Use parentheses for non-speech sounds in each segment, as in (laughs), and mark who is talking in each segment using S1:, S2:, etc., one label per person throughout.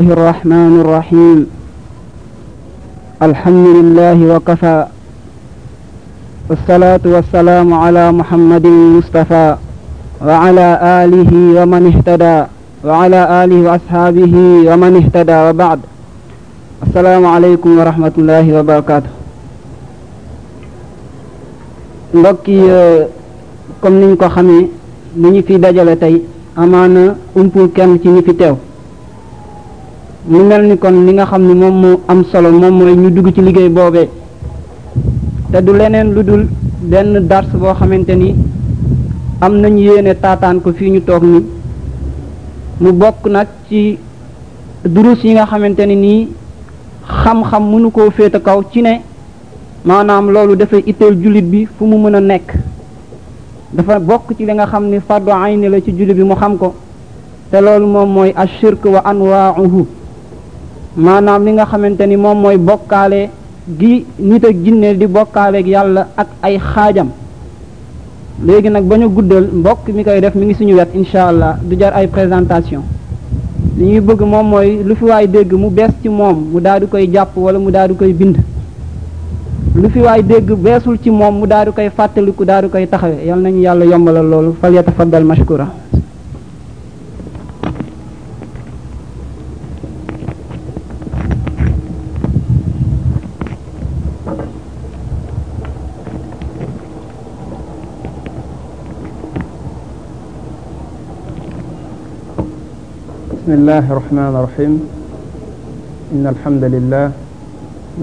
S1: الله الرحمن الرحيم الحمد لله وكفى والصلاة والسلام على محمد المصطفى وعلى آله ومن اهتدى وعلى آله وأصحابه ومن اهتدى وبعد السلام عليكم ورحمة الله وبركاته mbokki comme niñ ko xamee li ñu fi dajale tey amaana umpul kenn ci ñi fi teew mu mel ni kon li nga xam ne moom mu am solo moom mooy ñu dugg ci liggéey boobee te du leneen lu dul benn dars boo xamante ni am nañu yéene taataan ko fii ñu toog ni mu bokk nag ci durus yi nga xamante ni nii xam-xam mënu koo féete kaw ci ne maanaam loolu dafay itteel jullit bi fu mu mën a nekk dafa bokk ci li nga xam ni fardu ayni la ci jullit bi mu xam ko te loolu moom mooy ashirk wa anwaauhu maanaam li nga xamante ni moom mooy bokkaale gi nit ak jinne di bokkaaleeg yàlla ak ay xaajam léegi nag ba ñu guddal mbokk mi koy def mu ngi suñu wet incha allah du jar ay présentation li ñuy bëgg moom mooy lu fi waay dégg mu bees ci moom mu daal di koy jàpp wala mu daal di koy bind lu fi waay dégg beesul ci moom mu daal di koy fàttaliku daal di koy taxawee yal nañu yàlla yombalal loolu fal yatafaddal mashkura
S2: الله الرحمن الرحيم إن الحمد لله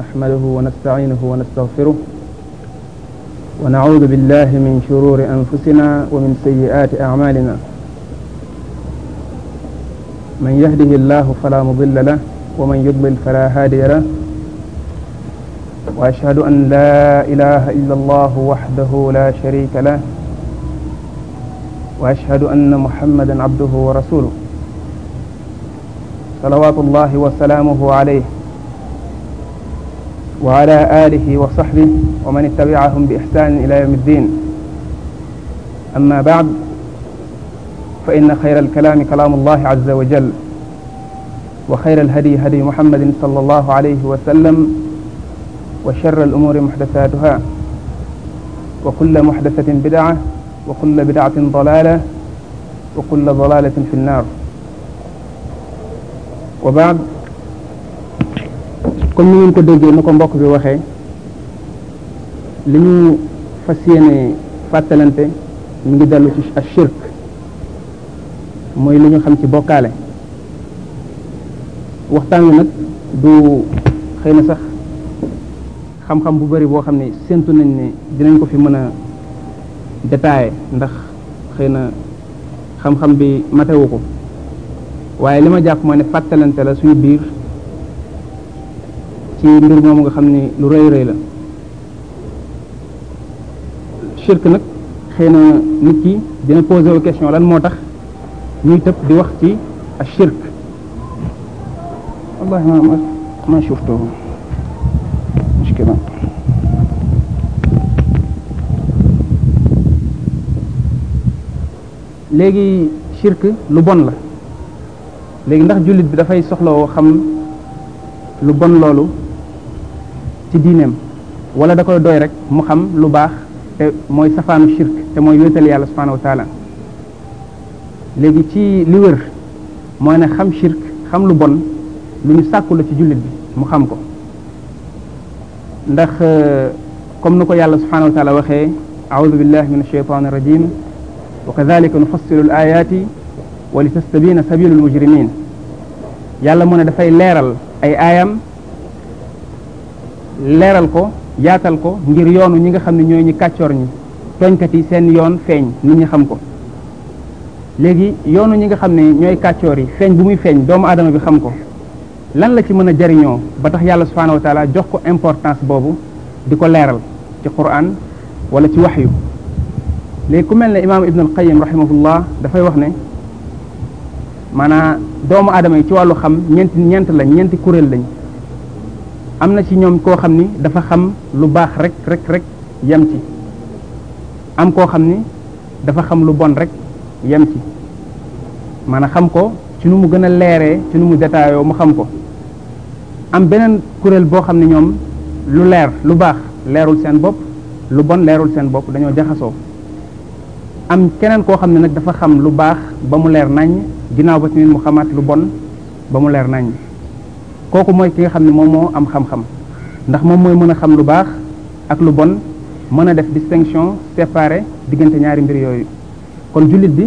S2: نحمده ونستعينه ونستغفره ونعوذ بالله من شرور أنفسنا ومن سيئات أعمالنا من يهده الله فلا مضل له ومن يضلل فلا هادي له وأشهد أن لا إله إلا الله وحده لا شريك له وأشهد أن محمدا عبده ورسوله salawaatullahi wa salaamuhu alayhi wa ala alihi wa sahbihi wa man ittabi'ahum bi ihsaanin ila yawmi ddin amma ba'd fa inna xayra alkalaami kalaamu llahi azza wa jal wa xayra alhadyi hadyi muhammadin sallallahu alayhi wa sallam wa sharra al-umuuri muhdasaatuhaa wa kulla muhdasatin bid'a wa kulla bid'atin dalaala wa kulla dalaalatin fi nnaar wa baad comme ni ngeen ko déggee ni ko mbokk bi waxee li ñu fas yéene fàttalante mu ngi dellu ci ak shirk mooy li ñu xam ci bokkaale waxtaan wi nag du xëy na sax xam-xam bu bari boo xam ne séntu nañ ni dinañ ko fi mën a détaillé ndax xëy na xam-xam bi matewu ko waaye li ma jàpp moo ne fàttalante la suñu biir ci mbir moomu nga xam ne lu rëy rëy la shirk nag xëy na nit ki dina posé wu lan moo tax ñuy tëb di wax ci a shirk wallahi ma ma shuftu mushkila léegi sirk lu bon la léegi ndax jullit bi dafay soxlawoo xam lu bon loolu ci diineem wala da koy doy rek mu xam lu baax mooy safaanu shirk te mooy wéetal yàlla subhanahu wa léegi ci li wër mooy ne xam shirk xam lu bon lu ñu sàkku la ci jullit bi mu xam ko ndax euh, comme nu ko yàlla subhanahu wa taala waxee aoudu billah min alsheytan irrajim wa kadalika nufassilu al ayati wali tastabina sabilul mujrimin yàlla mu ne dafay leeral ay aayam leeral ko yaatal ko ngir yoonu ñi nga xam ne ñooy ñi kàccoor ñi tooñkat yi seen yoon feeñ nit ñi xam ko léegi yoonu ñi nga xam ne ñooy kàccoor yi feeñ bu muy feeñ doomu aadama bi xam ko lan la ci mën a jariñoo ba tax yàlla subhanahu wa taala jox ko importance boobu di ko leeral ci quran wala ci waxyu léegi ku mel ne imaam ibn al qayim rahimahullah dafay wax ne maanaam doomu aadama yi ci wàllu xam ñeenti ñeent lañ ñeenti kuréel lañ am na ci ñoom koo xam ni dafa xam lu baax rek rekk rek yem ci am koo xam ni dafa xam lu bon rek yem ci maanaam xam ko ci nu mu gën a leeree nu mu détailloo mu xam ko am beneen kuréel boo xam ne ñoom lu leer lu baax leerul seen bopp lu bon leerul seen bopp dañoo jaxasoo am keneen koo xam ne nag dafa xam lu baax ba mu leer naññ ginnaaw ba tamit mu xamaat lu bon ba mu leer nañ kooku mooy ki nga xam ne moom moo am xam-xam ndax moom mooy mën a xam lu baax ak lu bon mën a def distinction séparé diggante ñaari mbir yooyu kon jullit bi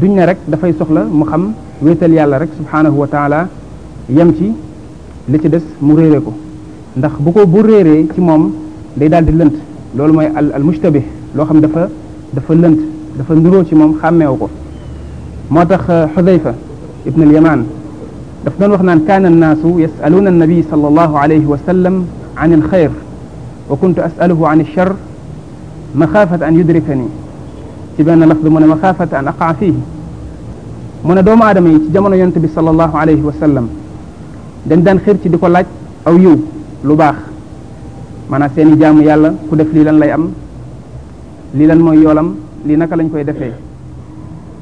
S2: duñ na rek dafay soxla mu xam wéetal yàlla rek subhanahu wa taala yem ci li ci des mu réere ko ndax bu ko bu réeree ci moom day daal di lënt loolu mooy al al mushtabih loo xam dafa dafa lënt dafa nuroo ci moom xàmmeewu ko moo tax euh, xudayfa ibn alyaman daf doon wax naan kaana annaasu yasaluuna annabi sal allahu alayhi wa sallam an alxayr wa kuntu asaluhu an alchar maxaafata an yudrikani ci benn lafdu mu ne maxaafata an aqaa fiihi mu ne doomu aadama yi ci jamono yonent bi sal allahu alayhi wa sallam dañ daan xir ci di ko laaj aw yiw lu baax maanaam seen i jaamu yàlla ku def lii lan lay am lii lan mooy yoolam lii naka lañ koy defee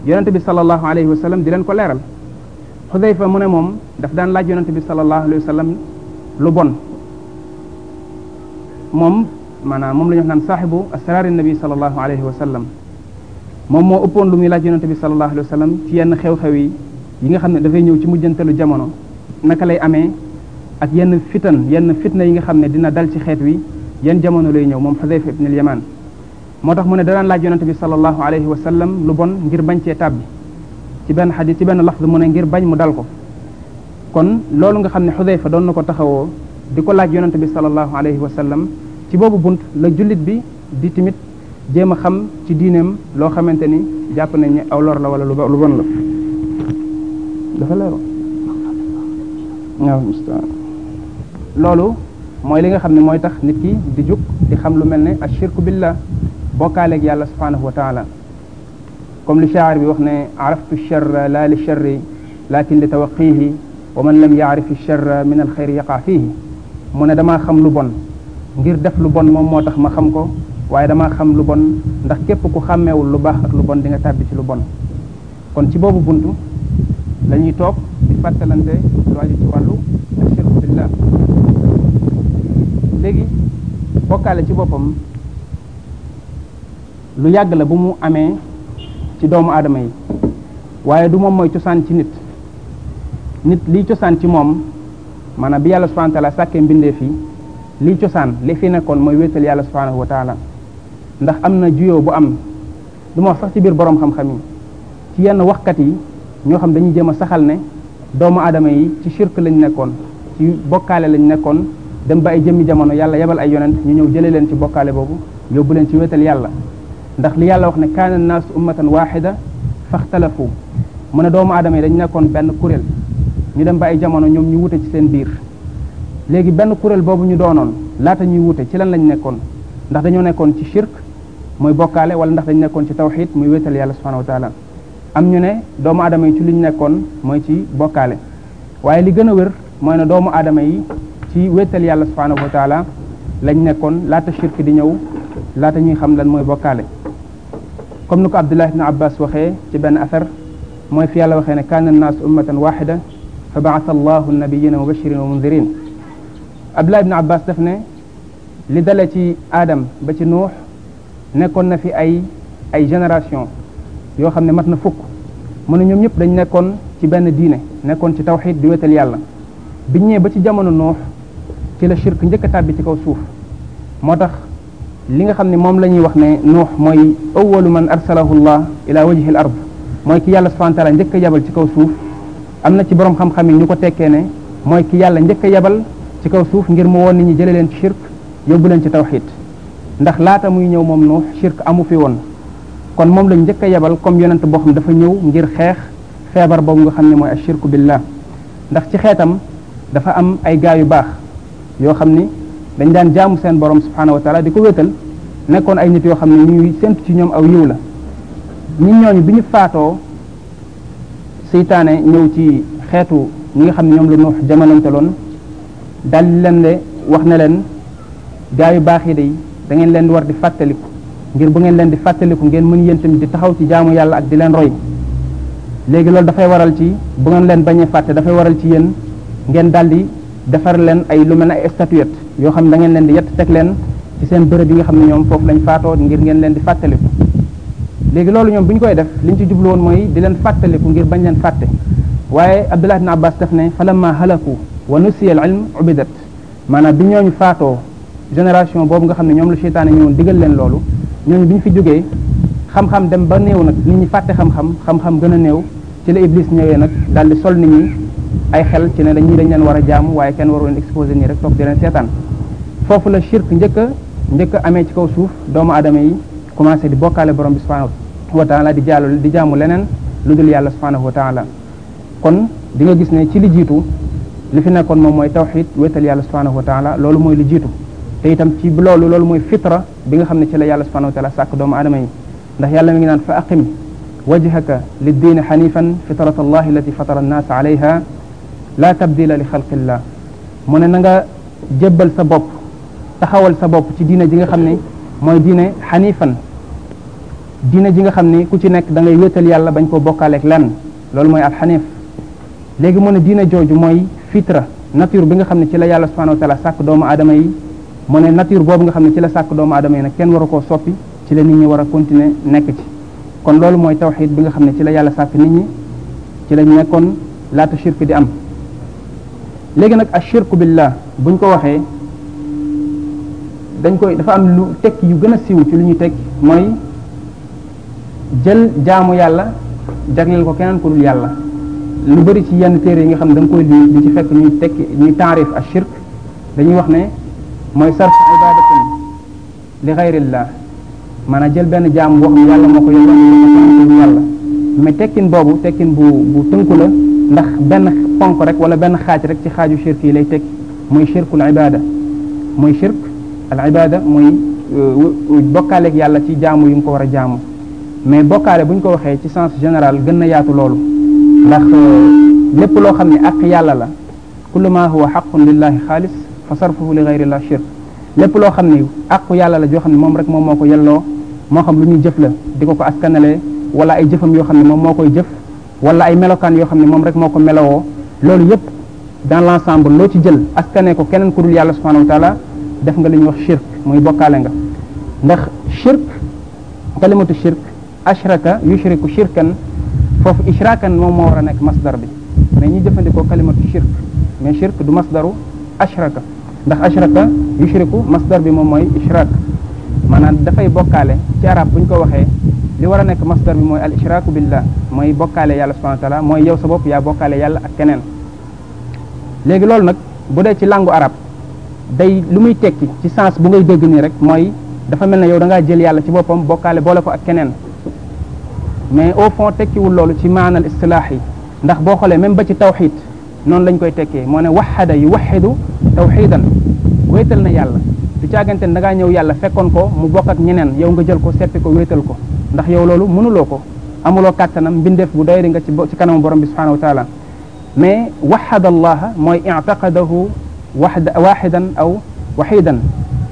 S2: yonente bi salallahu alayhi wa sallam di leen ko leeral xudayfa mu ne moom daf daan laaj yonente bi salallahu alayhi wa lu bon moom maanaam moom la ñu wax naan saaxibu asraari nabi salallahu alayhi wa sallam moom moo ëppoon lu muy laaj yonente bi salallahu alayhi wa sallam ci yenn xew-xew yi yi nga xam ne dafay ñëw ci mujjantalu jamono naka lay amee ak yenn fitan yenn fitna yi nga xam ne dina dal ci xeet wi yenn jamono lay ñëw moom xudayfa ibn al moo tax mu ne danaan laaj yonente bi sallallahu alayhi wa sallam lu bon ngir bañ cee bi ci benn xadis ci benn lafz mu ne ngir bañ mu dal ko kon loolu nga xam ne fa doon na ko taxawoo di ko laaj yonante bi sallallahu alayhi wa sallam ci boobu bunt la jullit bi di timit jéem a xam ci diineem loo xamante ni jàpp nañ ne aw lor la wala lu lu bon la dafa leero waaw loolu mooy li nga xam ne mooy tax nit ki di jug di xam lu mel ne ashirku billah bokkaaleeg yàlla subhanahu wa taala comme li shaar bi wax ne araftu charra la li charri lakin li tawaqihi wa man lam yaarif charra min alxeyri yaqa fiihi mu ne damaa xam lu bon ngir def lu bon moom moo tax ma xam ko waaye damaa xam lu bon ndax képp ku xàmmeewul lu baax ak lu bon di nga tàbbi ci lu bon kon ci boobu buntu la ñuy toog di fàttalante lu aju ci wàllu léegi bokkaale ci boppam lu yàgg la bu mu amee ci doomu aadama yi waaye du moom mooy cosaan ci nit nit liy cosaan ci moom maanaam bi yàlla subhanahu wa sàkkee mbindee fii liy cosaan li fi nekkoon mooy wéetal yàlla subhanahu wa taala ndax am na juyoo bu am du ma wax sax ci biir boroom xam-xam yi ci yenn waxkat yi ñoo xam dañu jéem a saxal ne doomu aadama yi ci shirk lañ nekkoon ci bokkaale lañ nekkoon dem ba ay jëmmi jamono yàlla yebal ay yonent ñu ñëw jëlee leen ci bokkaale boobu yóbbu leen ci wéetal yàlla ndax li yàlla wax ne kaana naasu ummatan waaxida faxtalafu mu ne doomu aadama yi dañu nekkoon benn kuréel ñu dem ba ay jamono ñoom ñu wute ci seen biir léegi benn kuréel boobu ñu doonoon laata ñuy wute ci lan lañ nekkoon ndax dañoo nekkoon ci shirk muy bokkaale wala ndax dañu nekkoon ci tawxid muy wéetal yàlla subhanahu wa taala am ñu ne doomu aadama yi ci li ñu nekkoon mooy ci bokkaale waaye li gën a wér mooy ne doomu aadama yi ci wéetal yàlla subhanahu wa taala lañ nekkoon laata shirk di ñëw laata ñuy xam lan mooy bokkaale comme ni ko abdullah ibne abbas waxee ci benn affaire mooy fi yàlla waxee ne kaana annaas ummatan waxida fa baata allahu nabiyina mubashirin wa mundirin abdullah ibne abbas daf ne li dale ci aadam ba ci nuux nekkoon na fi ay ay génération yoo xam ne mat na fukk mu ne ñoom ñëpp dañ nekkoon ci benn diine nekkoon ci tawxid di wetal yàlla biñ ñëwee ba ci jamono nuux ci la shirk njëkk tàbbi ci kaw suuf moo tax li nga xam ne moom la ñuy wax ne nuux mooy awalu man arsalahu llah ila wajhi al ard mooy ki yàlla subhanahu wa taala njëkk a yabal ci kaw suuf am na ci borom xam-xam ñu ko tekkee ne mooy ki njëkk a yabal ci kaw suuf ngir mu woon nit ñi jële leen ci shirk yóbbu leen ci tawxid ndax laata muy ñëw moom nuux shirk amu fi woon kon moom lañ njëkk a yabal comme yonent boo xam dafa ñëw ngir xeex feebar boobu nga xam ne mooy ashirku billah ndax ci xeetam dafa am ay gaa yu baax yoo xam ni dañ daan jaamu seen borom subhanahu wa taala di ko wétal nekkoon ay nit yoo xam ne ñuy séntu ci ñoom aw yiw la ñi ñooñu bi ñu faatoo seytaane ñëw ci xeetu ñi nga xam ne ñoom la nuux jamonantaloon daal di leen de wax na leen gaa yu baax yi day da ngeen leen war di fàttaliku ngir bu ngeen leen di fàttaliku ngeen mën yéen tamit di taxaw ci jaamu yàlla ak di leen roy léegi loolu dafay waral ci bu ngeen leen bañee fàtte dafay waral ci yéen ngeen daal di defar leen ay lu mel ne ay statuette yoo xam ne da ngeen leen di yett teg leen ci seen bërëb yi nga xam ne ñoom foofu lañ faatoo ngir ngeen leen di fàttaliku léegi loolu ñoom bu ñu koy def li ñu ci jublu woon mooy di leen fàttaliku ngir bañ leen fàtte waaye Abdullah ibn Abbas daf ne falamma halaku wa nusiya al ilm ubidat maanaam bi ñooñu faatoo génération boobu nga xam ne ñoom lu seytaane ñëwoon digal leen loolu ñooñu bi ñu fi jógee xam-xam dem ba néew nag nit ñi fàtte xam-xam xam-xam gën a néew ci la iblis ñëwee nag daal di sol nit ñi ay xel ci ne dañuy dañ leen war a waaye kenn waru leen exposé nii rek toog di leen foofu la shirk njëkk a njëkk a amee ci kaw suuf doomu aadama yi commencé di bokkaale borom bi subhanahu wa taala di jaalu di jaamu leneen lu dul yàlla subhanahu wa taala kon di nga gis ne ci li jiitu li fi nekkoon moom mooy tawxid wéetal yàlla subhanahu wa taala loolu mooy lu jiitu te itam ci loolu loolu mooy fitra bi nga xam ne ci la yàlla subhanahu wa taala sàkk doomu aadama yi ndax yàlla mi ngi naan fa aqim wajhaka liddiini xanifan fitrat allah allati fatara annaasa alayha la tabdila li xalqillah mu ne na nga jébbal sa bopp taxawal sa bopp ci diine ji nga xam ne mooy diine xanifan diine ji nga xam ni ku ci nekk dangay ngay wéetal yàlla bañ koo bokkaaleek lenn loolu mooy al xanif léegi mu ne diine jooju mooy fitra nature bi nga xam ne ci la yàlla subhanahu wa sàkk doomu aadama yi mu ne nature boobu nga xam ne ci la sàkk doomu aadama yi nag kenn wara koo soppi ci la nit ñi war a continuer nekk ci kon loolu mooy tawxid bi nga xam ne ci la yàlla sàkk nit ñi ci la nekkoon laata shirk di am léegi nag ashirku billah buñ ko waxee dañ koy dafa am lu tekki yu gën a siiw ci lu ñuy tekki mooy jël jaamu yàlla jagleel ko keneen ku dul yàlla lu bari ci yenn téere yi nga xam ne da nga koy li di ci fekk ñuy tekki ñuy taarif ak shirk dañuy wax ne mooy sarf ibadatin li xayrillah maanaam jël benn jaamu boo xam yàlla moo ko yoroon yàlla mais tekkin boobu tekkin bu bu tënku la ndax benn ponk rek wala benn xaaj rek ci xaaju shirk yi lay tekki mooy shirkul ibada mooy shirk al ibada mooy euh, bokkaaleeg yàlla ci jaamu yu mu ko war a jaamu mais bokkaale bu ñu ko waxee ci sens général gën na yaatu loolu ndax euh, lépp loo xam ne ak yàlla la kullu ma huwa xaqun lillahi xaalis fa sarfuhu li gayri la lépp loo xam ne aqu yàlla la joo xam ne moom rek moom moo ko yelloo moo xam lu ñuy jëf la di ko ko askanale wala ay jëfam yoo xam ne moom moo koy jëf wala ay melokaan yoo xam ne moom rek moo ko melowoo loolu yépp dans l'ensemble loo ci jël askane ko keneen ku dul yàlla subhanahu wa def nga li ñuy wax shirk muy bokkaale nga ndax shirk kalimatu shirk ashraka yushriku shirkan foofu ishrakan moom moo war a nekk masdar bi mais ñi jëfandikoo kalimatu shirk mais shirk du masdaru ashraka ndax ashraka yushriku masdar bi moom mooy ishrak maanaam dafay bokkaale ci arab bu ñu ko waxee li war a nekk masdar bi mooy al ishraaku billah mooy bokkaale yàlla subhanahu wa mooy yow sa bopp yaa bokkaale yàlla ak keneen léegi loolu nag bu dee ci langu arab day lu muy tekki ci sens bu ngay dégg nii rek mooy dafa mel ne yow dangaa jël yàlla ci boppam bokkaale boole ko ak keneen mais au fond tekkiwul loolu ci maanal istilaax yi ndax boo xoolee même ba ci tawxid noonu lañ koy tekkee moo ne waxada yu waxidu tawxidan wéetal na yàlla du caagante ne da ngaa ñëw yàlla fekkoon ko mu bokk ñeneen yow nga jël ko seppi ko wéetal ko ndax yow loolu mënuloo ko amuloo kàttanam mbindeef bu doy di nga ci ci kanamu borom bi subhanahu taala mais waxada allaha waxda waaxidan aw waxidan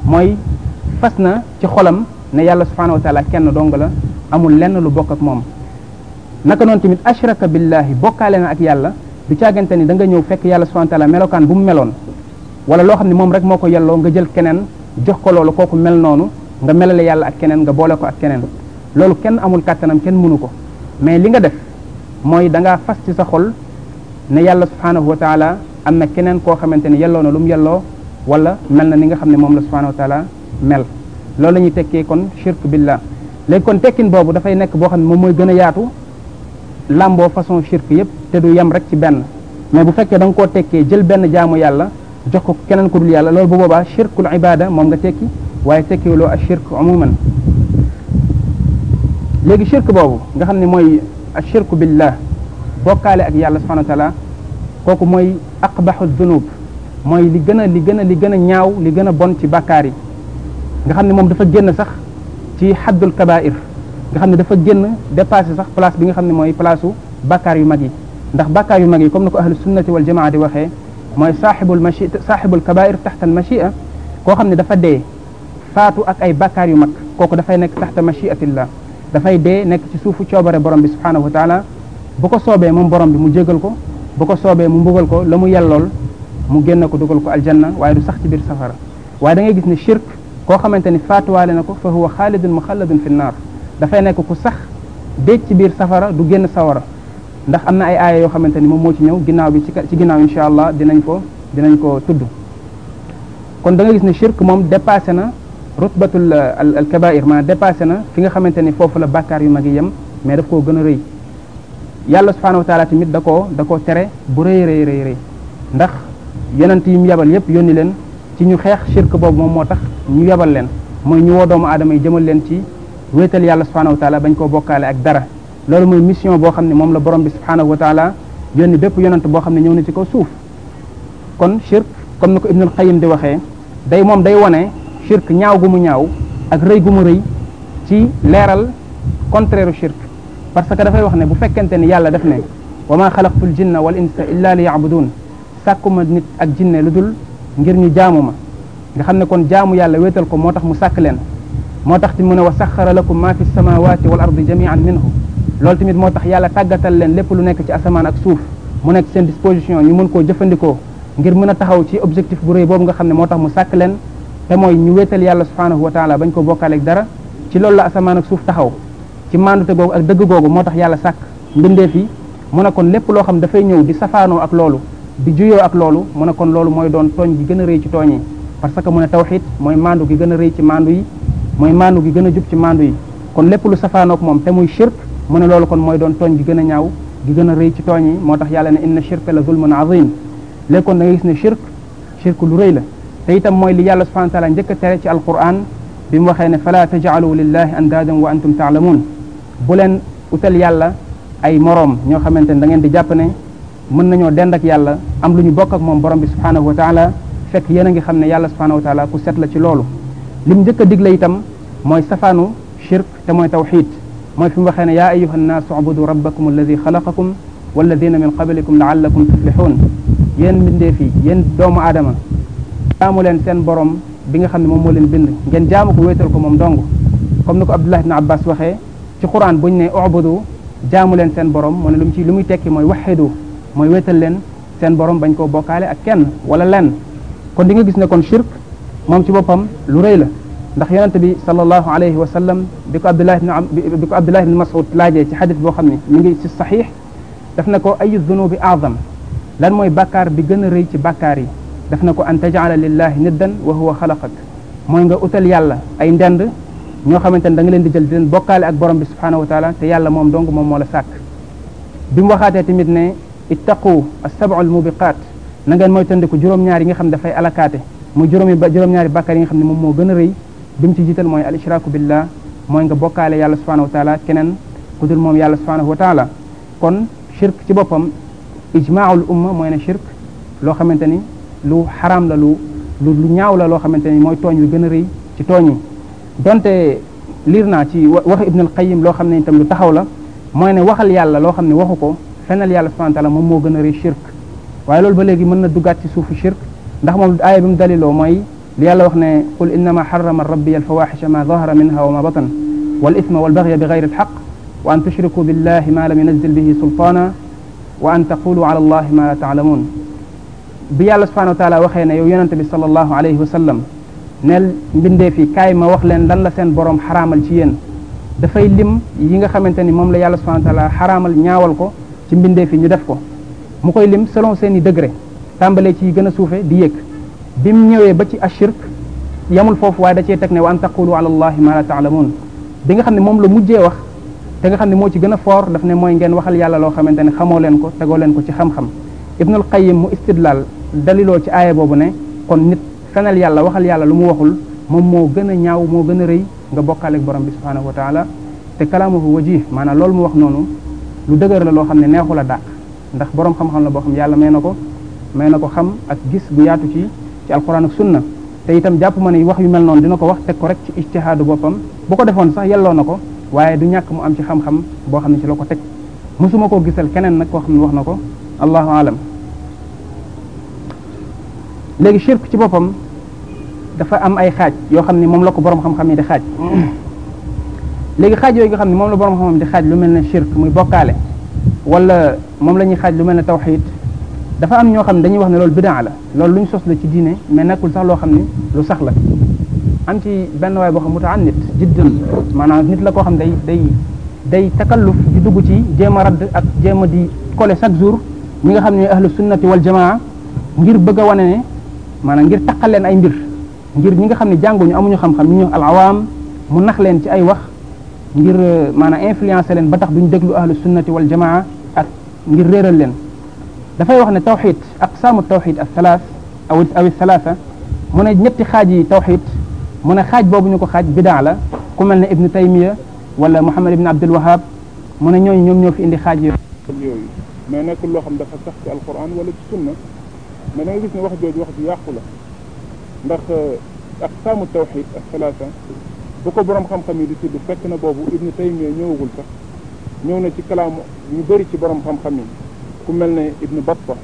S2: mooy fas na ci xolam ne yàlla subhanahu wa taala kenn dong la amul lenn lu bokk ak moom naka noonu tamit ashraka billahi bokkaale na ak yàlla du caagante ni da nga ñëw fekk yàlla subhanahu wa taala melokaan bu mu meloon wala loo xam ne moom rek moo ko yelloo nga jël keneen jox ko loolu kooku mel noonu nga melale yàlla ak keneen nga boole ko ak keneen loolu kenn amul kàttanam kenn mënu ko mais li nga def mooy da ngaa fas ci sa yàlla subhanahu wa taala am na keneen koo xamante ni yelloo na lu yàlloo yelloo wala mel na ni nga xam ne moom la subhanahu wa taala mel loolu la ñuy tekkee kon shirk billah léegi kon tekkin boobu dafay nekk boo xam ne moom mooy gën a yaatu làmboo façon shirk yépp te du yem rek ci benn mais bu fekkee da nga koo tekkee jël benn jaamu yàlla jox ko keneen ku dul yàlla bu boobaa shirkul ibada moom nga tekki waaye tekkiwuloo ak shirk umuman léegi shirk boobu nga xam ne mooy ashirku billah bokkaale ak yàlla subhanahu wa kooku mooy aqbaxu dunub mooy li gën a li gën a li gën a ñaaw li gën a bon ci bàkkaar yi nga xam ne moom dafa génn sax ci xaddul kabair nga xam ne dafa génn dépassé sax place bi nga xam ne mooy place u bàkkaar yu mag yi ndax bàkkaar yu mag yi comme na ko ahlu sunnati wal jamaa di waxee mooy saaxibul machi saaxibul kabair taxta al machia koo xam ne dafa dee faatu ak ay bàkkaar yu mag kooku dafay nekk taxta machiatillah dafay de nekk ci suufu coobare borom bi subhanahu wa taala bu ko soobee borom bi mu jégal ko bu ko soobee mu mbugal ko la mu yellool mu génn ko dugal ko aljanna waaye du sax ci biir safara waaye dangay gis ni shirk koo xamante ni faatuwaale na ko fa huwa xaalidun muxalladun fi naar dafay nekk ku sax déej ci biir safara du génn sawara ndax am na ay aaya yoo xamante ni moom moo ci ñëw ginnaaw bi ci ginnaaw incha allah dinañ ko dinañ ko tudd kon da gis ne shirk moom dépassé na rutbatul al kabair maanaam dépassé na fi nga xamante ni foofu la bàkkaar yu mag yi yem mais daf koo gën a rëy yàlla subhanahu wa taala tamit da koo da tere bu rëy rëy rëy ndax yonent yi mu yabal yépp yónni leen ci ñu xeex shirk boobu moom moo tax ñu yebal leen mooy ñu woo doomu aadama yi jëmal leen ci wéetal yàlla subhanahu wa taala bañ koo bokkaale ak dara loolu mooy mission boo xam ne moom la borom bi subhanahu wa taala yónni bépp yonent boo xam ne ñëw na ci kaw suuf kon shirk comme ni ko ibnul xayim di waxee day moom day wone shirk ñaaw gu mu ñaaw ak rëy gu mu rëy ci leeral contraire shirk parce que dafay wax ne bu fekkente ni yàlla def ne wa ma xalaqtul jinna wal insa illa li yabudun ma nit ak jinne lu dul ngir ñu jaamu ma nga xam ne kon jaamu yàlla wéetal ko moo tax mu sàkk leen moo tax ti mu ne wa saxara lakum ma fi samawati wal ardi jamian minhu loolu tamit moo tax yàlla tàggatal leen lépp lu nekk ci asamaan ak suuf mu nekk seen disposition ñu mën koo jëfandikoo ngir mën a taxaw ci objectif bu rëy boobu nga xam ne moo tax mu sàkk leen te mooy ñu wéetal yàlla subhanahu wa taala bañ ko bokkaaleeg dara ci loolu la asamaan ak suuf taxaw ci mandute googu ak dëgg googu moo tax yàlla sàkk mbindeef yi mu ne kon lépp loo xam dafay ñëw di safaanoo ak loolu di juyoo ak loolu mu ne kon loolu mooy doon tooñ gi gën a rëy ci tooñ yi parce que mu ne tawxid mooy mandu gi gën a rëy ci mandu yi mooy mandu gi gën a jub ci mandu yi kon lépp lu safaanook moom te muy shirk mu ne kon mooy doon tooñ gi gën a ñaaw gi gën ci tooñ yi moo tax yàlla ne inna shirka la zulmun azim léegi kon da nga gis ne shirk shirk lu rëy la te itam mooy li yàlla subhanahu wa taala njëkk a tere ci alquran bi mu waxee ne fala tajcalu lillahi andaadan wa antum taalamuun bu leen utal yàlla ay moroom ñoo xamante ne da ngeen di jàpp ne mën nañoo dend ak yàlla am lu ñu bokk ak moom borom bi subhanahu wa taala fekk yen ngi xam ne yàlla subhanahu wa taala ku set la ci loolu lim njëkk a digle tam mooy safaanu shirk te mooy tawxid mooy fi mu waxee ne yaa a nnaasu ubudu rabbakum alladi xalaqakum walladina min qablikum laallakum tuflixuun yéen mbindeef yi yéen doomu aadama jaamu leen seen borom bi nga xam ne moom moo leen bind ngeen jaamu ko wéetal ko moom dong comme ni abdullah ibne abbas waxee ci quran buñ ne ubudu jaamu leen seen borom mu ne lu mu ci lu muy tekki mooy waxidu mooy wéetal leen seen borom bañ koo bokkaale ak kenn wala lenn kon di nga gis ne kon shirk moom ci boppam lu rëy la ndax yonent bi sallallahu alayhi wa sallam bi ko abdullah ibn bi ko abdullah ibn mas'ud laajee ci xadis boo xam ne mi ngi ci saxiix daf na ko ay ayu dunubi azam lan mooy bàkkaar bi gën a rëy ci bàkkaar yi daf na ko an tajala lillahi niddan wa huwa xalaqak mooy nga utal yàlla ay ndend ñoo xamante ne da nga leen di jël di leen bokkaale ak borom bi subhanahu wa taala te yàlla moom dong moom moo la sàkk bi mu waxaatee tamit ne ittaqu as-sab'ul mubiqaat na ngeen mooy tëndiku juróom-ñaar yi nga xam dafay alakaate mu juróomi ba juróom-ñaari bàkkaar yi nga xam ne moom moo gën a rëy bi ci jiital mooy al ishraaku billah mooy nga yàlla subhanahu wa keneen ku dul moom yàlla subhanahu wa kon shirk ci boppam ijmaul umma mooy na shirk loo xamante ni lu xaraam la lu ñaaw la loo xamante ni mooy tooñ wi gën a rëy ci tooñ yi donte liir naa ci wax Ibn al-Qayyim loo xam ne itam lu taxaw la mooy ne waxal yàlla loo xam ne waxu ko fenal yàlla subhanahu wa taala moom moo gën a rëy shirk waaye loolu ba léegi mën na duggaat ci suufu shirk ndax moom aaya bi mu daliloo mooy li yàlla wax ne qul innama harrama rabbi alfawahisha ma zahara minha wa ma batan wal isma wal baghya bi ghayri alhaq wa an tushriku billahi ma lam yunzil bihi sultana wa an taqulu ala allahi ma la taalamun bi yàlla subhanahu wa taala waxee ne yow yonente bi sallallahu alayhi wa sallam neel mbindeef yi kaay ma wax leen lan la seen borom xaraamal ci yéen dafay lim yi nga xamante ni moom la yàlla subhanahu wa taala xaraamal ñaawal ko ci mbindeef fi ñu def ko mu koy lim selon seeni i degré tàmbalee ci gën a suufe di yéeg bi mu ñëwee ba ci ashirk yamul foofu waaye da cee teg ne wa an taqulu ala allahi ma la taalamuun bi nga xam ne moom la mujjee wax te nga xam ne moo ci gën a fort daf ne mooy ngeen waxal yàlla loo xamante ne xamoo leen ko tegoo leen ko ci xam-xam ibnul qayim mu istidlal daliloo ci boobu ne fenal yàlla waxal yàlla lu mu waxul moom moo gën a ñaaw moo gën a rëy nga bokkaaleeg borom bi subhanahu wa taala te kalaamuhu wajih maanaa loolu mu wax noonu lu dëgër la loo xam ne neexul a dàq ndax borom xam-xam la boo xam yàlla may na ko may na ko xam ak gis bu yaatu ci ci alquran ak sunna te itam jàpp ma ne wax yu mel noonu dina ko wax teg ko rek ci ijtihaadu boppam bu ko defoon sax yelloo na ko waaye du ñàkk mu am ci xam-xam boo xam ne ci la ko teg mosuma koo gisal keneen nag koo xam ne wax na ko allahu alam léegi shirk ci boppam dafa am ay xaaj yoo xam ne moom la ko borom xam-xam yi di xaaj léegi xaaj yooyu nga xam ne moom la borom xam-xam di xaaj lu mel ne shirk muy bokkaale wala moom la ñuy xaaj lu mel ne tawxid dafa am ñoo xam ne dañuy wax ne loolu bidaa la loolu lu ñu sos la ci diine mais nekkul sax loo xam ni lu sax la am ci benn waay boo xam muta an nit jiddan maanaam nit la koo xam day day day takalluf di dugg ci jéem a radd ak jéem a di collé chaque jour ñi nga xam ne ahlu sunnati wal jamaa ngir bëgg a wane maanaam ngir taqal leen ay mbir ngir ñi nga xam ne ñu amuñu xam-xam ñu ñëw alawaam mu nax leen ci ay wax ngir euh, maanaam influencer leen ba tax duñ déglu ahlu sunnati wal jamaa ak ngir réeral leen dafay wax ne tawxid aqsaamu tawxid al thalath aw aw thalatha mu ne ñetti xaaj yi tawxid mu ne xaaj boobu ñu ko xaaj bidaa la ku mel ne ibnu taymiya wala muhammad ibn abdul wahab mu ne ñooñu ñoom ñoo fi indi xaaj yooyu
S3: mais nekkul loo xam dafa sax ci alquran wala ci mais da nga gis ne wax jooju wax ju yàqu la ndax euh, aqsaamu tawxid ak salaasa bu ko borom xam-xam yi di tudd fekk na boobu ibnu taymiya ñëwagul sax ñëw na ci kalaamu ñu bëri ci borom xam-xam yi ku mel ne ibnu batta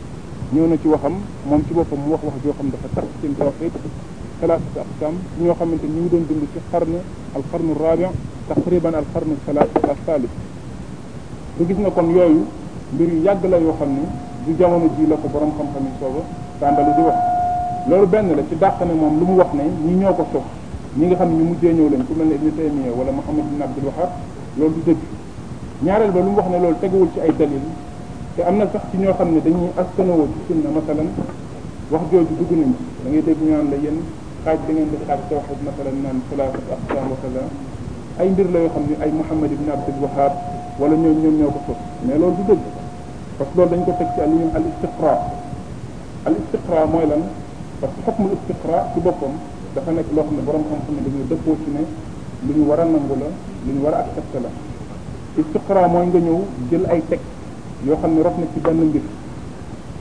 S3: ñëw na ci waxam moom ci boppam mu wax wax joo xam dafa taqsim tawxid salaasatu aqsaam ñoo xamante ñu ngi doon dund ci xarnu al xarnu rabi taqriban al xarnu salaas al thalith du na kon yooyu mbir yu yàgg la yoo xam ni du jamono ji la ko borom xam-xam yi sooba tàmbali di wax loolu benn la ci dàq ne moom lu mu wax na ñi ñoo ko sox ñi nga xam ni ñu mujjee ñëw lañ ku mel ne Ibn Taymiya wala Muhammad ibn Abdul Wahhab loolu du dëgg ñaareel ba lu mu wax ne loolu teguwul ci ay dalil te am na sax ci ñoo xam ne dañuy askanoo ci sunna masalan wax jooju dugg nañ ci da ngay dégg ñu naan la yéen xaaj da ngeen di xaaj tawxid masalan naan salatat aqsam wa kaza ay mbir xam ne ay Muhammad wala ñoom ñoom ñoo ko sos mais loolu du dëgg parce que loolu dañ ko teg ci li ñuy al istiqra mooy lan parce que xukmul istiqra ci boppam dafa nekk loo xam ne borom xam-xam ne dañuy dëppoo ci ne lu ñu war a nangu la lu ñu war a accepté la istiqra mooy nga ñëw jël ay teg yoo xam ne rot na ci benn mbir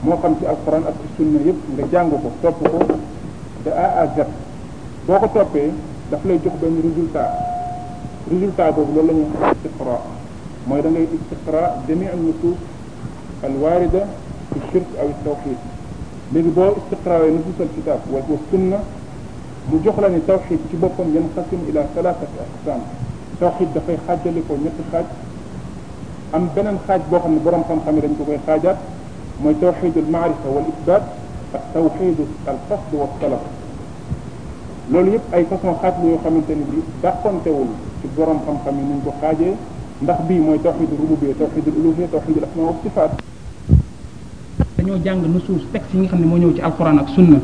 S3: moo xam ci alquran ak ci sunna yëpp nga jàng ko topp ko de A à Z boo ko toppee daf lay jox benn résultat résultat boobu loolu la ñuy istiqra mooy da ngay istiqra jami al alwaarida fi shirk aw tawxid léegi boo istiqraawee nusus al kitaab wa sunna mu jox la ne tawxid ci boppam yanqasim ila talatati aqsam tawxid dafay xaajale ko ñetti xaaj am beneen xaaj boo xam ne borom xam-xam yi dañ ko koy xaajaat mooy tawxid al maarifa wal isbat ak tawxid al qasd wa talab loolu yëpp ay façon xaaj la yoo xamante ni bi dàqontewul ci borom xam-xam yi nuñ ko xaajee ndax bii mooy tawxid al rububiyya tawxid al uluhiyya tawxid al asma wa sifaat
S2: dañoo jàng nusuus texte yi nga xam ne moo ñëw ci alquran ak sunna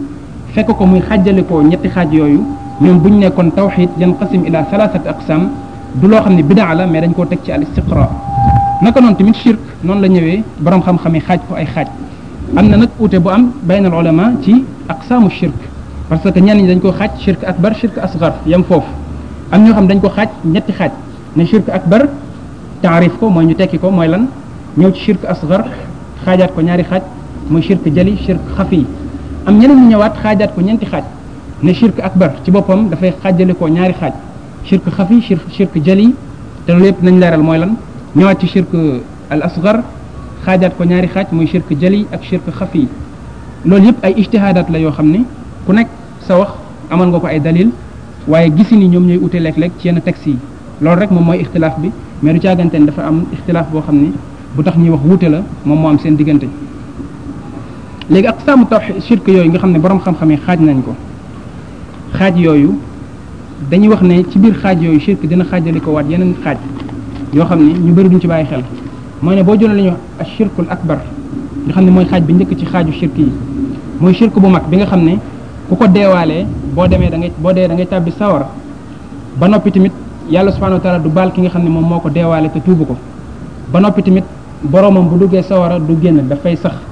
S2: fekk ko muy xàjjale ko ñetti xaaj yooyu ñoom bu ñu nekkoon tawxid yanqasim ila salasati aqsam du loo xam ne bidaa la mais dañ koo teg ci al istiqra naka noonu tamit shirk noonu la ñëwee boroom xam-xam yi xaaj ko ay xaaj am na nag uute bu am bayn al ulama ci aqsaamu shirk parce que ñenn ñi dañ ko xaaj shirk akbar shirk asgar yam foofu am ñoo xam dañ ko xaaj ñetti xaaj ne shirk akbar taarif ko mooy ñu tekki ko mooy lan ñëw ci shirk asgar xaajaat ko ñaari xaaj mooy shirk jali shirk xafi am ñeneen ñu ñëwaat xaajaat ko ñeenti xaaj ne shirk akbar ci boppam dafay xaajale ko ñaari xaaj shirk xafi shirk shirk jali te loolu yëpp nañ leeral mooy lan ñëwaat ci shirk euh, al asgar xaajaat ko ñaari xaaj muy shirk jali ak shirk xafi loolu yëpp ay ijtihaadaat la yoo xam ne ku nekk sa wax amal ko ay dalil waaye gisi ni ñoom ñooy ute léeg-léeg ci yenn texte yi loolu rek moom mooy ixtilaaf bi mais du caagante ne dafa am ixtilaaf boo xam ne bu tax ñuy wax wuute la moom moo am seen diggante léegi ak saamu taw shirk yooyu nga xam ne boroom xam-xam yi xaaj nañ ko xaaj yooyu dañuy wax ne ci biir xaaj yooyu shirk dina xaajali ko waat yeneen xaaj yoo xam ne ñu bëri duñ ci bàyyi xel mooy ne boo jëlee li ñuy ak shirkul akbar nga xam ne mooy xaaj bi njëkk ci xaaju shirk yi mooy shirk bu mag bi nga xam ne ku ko deewaalee boo demee da ngay boo dee da ngay tàbbi sawara ba noppi tamit yàlla subhanahu wa taala du baal ki nga xam ne moom moo ko deewaale te tuubu ko ba noppi tamit boromam bu duggee sawara du génn dafay sax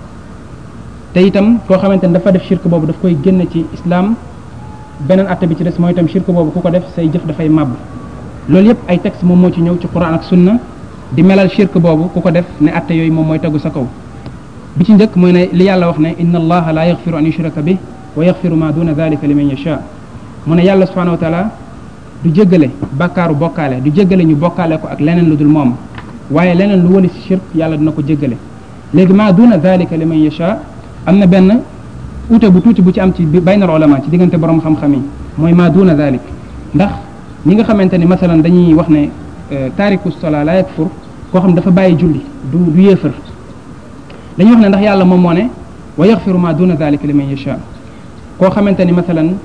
S2: te itam koo xamante ne dafa def shirk boobu dafa koy génn ci islaam beneen atte bi ci des mooy itam shirk boobu ku ko def say jëf dafay màbb loolu yépp ay si moom moo ci ñëw ci quran ak sunna di melal shirk boobu ku ko def ne atte yooyu moom mooy tegu sa kaw bi ci njëkk mooy ne li yàlla wax ne inna allaha la yaxfiru an yushraka bi wa yaxfiru ma duna dalika liman yasha mu ne yàlla subhanahu wa taala du jéggale bàkkaaru bokkaale du jéggale ñu bokkaale ko ak leneen lu dul moom waaye leneen lu si yàlla dina ko jéggale léegi ma duna dalika liman am na benn uute bu tuuti bu ci am ci bi baynal ulama ci diggante borom xam-xam yi mooy ma duuna dalik ndax ñi nga xamante ni masalan dañuy wax ne euh, taariku sola la yakfur koo xam dafa bàyyi julli du du yéefar dañuy wax ne ndax yàlla moom moo ne wa yaxfiru ma duna dalika li man yasha koo xamante ni masalan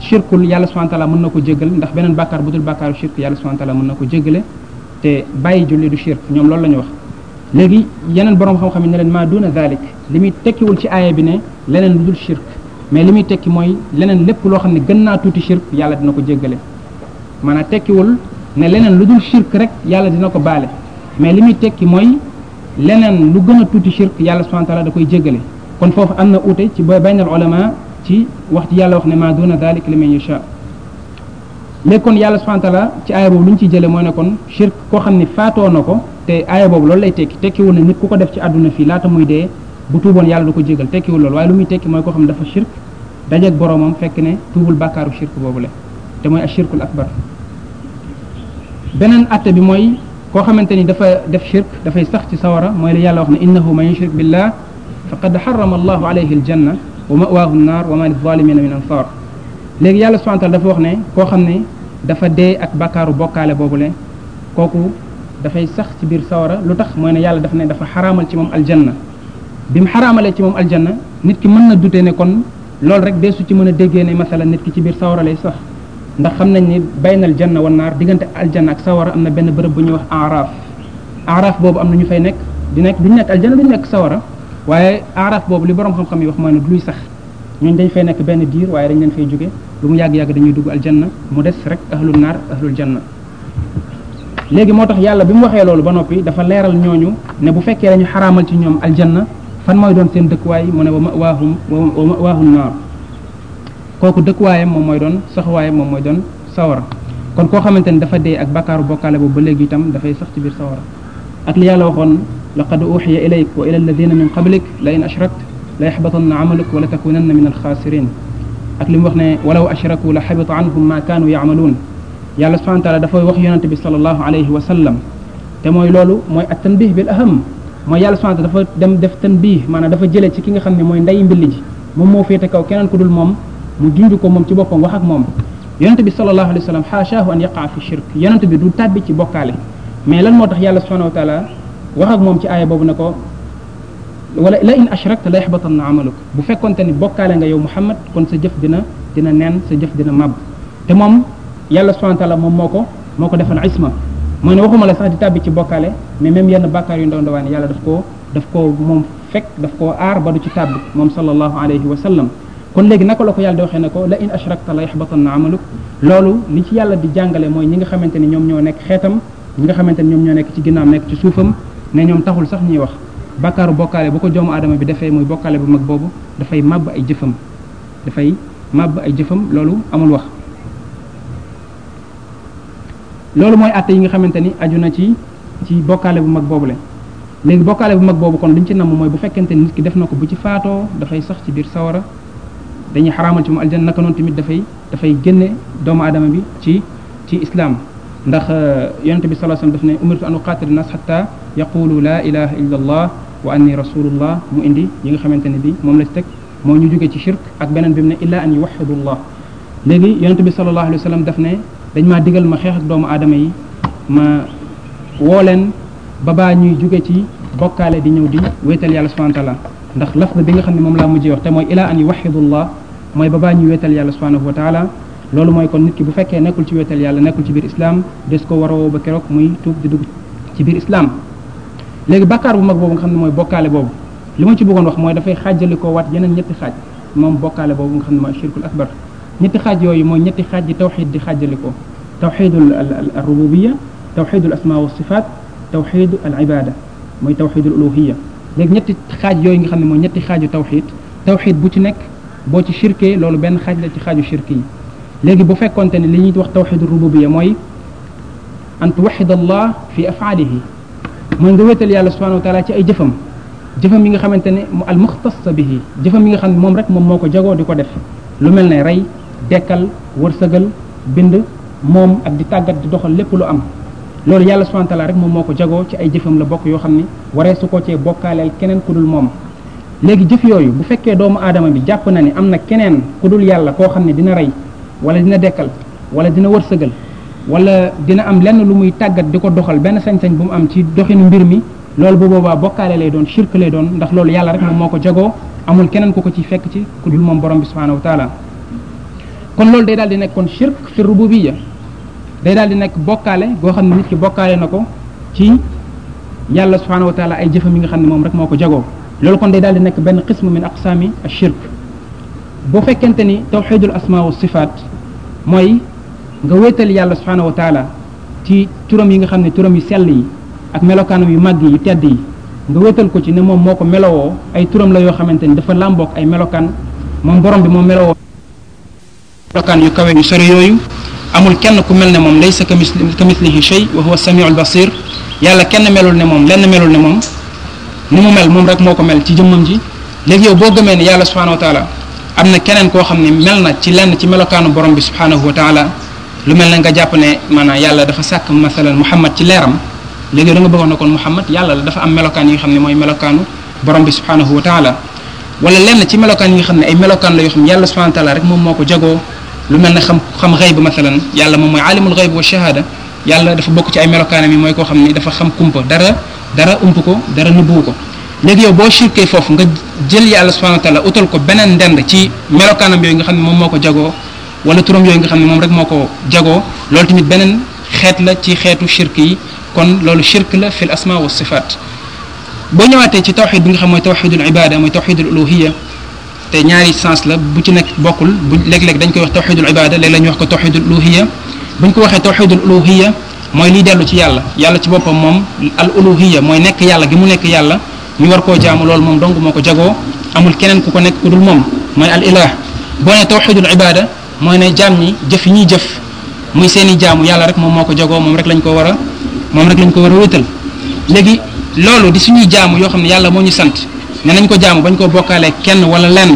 S2: shirkul yàlla subhanahu wa taala mën na ko jéggal ndax beneen bàkkaar bu dul bàkkaaru shirk yàlla subhanahu wa na ko jéggale te bàyyi julli du shirk ñoom loolu la ñu wax léegi yeneen borom xam-xam yi ne leen maa duna zalik li muy tekkiwul ci aaya bi ne leneen lu dul shirk mais li muy tekki mooy leneen loo xam ne gën naa tuuti shirk yàlla dina ko jéggale maanaam tekkiwul ne leneen lu dul shirk rek yàlla dina ko baale mais li muy tekki mooy leneen lu gën a tuuti shirk yàlla subhanahu da koy jéggale kon foofu am na uute ci ba baynal ci wax ci yàlla wax ne maa duna zalik liman yasha léegi kon yàlla subhanahu ci aaya boobu lu ñu ci jële mooy ne kon shirk koo xam ne faatoo na ko te aaya boobu loolu lay tekki tekkiwul na nit ku ko def ci àdduna fii laata muy dee bu tuuboon yàlla du ko jégal tekkiwul loolu waaye lu muy tekki mooy koo xam ne dafa shirk dajeeg boromam fekk ne tuubul bàkkaaru shirk boobu le te mooy ashirkul akbar beneen atte bi mooy koo xamante ni dafa def shirk dafay sax ci sawara mooy la yàlla wax ne innahu man yushrik billah faqad harrama allahu alayhi aljanna wa mawaahu nnaar wa ma lizalimina min ansar léegi yàlla subhana dafa wax ne koo xam ne dafa dee ak bàkkaaru bokkaale boobule kooku dafay sax ci biir sawara lu tax mooy ne yàlla daf ne dafa xaraamal ci moom aljanna bi mu xaraamalee ci moom aljanna nit ki mën na dute ne kon loolu rek su ci mën a déggee ne masala nit ki ci biir sawara lay sax ndax xam nañ ni baynal janna wan naar diggante aljanna ak sawara am na benn bërëb bu ñuy wax aaraaf aaraaf boobu am na ñu fay nekk di nekk duñ nekk aljanna duñ nekk sawara waaye aaraaf boobu li borom xam-xam yi wax mooy ne luy sax ñun dañ fay nekk benn diir waaye dañ leen fay jóge lu mu yàgg-yàgg dañuy dugg aljanna mu des rek ahlul naar ahlul janna léegi moo tax yàlla bi mu waxee loolu ba noppi dafa leeral ñooñu ne bu fekkee dañu xaraamal ci ñoom aljanna fan mooy doon seen dëkkuwaay mu ne wa ma'waahum wa ma'waahum naar kooku dëkkuwaayam moom mooy doon saxuwaayam moom mooy doon sawara kon koo xamante ne dafa dee ak bakkaaru bokkaale boobu ba léegi itam dafay sax ci biir sawara ak li yàlla waxoon laqad uxiya ilayk wa ila alladina min qablik la in ashrakta la yaxbatanna amaluk wa la takunanna min alxaasirin ak li mu wax ne walaw ashraku la xabita anhum ma kaanu yacmaluun yàlla subhanahu wa taala dafay wax yonante bi salallahu alayhi wa sallam te mooy loolu mooy ak tanbih bil aham mooy yàlla subhanahu wa taala dafa dem def tanbih maanaam dafa jëlee ci ki nga xam ne mooy nday mbilli ji moom moo féete kaw keneen ku dul moom mu junj ko moom ci boppam wax ak moom yonente bi salallahu alayhi wa sallam xaashaahu an yaqaa fi shirk yonente bi du tàbbi ci bokkaale mais lan moo tax yàlla subhanahu wa taala wax ak moom ci aaya boobu ne ko wala la in ashrakta la yaxbatanna amaluk bu fekkonte ni bokkaale nga yow muhammad kon sa jëf dina dina nen sa jëf dina màbb te moom yàlla subhanahu wa moom moo ko moo ko defal isma mooy ne waxuma la sax di tàbbi ci bokkaale mais même yenn bàkkaar yu ndaw ndawaan yàlla daf koo daf ko moom fekk daf ko aar ba du ci tàbbi moom sallallahu alayhi wa sallam kon léegi naka la ko yàlla di waxee ko la in ashrakta la yaxbatanna amaluk loolu li ci yàlla di jàngale mooy ñi nga xamante ni ñoom ñoo nekk xeetam ñi nga xamante ni ñoom ñoo nekk ci ginnaam nekk ci suufam ne ñoom taxul sax ñuy wax bakkaaru bokkaale bu ko joomu aadama bi defee muy bokkaale bu mag boobu dafay màbb ay jëfam dafay màbb ay jëfam loolu amul wax loolu mooy atte yi nga xamante ni aju na ci ci bokkaale bu mag boobu le léegi bokkaale bu mag boobu kon li ñu ci namm mooy bu fekkente nit ki def na ko bu ci faatoo dafay sax ci biir sawara dañuy xaraamal ci mu aljanna naka noonu tamit dafay dafay génne doomu aadama bi ci ci islam ndax euh, yonente bi sallallahu alayhi wasallam daf ne umirtu an uqaatila nas xata yaqulu la ilaha illa allah wa anni rasulullah mu indi yi nga xamante ne bi moom la ci teg moo ñu jógee ci shirk ak beneen bi mu ne illa an yuwaxidu allah léegi yonente bi sallallahu alayhi wasallam daf ne dañ maa digal ma xeex ak doomu aadama yi ma woo leen ba baa ñuy jóge ci bokkaale di ñëw di wéetal yàlla subhanahu wa taala ndax lafz bi nga xam ne moom laa mujjee wax te mooy ilaa an yuwahidullah mooy ba baa ñuy wéetal yàlla subhanahu wa taala loolu mooy kon nit ki bu fekkee nekkul ci wéetal yàlla nekkul ci biir islam des ko war a woo keroog muy tuub di dugg ci biir islaam léegi bàkkaar bu mag boobu nga xam ne mooy bokkaale boobu li ma ci bëggoon wax mooy dafay xaajalikoo waat yeneen ñetti xaaj moom bokkaale boobu nga xam ne mooy shirkul akbar ñetti xaaj yooyu mooy ñetti xaaj yi tawxid di xaajale ko tawxidul al rububiya tawxidul asma wa sifaat tawxidu al ibada mooy tawxidul uluhiya léegi ñetti xaaj yooyu nga xam ne mooy ñetti xaaju tawxid tawxid bu ci nekk boo ci shirkee loolu benn xaaj la ci xaaju shirk yi léegi bu fekkonte ne li ñuy wax tawxidul rububiya mooy an tuwaxid allah fi afaalihi mooy nga wéetal yàlla subhanahu wa taala ci ay jëfam jëfam yi nga xamante ne al muxtasa bihi jëfam yi nga xam ne moom rek moom moo ko jagoo di ko def lu mel ne rey dekkal wërsëgal bind moom ak di tàggat di doxal lépp lu am loolu yàlla subhanahu wa rek moom moo ko jagoo ci ay jëfam la bokk yoo xam ni waree su ko cee bokkaaleel keneen ku dul moom léegi jëf yooyu bu fekkee doomu aadama bi jàpp na ni am na keneen ku dul yàlla koo xam ne dina rey wala dina dekkal wala dina wërsëgal wala dina am lenn lu muy tàggat di ko doxal benn sañ-sañ bu mu am ci doxinu mbir mi loolu bu boobaa bokkaale lay doon shirk lay doon ndax moo ko jagoo amul keneen ku ko ci fekk ci ku moom borom bi subhanahu wa ta'ala kon loolu day daal di nekk kon shirk bi rububiyya day daal di nekk bokkaale goo xam ne nit ki bokkaale na ko ci yàlla subhanahu wa taala ay jëfam yi nga xam ne moom rek moo ko jagoo loolu kon day daal di nekk benn qisme min aqsaami ashirk boo fekkente ni tawxidul asma wa sifaat mooy nga wéetal yàlla subhanahu ci turam yi nga xam ne turam yu sell yi ak melokaanam yu màgg yu tedd yi nga wéetal ko ci ne moom moo ko melowoo ay turam la yoo xamante ni dafa làmboog ay melokaan moom borom bi moom melowoo melokaan yu kawe yu sori yooyu amul kenn ku mel ne moom laysa ka mislihi shay wa huwa samiul basir yàlla kenn melul ne moom lenn melul ne moom ni mu mel moom rek moo ko mel ci jëmmam ji léegi yow boo gëmee ne yàlla subhanahu wa taala am na keneen koo xam ne mel na ci lenn ci melokaanu borom bi subhanahu wa taala lu jàpp ne maanaam yàlla dafa sàkk masalan muhammad ci leeram léegi da nga bëggoon na kon muhammad yàlla la am melokaan yi xam ne mooy melokaanu borom bi subhanahu wa taala wala lenn ci melokaan yi nga xam ne ay melokaan la yoo xam ne yàlla subhanahu wa taala rek moom moo ko jagoo lu mel ne xam xam xayb masalan yàlla moom mooy alimul xayb wa shahada yàlla dafa bokk ci ay melokaanam yi mooy koo xam ni dafa xam kumpa dara dara ump ko dara nëbbu ko léegi yow boo shirkee foofu nga jël yàlla subhanahu wa taala utal ko beneen ndend ci melokaanam yooyu nga xam ne moom moo ko jagoo wala turam yooyu nga xam ne moom rek moo ko jagoo loolu tamit beneen xeet la ci xeetu shirk yi kon loolu shirk la fil asma wa sifaat boo ñëwaatee ci tawxid bi nga xam mooy tawxidul ibada mooy tawxidul uluhiya te ñaari sens la bu ci nekk bokkul bu léeg-léeg dañ koy wax tawxidul ibada léeg-léeg ñu wax ko tawxidul uluhiya bu ñu ko waxee tawxidul uluhiya mooy liy dellu ci yàlla yàlla ci boppam moom al uluhiya mooy nekk yàlla gi mu nekk yàlla ñu war koo jaamu loolu moom dong moo ko jagoo amul keneen ku ko nekk ku dul moom mooy al ilah boo ne tawxidul ibada mooy ne jaam ni jëf yi ñuy jëf muy seen i jaamu yàlla rek moom moo ko jagoo moom rek lañ ko war moom rek lañ ko war a wéetal léegi loolu di suñuy jaamu yoo xam ne yàlla moo ñu sant ne nañ ko jaamu bañ koo bokkaalee kenn wala lenn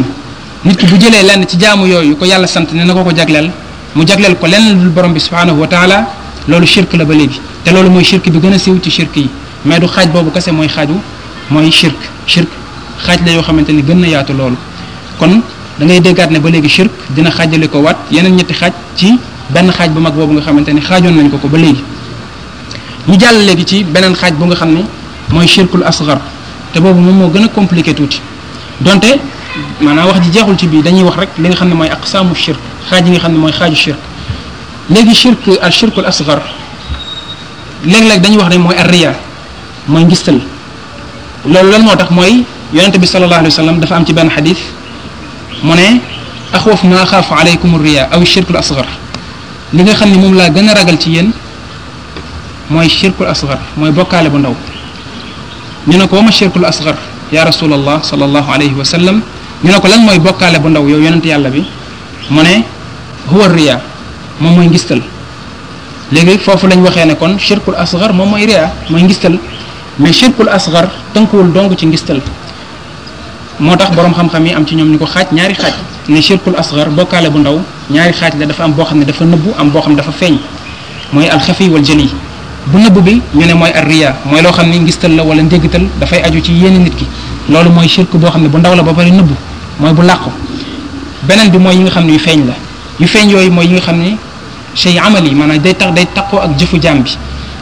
S2: nit ki bu jëlee lenn ci jaamu yooyu ko yàlla sant ne na ko ko jagleel mu jagleel ko lenn lu borom bi subhanahu wa taala loolu shirk la ba léegi te loolu mooy shirk bi gën a siiw ci shirk yi mais du xaaj boobu kese mooy xaaju mooy shirk shirk xaaj la yoo xamante ni gën na yaatu loolu kon dangay ngay déggaat ne ba léegi shirk dina xaajale ko waat yeneen ñetti xaaj ci benn xaaj bu mag boobu nga xamante ni xaajoon nañ ko ko ba léegi ñu jàll léegi ci beneen xaaj bu nga xam ne mooy shirkul asgar boobu moom moo gën a compliqué tuuti donte maanaam wax ji jeexul ci bii dañuy wax rek li nga xam ne mooy aqsaamu shirk xaaj yi nga xam ne mooy xaaju shirk léegi shirk al shirkul asgar léeg-léeg dañuy wax ne mooy arriya mooy ngistal loolu lan moo tax mooy yonente bi sallallahu alayhi wa dafa am ci benn xadis mu ne axwaf ma axaafu aleykum riya aw shirkul asgar li nga xam ne moom laa gën a ragal ci yéen mooy shirkul asgar mooy bokkaale bu ndaw ñu ne ko wa ma shirkul asgar ya rasulallah sallallahu alayhi wa sallam ñu ne ko lan mooy bokkaale bu ndaw yow yonent yàlla bi mu ne huwa riya moom mooy ngistal léegi foofu lañu waxee ne kon shirkul asgar moom mooy riya mooy ngistal mais shirkul asgar tënkuwul dong ci ngistal moo tax boroom xam-xam yi am ci ñoom ñu ko xaaj ñaari xaaj ne shirkul asgar bokkaale bu ndaw ñaari xaaj la dafa am boo xam ne dafa nëbbu am boo xam ne dafa feeñ mooy alxafi wal jëli bu nëbb bi ñu ne mooy arriya mooy loo xam ne ngistal la wala ndéggital dafay aju ci yéen nit ki loolu mooy shirk boo xam ne bu ndaw la ba pare nëbb mooy bu làqu beneen bi mooy yi nga xam ne yu feeñ la yu feeñ yooyu mooy yi nga xam ne shay amal yi maanaam day tax day taqoo ak jëfu jaam bi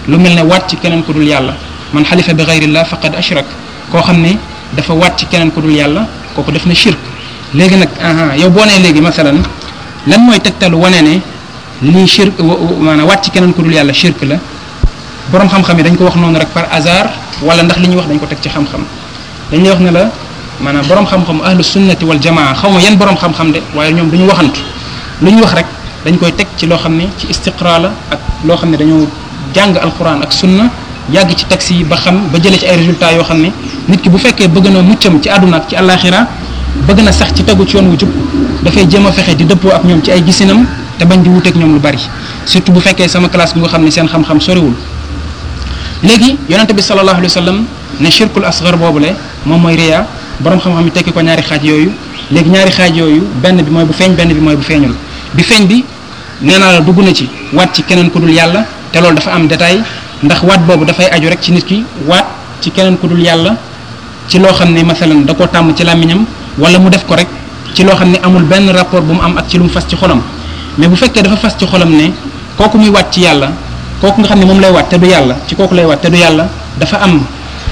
S2: lu mel ne waat ci keneen ku dul yàlla man xalifa bi gayrillah faqad ashrak koo xam ne dafa waat ci keneen ku dul yàlla kooku def na shirk léegi nag yow boo nee léegi masalan lan mooy tegtalu wane ne lii shirk maanaam waat ci keneen ku dul yàlla la borom xam-xam yi dañ ko wax noonu rek par hasard wala ndax li ñuy wax dañ ko teg ci xam-xam dañ lay wax ne la maanaam borom xam-xam ahlu sunnati wal jamaa xaw ma yan borom xam-xam de waaye ñoom duñu waxantu lu ñu wax rek dañ koy teg ci loo xam ne ci istiqra la ak loo xam ne dañoo jàng alquran ak sunna yàgg ci taxi yi ba xam ba jële ci ay résultats yoo xam ne nit ki bu fekkee bëgg na muccam ci àdduna ak ci àllaaxira bëgg na sax ci tegu ci yoon wu jub dafay jéem a fexe di dëppoo ak ñoom ci ay gisinam te bañ di wuteeg ñoom lu bari surtout bu fekkee sama classe bi xam ne seen xam-xam léegi yonente bi sallallahu alayhi wa sallam ne shirkul asgar boobule moom mooy riya borom xam-xam yi tekki ko ñaari xaaj yooyu léegi ñaari xaaj yooyu benn bi mooy bu feeñ benn bi mooy bu feeñul bi feeñ bi nee naa la dugg na ci waat ci keneen ku dul yàlla te loolu dafa am détail ndax waat boobu dafay aju rek ci nit ki waat ci keneen ku dul yàlla ci loo xam ne masalan da koo tàmm ci làmmiñam wala mu def ko rek ci loo xam ne amul benn rapport bu mu am ak ci lu mu ci xolam mais bu fekkee dafa fas ci xolam ne kooku muy waat ci yàlla kooku nga xam ne moom lay waat te du yàlla ci kooku lay waat te du yàlla dafa am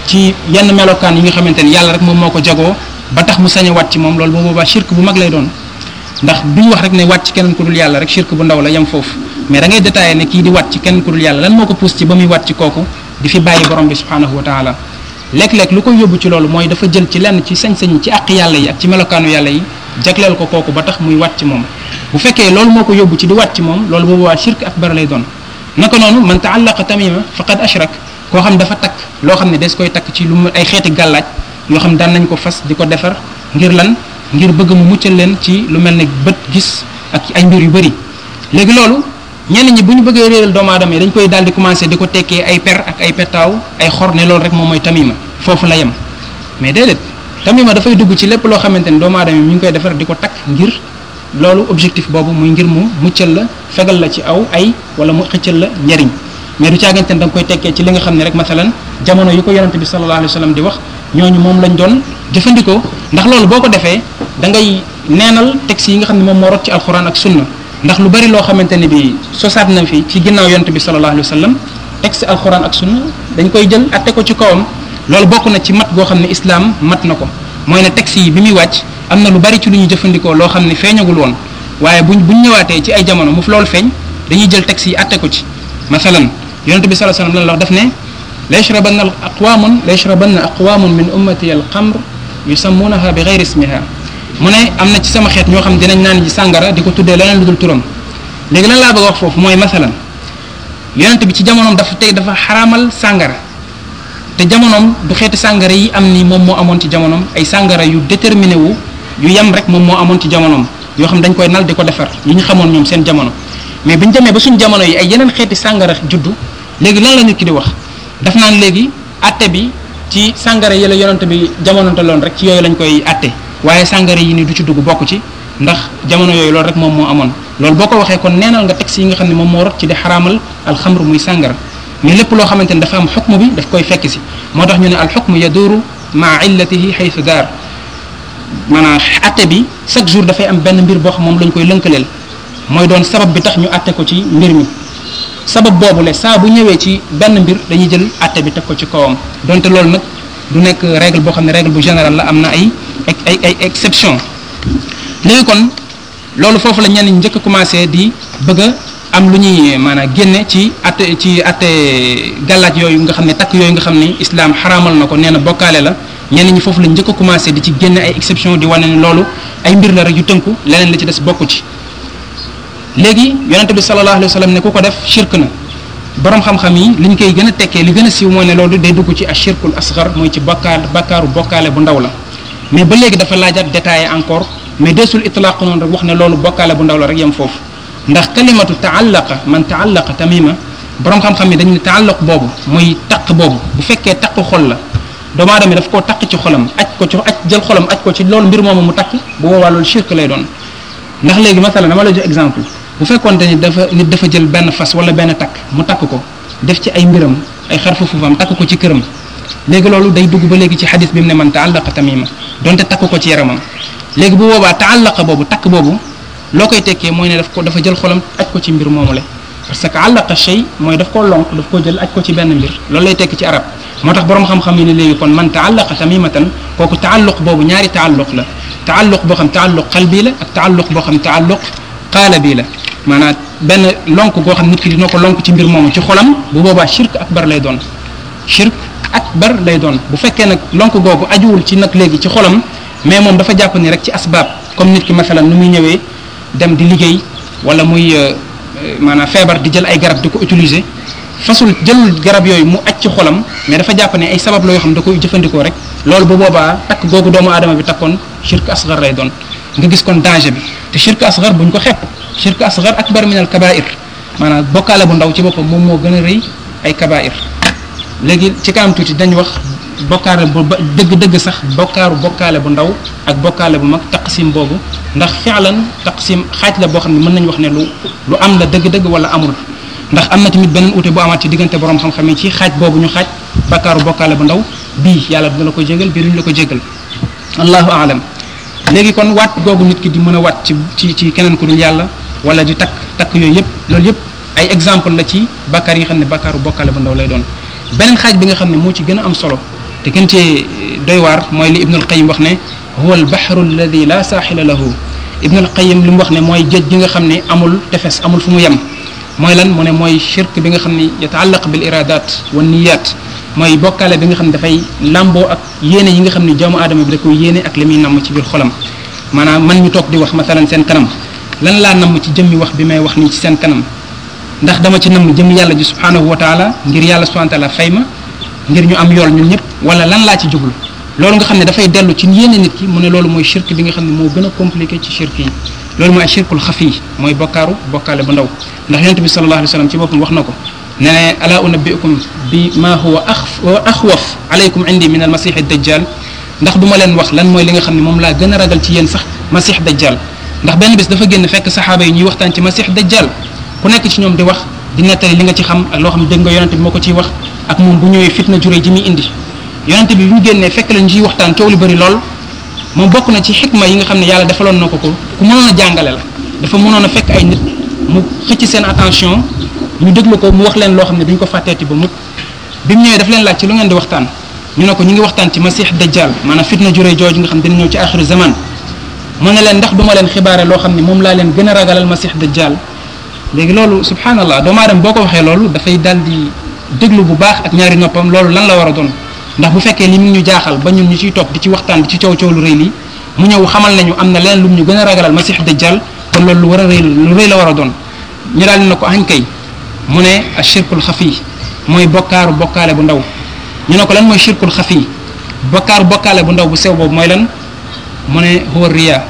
S2: ci yenn melokaan yi nga xamante ni yàlla rek moom moo ko jagoo ba tax mu sañ a waat ci moom loolu boobu boobaa shirk bu mag lay doon ndax duñ wax rek ne waat ci keneen ku dul yàlla rek shirk bu ndaw la yem foofu mais da ngay détaillé ne kii di waat ci keneen ku dul yàlla lan moo ko pousse ci ba muy waat ci kooku di fi bàyyi borom bi subhanahu wa taala léeg-léeg lu koy yóbbu ci loolu mooy dafa jël ci lenn ci sañ-sañ ci àq yàlla yi ak ci melokaanu yàlla yi jagleel ko kooku ba tax muy waat ci moom bu fekkee loolu moo ko yóbbu ci di waat ci moom loolu boobu waa shirk akbar lay doon naka noonu man taallaqa tamima faqad ashrak koo xam dafa takk loo xam ne des koy takk ci lu mu ay xeeti gàllaaj yoo xam daan nañ ko fas di ko defar ngir lan ngir bëgg mu muccal leen ci lu mel ne bët gis ak ay mbir yu bari léegi loolu ñenn ñi bu ñu bëggee réeral doomu aadama yi dañ koy daal di commencé di ko tekkee ay per ak ay petaaw ay xor ne loolu rek moom mooy tamima foofu la yem mais déedéet tamima dafay dugg ci lépp loo xamante ne doomu aadama yi ñu ngi koy defar di ko takk ngir loolu objectif boobu muy ngir mu muccal la fegal la ci aw ay wala mu xëccal la njariñ mais du da nga koy tekkee ci li xam ne rek masalan jamono yu ko yonante bi sallallahu alayhi wa di wax ñooñu moom lañ doon jëfandikoo ndax loolu boo ko defee da ngay neenal texte yi nga xam ne moom moo rot ci alxuraan ak sunna ndax lu bari loo xamante ne bi sosaat na fi ci ginnaaw yonante bi sallallahu alayhi wa sallam texte alxuraan ak sunna dañ koy jël atte ko ci kawam loolu bokk na ci mat goo xam ne islaam mat na ko mooy ne texte yi bi muy wàcc am na lu bari ci lu ñu jëfandikoo loo xam ne feeñagul woon waaye buñ buñ ñëwaatee ci ay jamono mu loolu feeñ dañuy jël texte yi atte ko ci masalan yonente bi sallallahu alayhi wasallam lan la wax daf ne la yashrabanna aqwamun la yashrabanna aqwamun min ummati al xamr yusammunaha bi geyri ismiha mu ne am na ci sama xeet ñoo xam dinañ naan ji sàngara di ko tuddee leneen lu dul turam léegi lan laa bëgg a wax foofu mooy masalan yonente bi ci jamonoom dafa tey dafa xaraamal sàngara te jamonoom du xeeti sàngara yi am ni moom moo amoon ci jamonoom ay sàngara yu déterminé wu yu yem rek moom moo amoon ci jamonoom yoo xam dañ koy nal di ko defar yu ñu xamoon ñoom seen jamono mais bi ñu demee ba suñu jamono yi ay yeneen xeeti sàngara juddu léegi lan la nit ki di wax daf naan léegi atte bi ci sàngara yi la yonante bi jamononte loon rek ci yooyu lañ koy atte waaye sàngara yi ni du ci dugg bokk ci ndax jamono yooyu loolu rek moom moo amoon loolu boo ko waxee kon neenal nga teg texte yi nga xam ne moom moo rot ci di xaraamal alxamr muy lépp loo xamante ne dafa am xukm bi daf koy fekk si moo tax ñu ne alxukm yaduuru maa illatihi xaytu daar maanaam atte bi shaque jour dafay am benn mbir boo xam moom lañ koy lënkaleel mooy doon sabab bi tax ñu atte ko ci mbir mi sabab boobu le saa bu ñëwee ci benn mbir dañuy jël atte bi teg ko ci kawam donte loolu nag du nekk règle boo xam ne règle bu générale la am na ay ay ay exception kon loolu foofu la ñenn njëkk a commencé di bëgg am lu ñuy maanaam génne ci atte ci atte gàllaaj yooyu nga xam ne takk yooyu nga xam ne islaam xaraamal na ko nee na bokkaale la ñenn ñi foofu la njëkk a commencé di ci génne ay exception di wane ne loolu ay mbir la rek yu tënku leneen la ci des bokku ci léegi yonente bi sallallahu alayhi wa sallam ne ku ko def shirk na borom xam-xam yi li ñu koy gën a tekkee li gën a siiw mooy ne loolu day dugg ci ashirkul asgar mooy ci bakkaar bakkaaru bokkaale bu ndaw la mais ba léegi dafa laajaat détaillé encore mais desul itlaaq noonu rek wax ne loolu bokkaale bu ndaw la rek yem foofu ndax kalimatu taallaqa man taallaqa tamima borom xam-xam yi dañ ne taallaq boobu mooy taq boobu bu fekkee taq xol la doomu aadama daf koo takk ci xolam aj ko ci jël xolam aj ko ci loolu mbir moomu mu takk bu boobaa loolu shirk lay doon ndax léegi masala dama la jox exemple bu fekkoonte ni dafa nit dafa jël benn fas wala benn takk mu takk ko def ci ay mbiram ay xarfu fufam takk ko ci këram léegi loolu day dugg ba léegi ci xadis bi mu ne man taallaqa tamima donte takk ko ci yaramam léegi bu boobaa taallaqa boobu takk boobu loo koy tekkee mooy ne daf ko dafa jël xolam aj ko ci mbir moomu le parce que àllaqa shay mooy daf koo lonk daf koo jël aj ko ci benn mbir loolu lay tekki ci arab moo tax boroom xam-xam yi ne léegi kon man taallaqa tamimatan kooku taalluq boobu ñaari taalluq la taalluq boo xam taalluq qalbi la la maanaam benn lonk goo xam nit ki dina ko lonk ci mbir moomu ci xolam bu boobaa shirk akbar lay doon shirk akbar lay doon bu fekkee nag lonk googu ajuwul ci nag léegi ci xolam mais moom dafa jàpp ni rek ci asbaab comme nit ki masalan nu muy ñëwee dem di liggéey wala muy euh, maanaam feebar di jël ay garab di ko utiliser fasul jël garab yooyu mu acc xolam mais dafa jàpp ne ay sabab la yoo xam da koy jëfandikoo rek loolu bu boobaa takk googu doomu aadama bi takkoon shirk asgar lay doon nga gis kon danger bi te shirk asgar buñ ko xeeb shirk asgar akbar min al kabair maanaam bokkaale bu ndaw ci boppam moom moo gën a rëy ay kabair léegi ci kanam tuuti dañ wax bokkaale bu ba dëgg-dëgg sax bokkaaru bokkaale bu ndaw ak bokkaale bu mag taqsim boobu ndax fi'lan taqsim xaaj la boo xam ne mën nañu wax ne lu lu am la dëgg-dëgg wala amul ndax am na tamit beneen ute bu amaat ci diggante borom xam-xam yi ci xaaj boobu ñu xaaj bakkaaru bokkaale bu ndaw bii yàlla dina la ko jégal bii duñu la ko jégal allahu alam léegi kon waat googu nit ki di mën a waat ci ci ci keneen ku dul yàlla wala di takk takk yooyu yëpp loolu yëpp ay exemple la ci bakkaar yi xam ne bakkaaru bokkaale bu ndaw lay doon beneen xaaj bi nga xam ne moo ci gën a am solo te gën cee doy waar mooy li Ibnul Qayyim wax ne huwa al bahru alladi la saaxila lahu Ibnul Qayyim li mu wax ne mooy géej bi nga xam ne amul tefes amul fu mu yem mooy lan mu ne mooy shirk bi nga xam ne yataallaq bil iradat wa niyat mooy bokkaale bi nga xam ne dafay làmboo ak yéene yi nga xam ne joomu aadama bi da ko yéene ak li muy namm ci biir xolam maanaam man ñu toog di wax masalan seen kanam lan laa nam ci jëmmi wax bi may wax nii ci seen kanam ndax dama ci namm jëmmi yàlla ji subhanahu wa taala ngir yàlla subhanahu wa fay ma ngir ñu am yool ñun ñëpp wala lan laa ci jublu loolu nga xam ne dafay dellu ci yéene nit ki mu ne loolu mooy shirk bi nga xam ne moo gën a compliqué ci shirk yi loolu mooy shirkul xafi mooy bokkaaru bokkaale bu ndaw ndax yonent bi sallallahu alayhi wa sallam ci boppam wax na ko ne ne ala unabbiukum bi ma huwa axwaf alaykum indi min al masih dajjal ndax du ma leen wax lan mooy li nga xam ne moom laa gën a ragal ci yéen sax masih dajjal ndax benn bés dafa génn fekk saxaaba yi ñuy waxtaan ci masih dajjal ku nekk ci ñoom di wax di nettali li nga ci xam ak loo xam ne dégg nga yonente bi moo ko ciy wax ak moom bu ñëwee fitna jure ji muy indi yonente bi bi mu génnee fekk lañ ciy waxtaan coow lu bëri lool moom bokk na ci xikma yi nga xam ne yàlla defaloon na ko ko ku mënoon jàngale la dafa mënoon a fekk ay nit mu xëcc seen attention ñu déglu ko mu wax leen loo xam ne duñ ko fàtteeti ba mukk bi mu ñëwee daf leen laaj ci lu ngeen di waxtaan ñu ne ko ñu ngi waxtaan ci masix dajjal maanaam fitna juré jooju nga xam dina ñëw ci axiru zaman mu ne leen ndax loo xam ne moom laa leen gën a ragalal masix dajjal léegi loolu subhanallah doomu aadama boo ko waxee loolu dafay daal di déglu bu baax ak ñaari noppam loolu lan la war a doon ndax bu fekkee li mu ñu jaaxal ba ñun ñu ciy topp di ci waxtaan di ci coow coow lu rëy lii mu ñëw xamal nañu am na leen lu mu ñu gën a ragalal masix dajjal kon loolu lu war a rëy lu rëy la war a doon ñu daal na ko añ kay mu ne ashirkul xafi mooy bokkaaru bokkaale bu ndaw ñu ne ko lan mooy shirkul xafi bokkaaru bokkaale bu ndaw bu sew boobu mooy lan mu ne huwa riya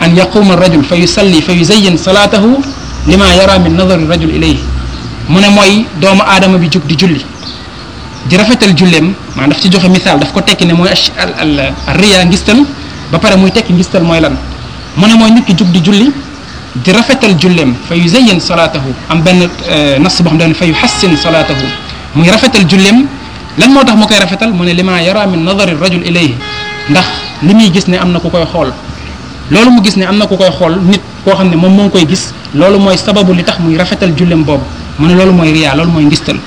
S2: an yaquuma rajul fa yusalli fa yuzayin salaatahu lima yara min nazari rajul ilayhi mu ne mooy doomu aadama bi jug di julli di rafetal julleem maanaam daf ci joxe misaal daf ko tekki ne mooy al riya ngistal ba pare muy tekki ngistal mooy lan mu ne mooy nit ki jug di julli di rafetal julleem fa yuzayin salaatahu am benn eh, nas boo xam ne fa yuhassin salaatahu muy rafetal julleem lan moo tax mu koy rafetal mu ne lima yara min nazari rajul ilayhi ndax li muy gis ne am na ku koy xool loolu mu gis ne am na ku koy xool nit koo xam ne moom moo ngi koy gis loolu mooy sababu li tax muy rafetal jullem boobu mu ne loolu mooy riyaa loolu mooy ngistal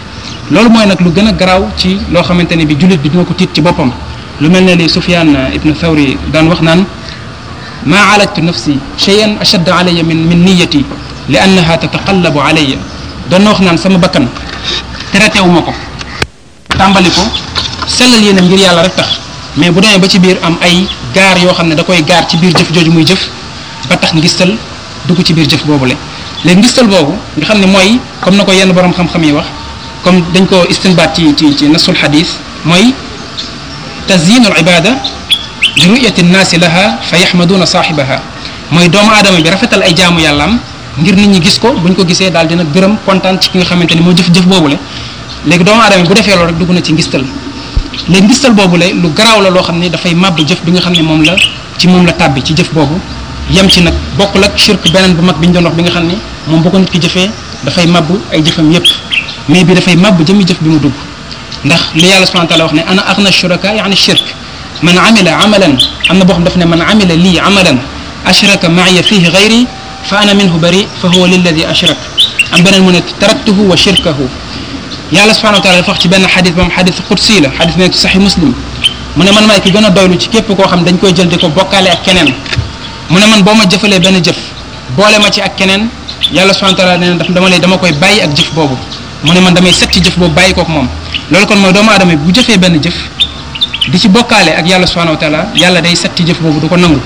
S2: loolu mooy nag lu gën a garaaw ci loo xamante ne bi jullit bi dina ko tiit ci boppam lu mel ne li Sufyaan ibnu Thawri daan wax naan maa alajtu nafsi cheyan ashadd alaya min min niyati li annaha tataqallabu alaya doon na wax naan sama bakkan traité wu ma ko ko sellal yéenam ngir yàlla rek tax mais bu demee ba ci biir am ay gaar yoo xam ne da koy gaar ci biir jëf jooju muy jëf ba tax ngistal dugg ci biir jëf boobu boobule léegi ngistal boobu nga xam ne mooy comme na ko yenn boroom xam-xam yi wax comme dañ ko istinbaat ci ci ci nasul xadis mooy tazyinu al ibada bi ruyati nnaasi laha fa yaxmaduuna saaxibaha mooy doomu aadama bi rafetal ay jaamu yàllaam ngir nit ñi gis ko buñ ko gisee daal dina gërëm kontaan ci ki nga xamante ni moo jëf-jëf boobule léegi doomu aadama bu defee loolu rek dugg na ci ngistal léegi ngistal boobu lay lu garaaw la loo xam ne dafay màbb jëf bi nga xam ne moom la ci moom la tàbbi ci jëf boobu yem ci nag bokkul ak shirk beneen bu mag bi ñu doon wax bi nga xam ne moom bu ko nit ki jëfee dafay màbb ay jëfam yépp mais bi dafay màbb jëmi jëf bi mu dugg ndax li yàlla subhanahu wa taala wax ne ana aghna shuraka yaani shirk man amila amalan am na boo xam daf ne man amila lii amalan ashraka maaya fihi gayri fa ana minhu bari fa huwa lilladi ashrak am beneen mu ne taraktuhu wa shirkahu yàlla subhanahu wa taala a wax ci benn xadis ba mu xadis qudsi la xadis nekk saxi muslim mu ne man maay ki gën a doylu ci képp koo xam dañ koy jël di ko bokkaale keneen mu ne man boo ma jëfalee benn jëf boole ma ci ak keneen yàlla subhanahu dama koy bàyyi ak jëf boobu mu ne man damay set ci jëf boobu bàyyi kook moom loolu kon mooy doomu aadama bu jëfee benn jëf di ci bokkaale ak yàlla subhanahu wa taala yàlla day set ci jëf boobu du ko nangu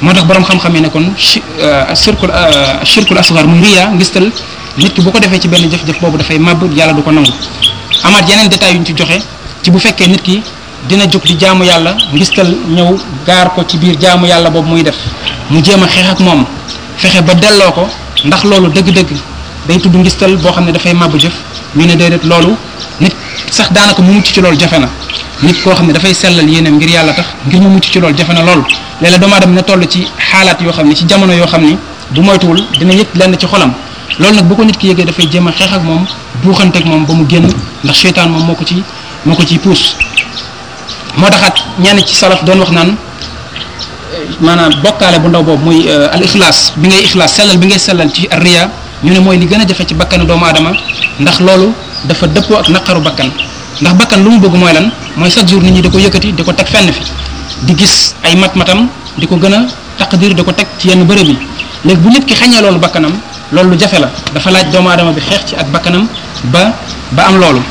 S2: moo tax boroom xam-xam yi ne kon euh, shirkul euh, shirkul asgar muy ngi ngistal nit ki bu ko defee ci benn jëf-jëf boobu dafay màbb yàlla du ko nangu amaat yeneen détails yu ñu joxe ci bu fekkee nit ki dina jóg di jaamu yàlla ngistal ñëw gaar ko ci biir jaamu yàlla boobu muy def mu jéem a xeex ak moom fexe ba delloo ko ndax loolu dëgg-dëgg day tudd ngistal boo xam ne dafay màbbu jëf ñu ne déedéet loolu nit sax daanaka mu mucc ci loolu jafe na nit koo xam ne dafay sellal yéenam ngir yàlla tax ngir mu mucc ci loolu jafe na loolu léeg-léeg doomu aadama na toll ci xaalaat yoo xam ne ci jamono yoo xam ni bu moytuwul dina yëg lenn ci xolam loolu nag boo ko nit ki yëgee dafay jéem a xeex ak moom buuxante ak moom ba mu génn ndax seytaan moom moo ko ci moo ko ciy puus moo taxaat ñenn ci salaf doon wax naan maanaam bokkaale bu ndaw boobu muy euh, al ixlaas bi ngay ixlaas sellal bi ngay sellal ci riya ñu ne mooy li gën a jafe ci bakkanu doomu aadama ndax loolu dafa dëppoo naqaru bakkan ndax bakkan lu mu bëgg mooy lan mooy chaque jour nit ñi di ko yëkkati di ko teg fenn fi di gis ay mat-matam di ko gën a taqdir di ko teg ci yenn bërëb yi léegi bu nit ki xañee loolu bakkanam loolu lu jafe la dafa laaj doomu aadama bi xeex ci ak bakkanam ba ba am loolu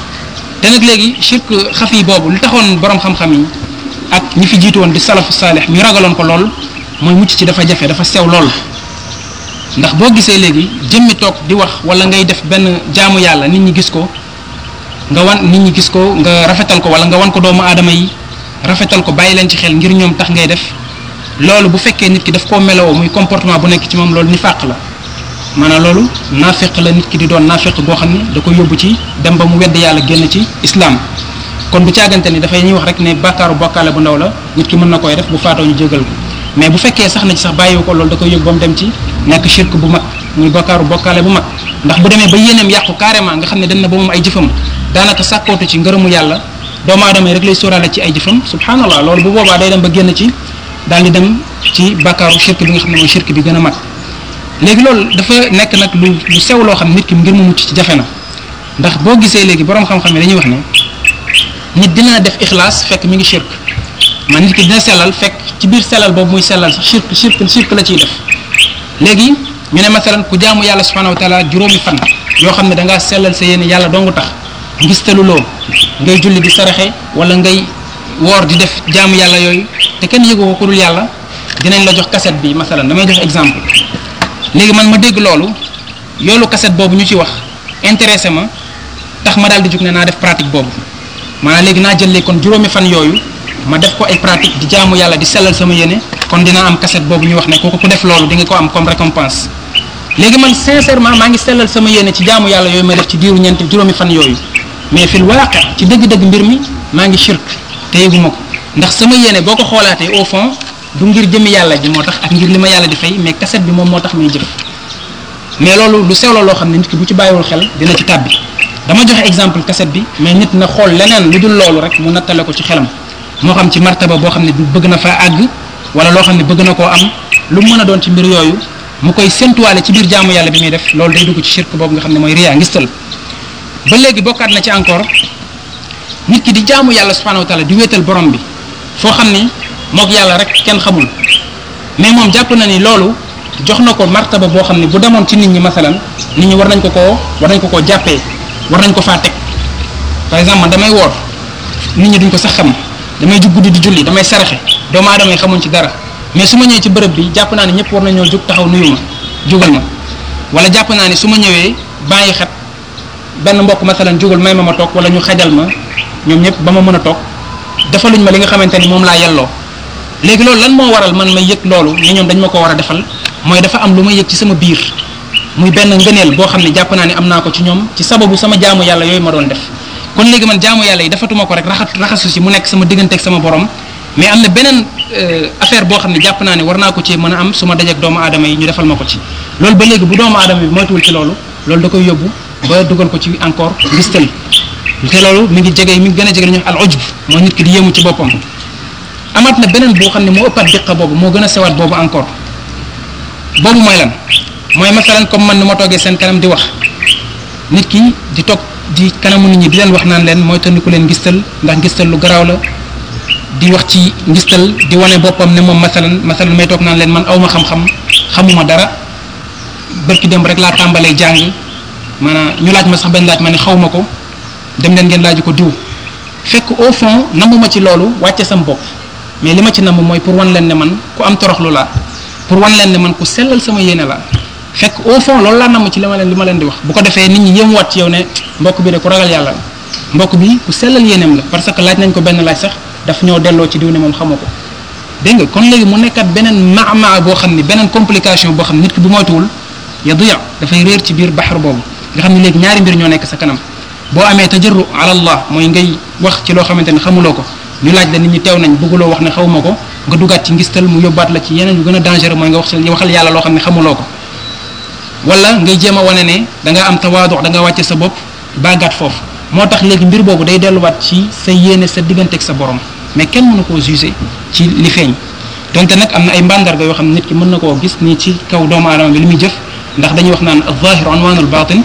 S2: te nag léegi shirk yi boobu lu taxoon boroom xam-xam yi ak ñi fi jiitu woon di salafu saalix ñu ragaloon ko lool mooy mucc ci dafa jafe dafa sew lool ndax boo gisee léegi jëmmi toog di wax wala ngay def benn jaamu yàlla nit ñi gis ko nga wan nit ñi gis ko nga rafetal ko wala nga wan ko doomu aadama yi rafetal ko bàyyi leen ci xel ngir ñoom tax ngay def loolu bu fekkee nit ki daf ko melowoo muy comportement bu nekk ci moom loolu fàq la maanaam loolu naafeq la nit ki di doon naafeq boo xam ne da ko yóbbu ci dem ba mu wedd yàlla génn ci islam kon bu caagante ni dafay ñuy wax rek ne bàkkaaru bokkaale bu ndaw la nit ki mën na koy def bu faatoo ñu jégal mais bu fekkee sax na sax bàyyiwu ko loolu da koy yóbbu dem ci nekk shirk bu mag muy bokkaaru bokkaale bu mag ndax bu demee ba yéeneem yàqu carrément nga xam ne dañ na ba moom ay jëfam daanaka sàkkootu ci ngërëmu yàlla doomu rek lay sóoraale ci ay jëfam subhanallah loolu bu boobaa day dem ba génn ci daal di dem ci bàkkaaru shirk bi nga xam ne mooy shirk bi gën a mag léegi loolu dafa nekk nag lu sew loo xam nit ki ngir mu mucc ci jafe na ndax boo gisee léegi borom xam-xam yi dañuy wax ne nit dina def ixlaas fekk mi ngi shirk man nit ki dina sellal fekk ci biir sellal boobu muy sellal sax shirk shirk shirk la ciy def léegi ñu ne masalan ku jàmm yàlla subhanahu wa taala juróomi fan yoo xam ne da sellal sa yéene yàlla dongu tax ngistalu loo ngay julli di saraxe wala ngay woor di def jàmm yàlla yooyu te ko ku yàlla dinañ la jox cassette bi masalan damay jox exemple léegi man ma dégg loolu yoolu cassette boobu ñu ci wax intéressé ma tax ma daal di jug ne naa def pratique boobu maanaam léegi naa jëlee kon juróomi fan yooyu ma def ko ay pratique di jaamu yàlla di sellal sama yéene kon dinaa am cassette boobu ñu wax ne kooku ku def loolu di ko am comme récompense léegi man sincèrement maa ngi sellal sama yéene ci jaamu yàlla yooyu ma def ci diiru ñeenti juróomi fan yooyu mais fil waaqe ci dëgg-dëgg mbir mi maa ngi shirk te ma ko sama yéene boo ko xoolaatee au fond du ngir jëmm yàlla ji moo tax ak ngir li ma yàlla di fay mais kaset bi moom moo tax muy jëf mais loolu lu sew loo xam ne nit ki bu ci bàyyiwul xel dina ci tàbbi dama joxe exemple kaset bi mais nit na xool leneen lu dul loolu rek mu nattale ko ci xelam moo xam ci martaba boo xam ne bëgg na faa àgg wala loo xam ne bëgg na koo am lu mën a doon ci mbir yooyu mu koy séntuwaale ci biir jaamu yàlla bi muy def loolu day dugg ci shirk boobu nga xam ne mooy riyaa ngistal ba léegi bokkaat na ci encore nit ki di jaamu yàlla subhanahu wa taala di wéetal borom bi foo xam ne moog yàlla rek kenn xamul mais moom jàpp na ni loolu jox na ko martaba boo xam ne bu demoon ci nit ñi masalan nit ñi war nañ ko koo war nañ ko koo jàppee war nañ ko faa teg par exemple damay woor nit ñi duñ ko sax xam damay jug guddi di julli damay saraxe doomu aadama yi xamuñ ci dara mais su ma ñëwee ci bërëb bi jàpp naa ne ñëpp war nañoo jug taxaw nuyu ma jugal ma wala jàpp naa ni su ma ñëwee bàyyi xet benn mbokk masalan jugal may ma ma toog wala ñu xajal ma ñoom ñëpp ba ma mën a toog defaluñ ma li nga xamante ni moom laa yelloo léegi loolu lan moo waral man may yëg loolu ne ñoom dañ ma ko war a defal mooy dafa am lu ma yëg ci sama biir muy benn ngëneel boo xam ne jàpp naa ne am naa ko ci ñoom ci sababu sama jaamu yàlla yooyu ma doon def kon léegi man jaamu yàlla yi dafatuma ko rek raxat raxasu si mu nekk sama digganteeg sama borom mais am na beneen euh, affaire boo xam ne jàpp naa ne war naa ko cee mën a am suma ma dajeeg doomu aadama yi ñu defal ma ko ci loolu ba léegi bu doomu aadama bi moytuwul ci loolu loolu da koy yóbbu ba dugal ko ci encore ngistal te loolu mi ngi jege mi ngi gën a jege li ñuy wax al ujub nit ki di yéemu ci boppam amaat na beneen boo xam ne moo ëppaat diqa boobu moo gën a sewaat boobu encore boobu mooy lan mooy masalan comme man nu ma toogee seen kanam di wax nit ki di toog di kanamu nit ñi bi leen wax naan leen mooy tëndiku leen ngistal ndax ngistal lu garaaw la di wax ci ngistal di wane boppam ne moom masalan masalan may toog naan leen man awma xam-xam xamuma dara bërki dem rek laa tàmbalee jàng maanaam ñu laaj ma sax benn laaj ma ne xaw ma ko dem leen ngeen laaj ko diw fekk au fond ci loolu wàcce sam bopp mais li ma ci namm mooy pour wan leen ne man ku am toroxlu laa pour wan leen ne man ku sellal sama yéene laa fekk au fond loolu laa namm ci li ma leen li ma leen di wax bu ko defee nit ñi yéemuwaat ci yow ne mbokk bi de ku ragal yàlla mbokk bi ku sellal yéeneem la parce que laaj nañ ko benn laaj sax daf ñoo delloo ci diw ne moom xamoo ko dégg nga kon léegi mu nekkat beneen maamaa boo xam ni beneen complication boo xam nit ki bu moytuwul ya duya dafay réer ci biir baxar boobu nga xam ne léegi ñaari mbir ñoo nekk sa kanam boo amee tajarru ala allah mooy ngay wax ci loo xamante ne xamuloo ko ñu laaj la nit ñi teew nañ bëgguloo wax ne xaw ma ko nga dugaat ci ngistal mu yóbbaat la ci yeneen yu gën a dangereux mooy nga wax ci waxal yàlla loo xam ne xamuloo ko wala ngay jéem a wane ne da nga am tawaadu da nga wàcce sa bopp baagaat foofu moo tax léegi mbir boobu day delluwaat ci sa yéene sa digganteeg sa borom mais kenn mënu koo jugé ci li feeñ donte nag am na ay mbandarga yoo xam ne nit ki mën na koo gis nii ci kaw doomu aadama bi li muy jëf ndax dañuy wax naan az-zahir unwanul batin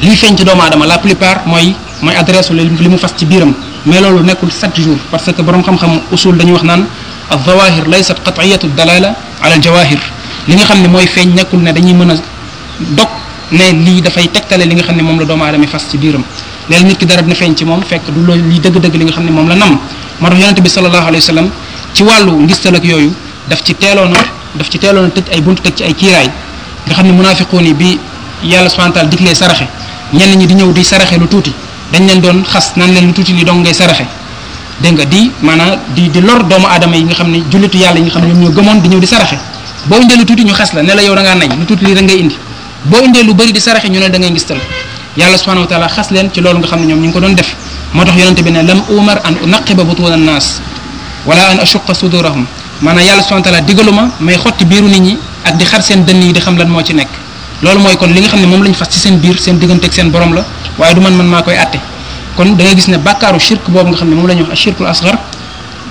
S2: liy feeñ ci doomu aadama la plupart mooy mooy adresse li mu fas ci biiram mais loolu nekkul sept jours parce que borom xam-xam usul dañuy wax naan az-zawahir laysat qat'iyatu dalala ala al li nga xam ne mooy feeñ nekkul ne dañuy mën a dog ne lii dafay tegtale li nga xam ne moom la doomu aadama fas ci biiram léegi nit ki dara dina feeñ ci moom fekk du loolu li dëgg-dëgg li nga xam ne la nam moo tax yonente bi sallallahu alayhi wa ci wàllu ngistal ak yooyu daf ci teeloon a daf ci teeloon teg ay buntu teg ci ay kiiraay nga xam ne munaafiquun yi bi yàlla subhanahu wa taala diglee saraxe ñenn ñi di ñëw di saraxe lu tuuti dañ leen doon xas naan leen lu tuuti li dong ngay saraxe dégg nga di maanaam di di lor doomu aadama yi nga xam ne jullitu yàlla yi nga xam ne ñoom ñoo gëmoon di ñëw di saraxe boo indee lu tuuti ñu xas la ne la yow da ngaa nañ lu tuuti li da ngay indi boo indee lu bëri di saraxe ñu ne da ngistal yàlla subhanahu wa xas leen ci loolu nga xam ne ñoom ñu ngi ko doon def moo tax yonente bi ne lam umar an unaqiba butun an naas wala an ashuqa sudurahum maanaam yàlla subhanahu wa taala digaluma may xotti biiru nit ñi ak di xar moo ci nekk loolu mooy kon li nga xam ne moom lañ fas ci seen biir seen diggante seen borom la waaye du man man maa koy atte kon da nga gis ne bàkkaaru shirk boobu nga xam ne moom la ñuy wax ashirkul asgar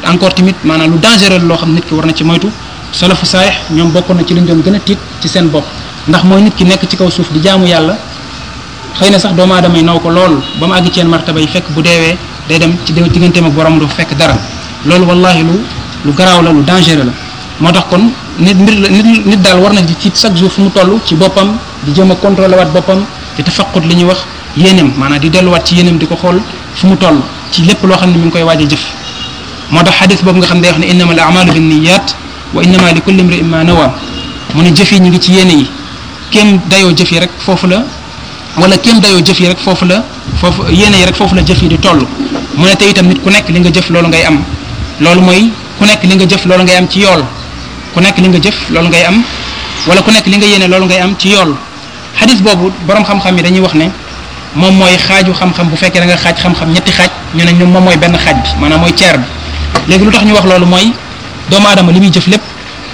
S2: encore tamit maanaam lu dangereux loo xam nit ki war na ci moytu salafu saalih ñoom bokkoon na ci liñ doon gën a tiit ci seen bopp ndax mooy nit ki nekk ci kaw suuf di jaamu yàlla xëy na sax doomu aadama yi naw ko lool ba mu àgg ci yenn martaba yi fekk bu deewee day dem ci digganteem ak borom du fekk dara loolu wallahi lu lu garaaw la lu dangereux la moo tax kon nit la nit nit daal war na ci tiit chaque jour fu mu toll ci boppam di jëm a contrôler waat boppam di li ñuy wax yéeneem maanaam di delluwaat ci yéeneem di ko xool fu mu toll ci lépp loo xam ne mi ngi koy waaj a jëf moo tax xadis boobu nga xam ne day wax ne innama al amalu bin niyat wa innama li kulli imrin ma nawa mu ne jëf yi ñu ngi ci yéene yi kéem dayoo jëf rek foofu la wala kéem dayoo jëf yi rek foofu la foofu yéene yi rek foofu la jëf di toll mu ne te itam ku nekk li nga jëf loolu ngay am loolu mooy ku nekk li nga jëf loolu ngay am ci yool ku nekk li nga jëf loolu ngay am wala ku nekk li nga yéene loolu ngay am ci yool xadis boobu borom xam-xam yi dañuy wax ne moom mooy xaaju xam-xam bu fekkee da nga xaaj xam-xam ñetti xaaj ñu ne ñoom moom mooy benn xaaj bi maanaam mooy ceer bi léegi lu tax ñu wax loolu mooy doomu aadama li muy jëf lépp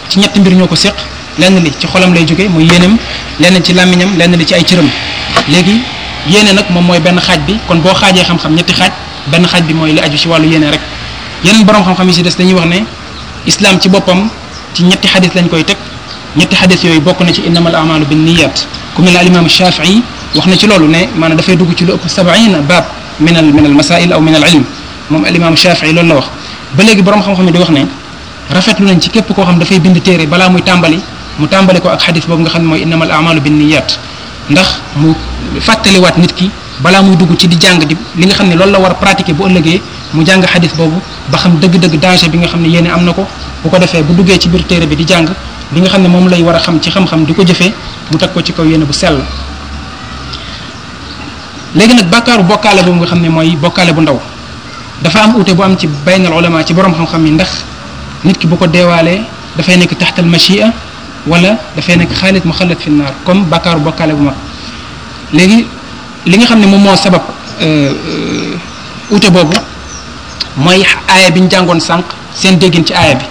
S2: ci ñetti mbir ñoo ko séq lenn li ci xolam lay jóge mooy yéenam lenn ci làmmiñam lenn li ci ay cëram léegi yéene nag moom mooy benn xaaj bi kon boo xaajee xam-xam ñetti xaaj benn xaaj bi mooy li aju ci wàllu yéene rek yeneen borom xam-xam yi si des dañuy wax ne islam ci boppam ci ñetti xadis lañ koy teg ñetti xadis yooyu bokk na ci innamal amalu bin niyat ku mel ne al imam Shafii wax na ci loolu ne maanaam dafay dugg ci lu ëpp sabaina baab min al min al masail aw min al ilm moom al imam Shafii loolu la wax ba léegi borom xam-xam di wax ne rafetlu nañ ci képp koo xam dafay bind téere balaa muy tàmbali mu tàmbali ko ak boobu nga xam ne mooy innama al amalu binniyat ndax mu fàttaliwaat nit ki balaa muy dugg ci di jàng di li nga xam ne loolu la war a pratiquer bu ëllëgee mu jàng xadis boobu ba xam dëgg-dëgg danger bi nga xam ne yéene am na ko bu ko defee bu duggee ci biir téere bi di jàng li nga xam ne moom lay war a xam ci xam-xam di ko jëfee mu teg ko ci kaw yéene bu sell léegi nag bàkkaaru bokkaale boobu nga xam ne mooy bokkaale bu ndaw dafa am uute bu am ci baynal ulama ci borom xam-xam yi ndax nit ki bu ko deewaalee dafay nekk taxtal machia wala dafay nekk xaalit mu xalat fi naar comme bàkkaaru bokkaale bu mag léegi li nga xam ne moom moo sabab euh, euh, uute boobu mooy aaya bi ñu jàngoon sànq seen déggin ci aaya bi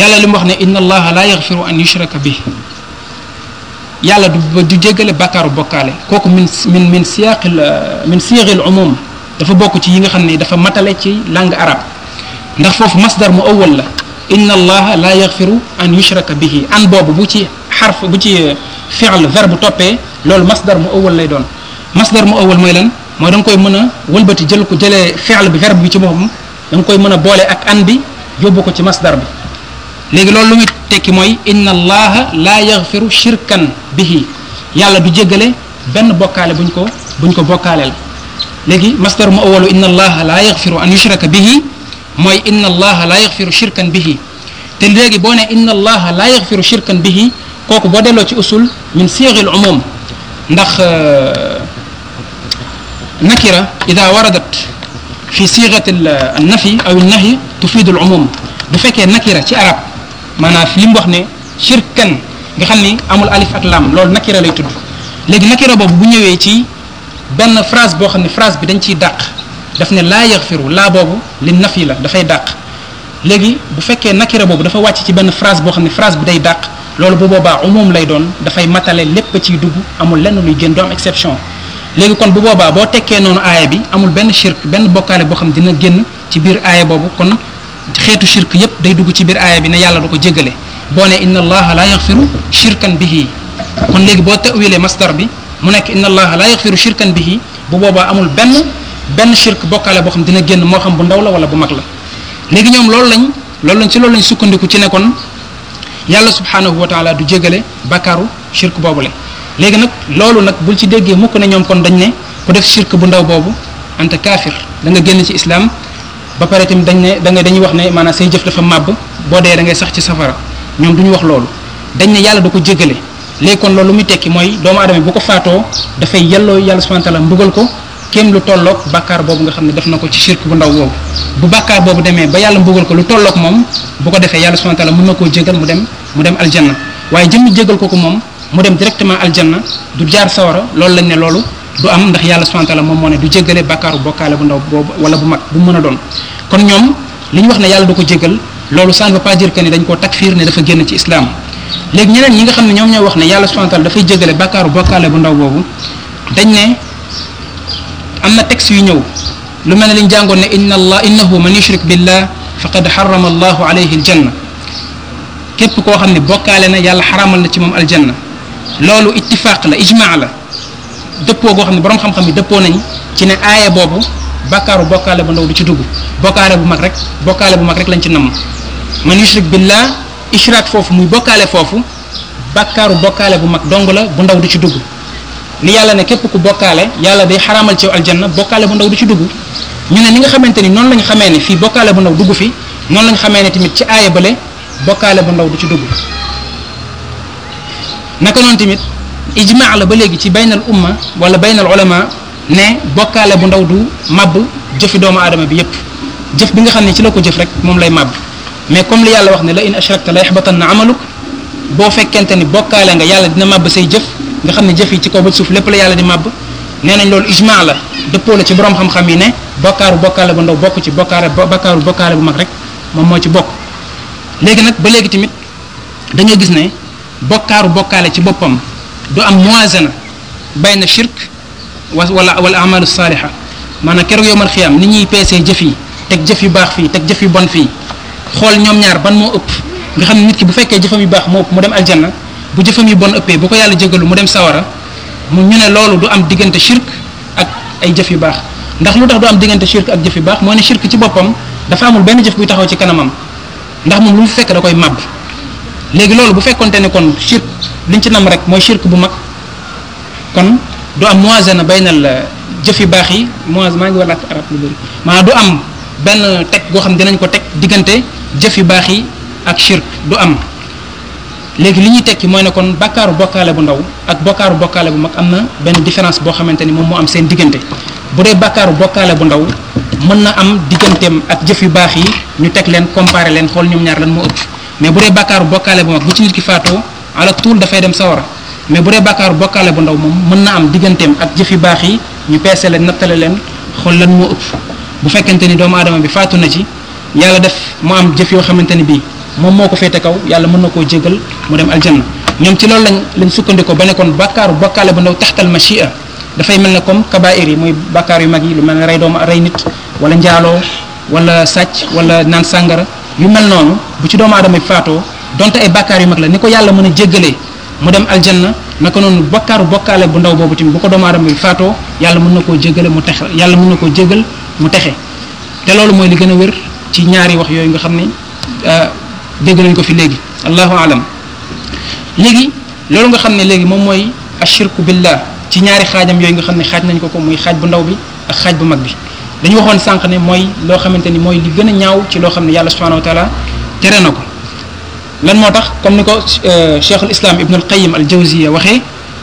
S2: yàlla li mu wax ne inna allaha la yaxfiru an yushraka bi yàlla du du jéggale bàkkaaru bokkaale kooku min min min siyaqil min siyaqil umum dafa bokk ci yi xam ne dafa matale ci langue arabe ndax foofu masdar mu awwal la inna allaha la yaxfiru an yushraka bihi an boobu bu ci xarf bu ci fi'l verbe toppee loolu masdar mu awwal lay doon masdar mu awwal mooy lan mooy da nga koy mën a wëlbati jël ko jëlee fi'l bi verbe bi ci boppam da koy mën a boole ak an bi yóbbu ko ci masdar bi léegi loolu lu muy tekki mooy inna allaha la yaxfiru shirkan bihi yàlla du jéggale benn bokkaale buñ ko buñ ko bokkaaleel léegi masdar mu awalu inna allaha la yaxfiru an yushraka bihi mooy inna allaha la yaxfiru shirkan bihi te léegi boo ne inna allaha la yaxfiru shirkan bihi kooku boo delloo ci usul min siixil umum ndax euh, nakira ida waradat fi siixati annafi aw annahi tufidu al umum bu fekkee nakira ci arab maanaam li mu wax ne shirkan nga xam ni amul alif ak lam loolu nakira lay tudd léegi nakira boobu bu ñëwee ci benn phrase boo xam ne phrase bi dañ ciy dàq daf ne laa yaxfiru laa boobu li nafi la dafay dàq léegi bu fekkee nakira boobu dafa wàcc ci benn phrase boo xam ne phrase bi day dàq loolu bu boobaa umum lay doon dafay matale lépp ciy dugg amul lenn luy génn du am exception léegi kon bu boobaa boo tekkee noonu aaya bi amul benn shirk benn bokkaale boo xam ne dina génn ci biir aaya boobu kon xeetu shirk yépp day dugg ci biir aaya bi ne yàlla du ko jégale boo ne inna allaha laa yaxfiru shirkan bihi kon léegi boo te tawilee masdar bi mu nekk inna allaha laa yaxfiru shirkan bihi bu boobaa amul benn benn shirk bokkaale boo xam dina génn moo xam bu ndaw la wala bu mag la léegi ñoom loolu lañ loolu lañ ci loolu lañ sukkandiku ci nekkoon kon yàlla subhaanahu wa taala du jégale bakkaaru shirk boobule léegi nag loolu nag bul ci déggee mukk ne ñoom kon dañ ne ku def shirk bu ndaw boobu anta kaafir danga génn ci islam ba pare tamit dañ ne da nga dañuy wax ne maanaam say jëf dafa màbb boo dee ngay sax ci safara ñoom du ñu wax loolu dañ ne yàlla da ko jégale léegi kon loolu lu muy tekki mooy doomu aadama bu ko faatoo dafay yelloo yàlla subhanahu wa taala mbugal ko kenn lu tolloog bàkkaar boobu nga xam ne def na ko ci shirk bu ndaw boobu bu boobu demee ba yàlla mbugal ko lu tolloog moom bu ko defee yàlla subhanahu wa taala mën na koo jégal mu dem mu dem aljanna waaye jëmmi jégal ko ko moom mu dem directement aljanna du jaar sawara loolu lañ ne loolu du am ndax yàlla subhanahu wa moom moo ne du jéggale bàkkaaru bokkaale bu ndaw boobu wala bu mag bu mën a doon kon ñoom li ñu wax ne yàlla du ko jégal loolu ça ne veut pas ni dañ koo takfiir ne dafa génn ci islaam léegi ñeneen ñi nga xam ne ñoom ñoo wax ne yàlla subhanahu wa dafay jégale bàkkaaru bokkaale bu ndaw boobu dañ ne am na texte yu ñëw lu mel ne liñ jàngoon ne inna allah innahu man yushrik billah faqad harrama allahu alayhi aljanna képp koo xam ne bokkaale na yàlla xaraamal na ci moom aljanna loolu ittifaaq la ijmaa la dëppoo goo xam ne boroom xam-xam yi dëppoo nañ ci ne aaya boobu bàkkaaru bokkaale bu ndaw du ci dugg bokkaale bu mag rek bokkaale bu mag rek lañ ci namm man yushrik billah ishraak foofu muy bokkaale foofu bàkkaaru bokkaale bu mag dong la bu ndaw du ci dugg li yàlla ne képp ku bokkaale yàlla day xaraamal ci aljanna bokkaale bu ndaw du ci dugg ñu ne ni nga xamante ni noonu lañ xamee ne fii bokkaale bu ndaw dugg fi noonu lañ xamee ne tamit ci aaya bële bokkaale bu ndaw du ci dugg naka noonu tamit ijmaa la ba léegi ci baynal umma wala baynal ulama ne bokkaale bu ndaw du màbb jëfi doomu aadama bi yépp jëf bi nga xam ne ci la ko jëf rek moom lay màbb mais comme li yàlla wax ne la in ashrakta la yaxbatan na amaluk boo fekkente ni bokkaale nga yàlla dina màbb say jëf nga xam ne jëf yi ci kaw ba suuf lépp la yàlla di màbb nee nañ loolu ijma la dëppoo la ci borom xam-xam yi ne bokkaaru bokkaale bu ndaw bokk ci bokkaare bokkaaru bokkaale bu mag rek moom moo ci bokk léegi nag ba léegi tamit da gis ne bokkaaru bokkaale ci boppam du am moisena bay na shirk wala wala amalu saaliha maanaam keroog yowmal xiyaam ni ñuy peesee jëf yi teg jëf yu baax fii teg jëf yu bon fii xool ñoom ñaar ban moo ëpp nga xam ne nit ki bu fekkee jëfam yu baax moo ëpp mu dem aljanna bu jëfam bon ëppee bu ko yàlla jégalu mu dem sawara mu ñu ne loolu du am diggante shirk ak ay jëf yu baax ndax lu tax du am diggante shirk ak jëf yu baax mooy ne shirk ci boppam dafa amul benn jëf buy taxaw ci kanamam ndax moom lu mu fekk da koy màbb léegi loolu bu fekkonte ne kon shirk liñ ci nam rek mooy shirk bu mag du am na baynal euh, jëf yu baax yi muwaz maa ngi wala ak arab lu bëri maanaam du am benn teg goo xam ne dinañ ko teg diggante jëf yu baax yi ak shirk du am léegi li ñuy tekki mooy ne kon bakkaaru bokkaale bu ndaw ak bakkaaru bokkaale bu mag am na benn différence boo xamante ni moom moo am seen diggante bu dee bakkaaru bokkaale bu ndaw mën na am digganteem ak jëf yu baax yi ñu teg leen comparé leen xool ñoom ñaar lan moo ëpp mais bu dee bakkaaru bokkaale bu bu ci nit ki faatoo ala tuul dafay dem sawara mais bu dee bàkkaaru bokkaale bu ndaw moom mën na am digganteem ak jëfi baax yi ñu peese leen nattale leen xool lan moo ëpp bu fekkente ni doomu aadama bi faatu na ci yàlla def mu am jëf yoo xamante ni bii moom moo ko féete kaw yàlla mën na koo jégal mu dem aljanna ñoom ci loolu lañ lañ sukkandikoo ba ne kon bàkkaaru bokkaale bu ndaw taxtal machia dafay mel ne comme kabair yi mooy bàkkaar yu mag yi lu mel ne rey doomu rey nit wala njaaloo wala sàcc wala naan sàngara yu mel noonu bu ci doomu aadama bi faatoo donte ay bàkkaar yu mag la ni ko yàlla mën a jéggalee mu dem aljanna naka noonu bokkaaru bokkaale bu ndaw boobu tim bu ko doomu aadama bi faatoo yàlla mën na koo jégale mu texe yàlla mën na koo jégal mu texe te loolu mooy li gën a wér ci ñaari wax yooyu nga xam ne euh, dégg nañ ko fi léegi allahu alam léegi loolu nga xam ne léegi moom mooy ashirku billah ci ñaari xaajam yooyu nga xam ne xaaj nañ ko ko muy xaaj bu ndaw bi ak xaaj bu mag bi dañu waxoon sànq ne mooy loo xamante ni mooy li gën a ñaaw ci loo xam ne yàlla subhanahu wa taala tere na ko lan moo tax comme ni ko euh, cheikhul islam ibnul qayim al jawziya waxee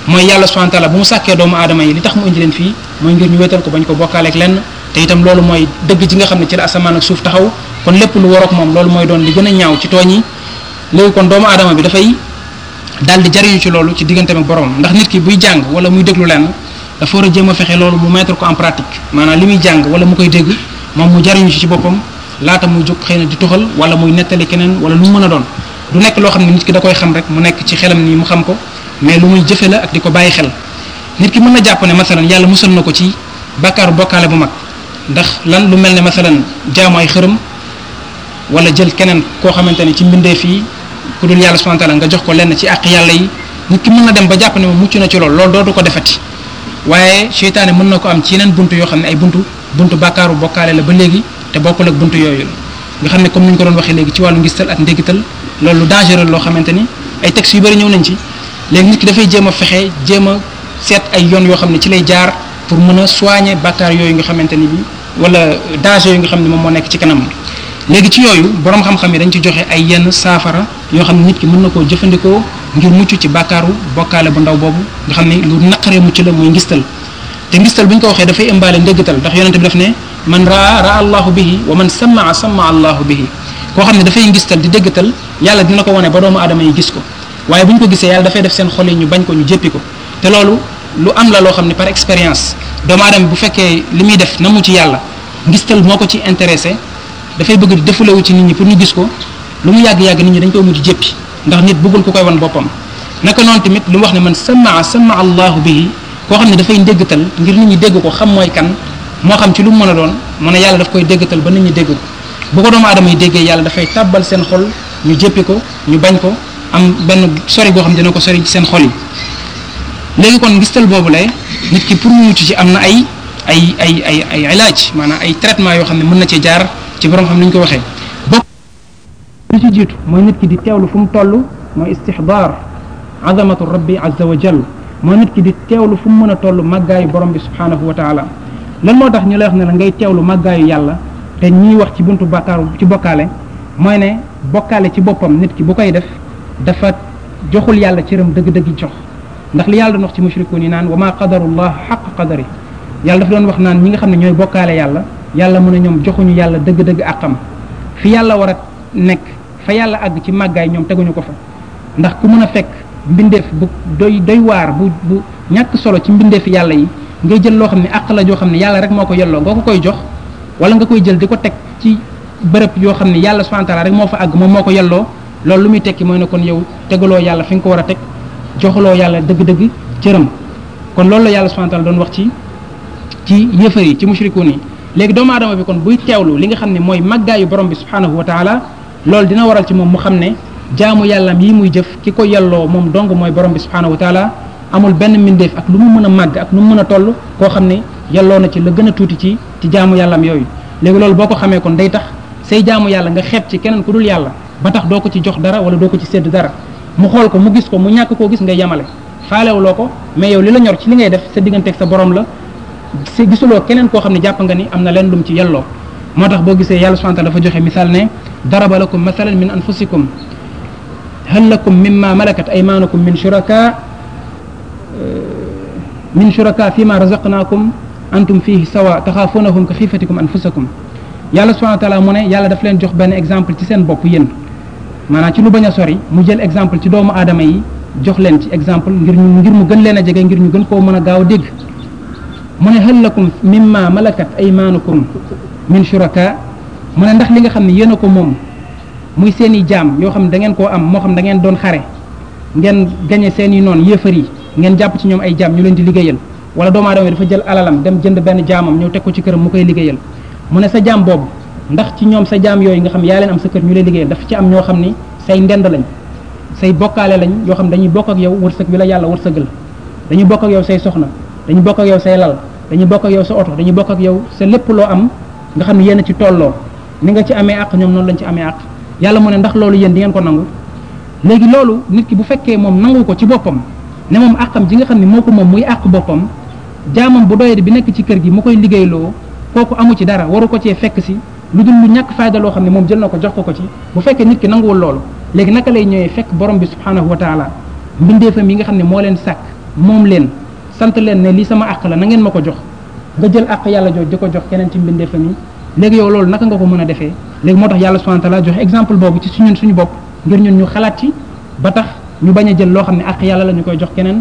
S2: mooy yàlla subhanahu wa bu mu sàkkee doomu aadama yi li tax mu indi leen fii mooy ngir ñu wéetal ko bañ ko bokkaaleeg lenn te itam loolu mooy dëgg ji nga xam ne ci la asamaan ak suuf taxaw kon lépp lu waroog moom loolu mooy doon li gën a ñaaw ci tooñ yi léegi kon doomu aadama bi dafay daal di jariñu ci loolu ci diggante ak borom ndax nit ki buy jàng wala muy déglu lenn dafa war a jéem a fexe loolu mu mettre ko en pratique maanaam li muy jàng wala mu koy dégg moom mu jariñu boppam laata muy jóg xëy na di tuxal wala muy nettali keneen wala lu mu mën a doon du nekk loo xam ne nit ki da koy xam rek mu nekk ci xelam nii mu xam ko mais lu muy jëfe la ak di ko bàyyi xel nit ki mën na jàpp ne masalan yàlla musal na ko ci bàkkaaru bokkaale bu mag ndax lan lu mel ne masalan jaamu ay xërëm wala jël keneen koo xamante ne ci mbindeef yi ku dul yàlla jox ko lenn ci àq yàlla yi nit ki mën na dem ba jàpp ne na ci loolu loolu dootu ko defati waaye seytaane mën na ko am ci yeneen buntu yoo xam ne ay buntu buntu bàkkaaru bokkaale la ba léegi te bokkul ak buntu yooyu la nga xam ne comme ni ñu ko doon waxee léegi ci wàllu ngistal ak ndégital loolu lu dangereux loo xamante ni ay textes yu bëri ñëw nañ ci léegi nit ki dafay jéem a fexe jéem a seet ay yoon yoo xam ne ci lay jaar pour mën a soigner bàkkaar yooyu nga xamante ni bi wala danger yooyu nga xam ne moom moo nekk ci kanam léegi ci yooyu boroom xam-xam yi dañu ci joxe ay yenn saafara yoo xam ne nit ki mën na koo jëfandikoo ngir mucc ci bàkkaaru bokkaale bu ndaw boobu nga xam ne lu naqaree mucc la mooy ngistal te ngistal bu ñu ko waxee dafay imbaale ndëggatal ndax yonente bi daf ne man raa raa allahu bihi wa man samaa samaa allahu bihi koo xam ne dafay ngistal di dëggatal yàlla dina ko wane ba doomu aadama yi gis ko waaye bu ñu ko gisee yàlla dafay def seen xol yi ñu bañ ko ñu jéppi ko te loolu lu am la loo xam ne par expérience doomu aadama bu fekkee li muy def na mu ci yàlla ngistal moo ko ci intéressé dafay bëgg di defulewu ci nit ñi pour ñu gis ko lu mu yàgg-yàgg nit ñi dañ koy mujj jéppi ndax nit bëggul ku koy wan boppam naka noonu tamit lu wax ne man samaa samaa allahu bi koo xam ne dafay ndéggtal ngir nit ñi dégg ko xam mooy kan moo xam ci lu mu mën a doon mu ne yàlla daf koy déggtal ba nit ñi dégg ko bu ko yi déggee yàlla dafay tàbbal seen xol ñu jéppi ko ñu bañ ko am benn sori boo xam ne dina ko sori ci seen xol yi léegi kon ngistal boobu lay nit ki pour mu mucc ci am na ay ay ay ay ay ilaaj maanaam ay traitement yoo xam ne mën na cee jaar ci borom xam ni ñu ko waxee bokk li mooy nit ki di teewlu fu mu toll mooy istixdaar azamatu rabbi azza wa jal mooy nit ki di teewlu fu mu mën a toll màggaayu borom bi subhanahu wa taala lan moo tax ñu lay wax ne la ngay teewlu màggaayu yàlla te ñiy wax ci buntu bàkkaaru ci bokkaale mooy ne bokkaale ci boppam nit ki bu koy def dafa joxul yàlla cëram dëgg-dëgg jox ndax li yàlla doon wax ci mushrikuun yi naan wa ma qadarullah xaq qadari yàlla dafa doon wax naan ñi nga xam ne ñooy bokkaale yàlla yàlla mën a ñoom joxuñu yàlla dëgg-dëgg àqam fi yàlla war a nekk fa yàlla àgg ci màggaay ñoom teguñu ko fa ndax ku mën a fekk mbindeef bu doy doy waar bu bu ñàkk solo ci mbindeef yàlla yi ngay jël loo xam ne àq la joo xam ne yàlla rek moo ko yelloo nga koy jox teg ci bërëb yoo xam ne yàlla subhanahu wa rek moo fa àgg moom moo ko yelloo lool lu muy tekki mooy ne kon yow tegaloo yàlla fi nga ko war a teg joxuloo yàlla dëgg-dëgg cëram kon loolu la yàlla subhanahu doon wax ci ci yëfar yi ci mushrikuun yi léegi doomu aadama bi kon buy teewlu li nga xam ne mooy màggaayu borom bi subhanahu wa taala loolu dina waral ci moom mu xam ne jaamu yàllaam yi muy jëf ki ko yelloo moom dong mooy borom bi subhanahu wa taala amul benn mbindeef lu mu mën a màgg ak lu mu mën a toll koo xam ne yelloo na ci la gën a tuuti ci ci jaamu yàllaam yooyu léegi say jaamu yàlla nga xeet ci keneen ku dul yàlla ba tax doo ko ci jox dara wala doo ko ci sédd dara mu xool ko mu gis ko mu ñàkk koo gis nga yemale faalewuloo ko mais yow li la ñor ci li ngay def sa digganteeg sa borom la sa gisuloo keneen koo xam ne jàpp nga ni am na leen lum ci yelloo moo tax boo gisee yàlla subhanahu wa ta'ala dafa joxe misaal ne daraba lakum masalan min anfusikum hal lakum mimma malakat aymanukum min shuraka min shuraka fima razaqnakum antum fihi sawa taxaafunahum ka xiifatikum anfusakum yàlla subhanahu wa taala mu ne yàlla daf leen jox benn exemple ci seen bopp yéen maanaam ci lu bañ a sori mu jël exemple ci doomu aadama yi jox leen ci exemple ngir ñu ngir mu gën leen a jege ngir ñu gën koo mën a gaaw dégg mu ne hal lakum mimma malakat aymanukum min shuraka mu ne ndax li nga xam ne yéen a ko moom muy seen i jaam yoo xam ne da ngeen koo am moo xam da ngeen doon xare ngeen gañe seen i noon yéefar yi ngeen jàpp ci ñoom ay jaam ñu leen di liggéeyal wala doomu aadama jël alalam dem jënd benn jaamam ñëw teg ko ci këram mu koy liggéeyal mu ne sa jaam boobu ndax ci ñoom sa jaam yooyu nga xam yaa leen am sa kër ñu lay liggéeyal dafa ci am ñoo xam ni say ndend lañ say bokkaale lañ yoo xam ne dañuy bokk ak yow wërsëg bi la yàlla wërsëgal dañuy bokk ak yow say soxna dañu bokk ak yow say lal dañu bokk ak yow sa oto dañuy bokk ak yow sa lépp loo am nga xam ne yéen a ci tolloo ni nga ci amee àq ñoom noonu lañ ci amee àq yàlla mu ne ndax loolu yéen di ngeen ko nangu léegi loolu nit ki bu fekkee moom nangu ko ci boppam ne moom àqam ji nga xam ne moo moom muy àq boppam jaamam bu doyadi bi nekk ci kër gi mu koy liggéeyloo kooku amu ci dara waru ko cee fekk si lu dul lu ñàkk fayda loo xam ne moom jël na ko jox ko ko ci bu fekkee nit ki nanguwul loolu léegi naka lay ñëwee fekk borom bi subhanahu wa taala mbindeefam yi nga xam ne moo leen sàkk moom leen sant leen ne lii sama àq la na ngeen ma ko jox nga jël àq yàlla jox di ko jox keneen ci mbindeefam yi léegi yow loolu naka nga ko mën a defee léegi moo tax yàlla subhanahu wa taala joxe exemple boobu ci suñun suñu bopp ngir ñun ñu xalaat ci ba tax ñu bañ a jël loo xam ne àq yàlla la ñu koy jox keneen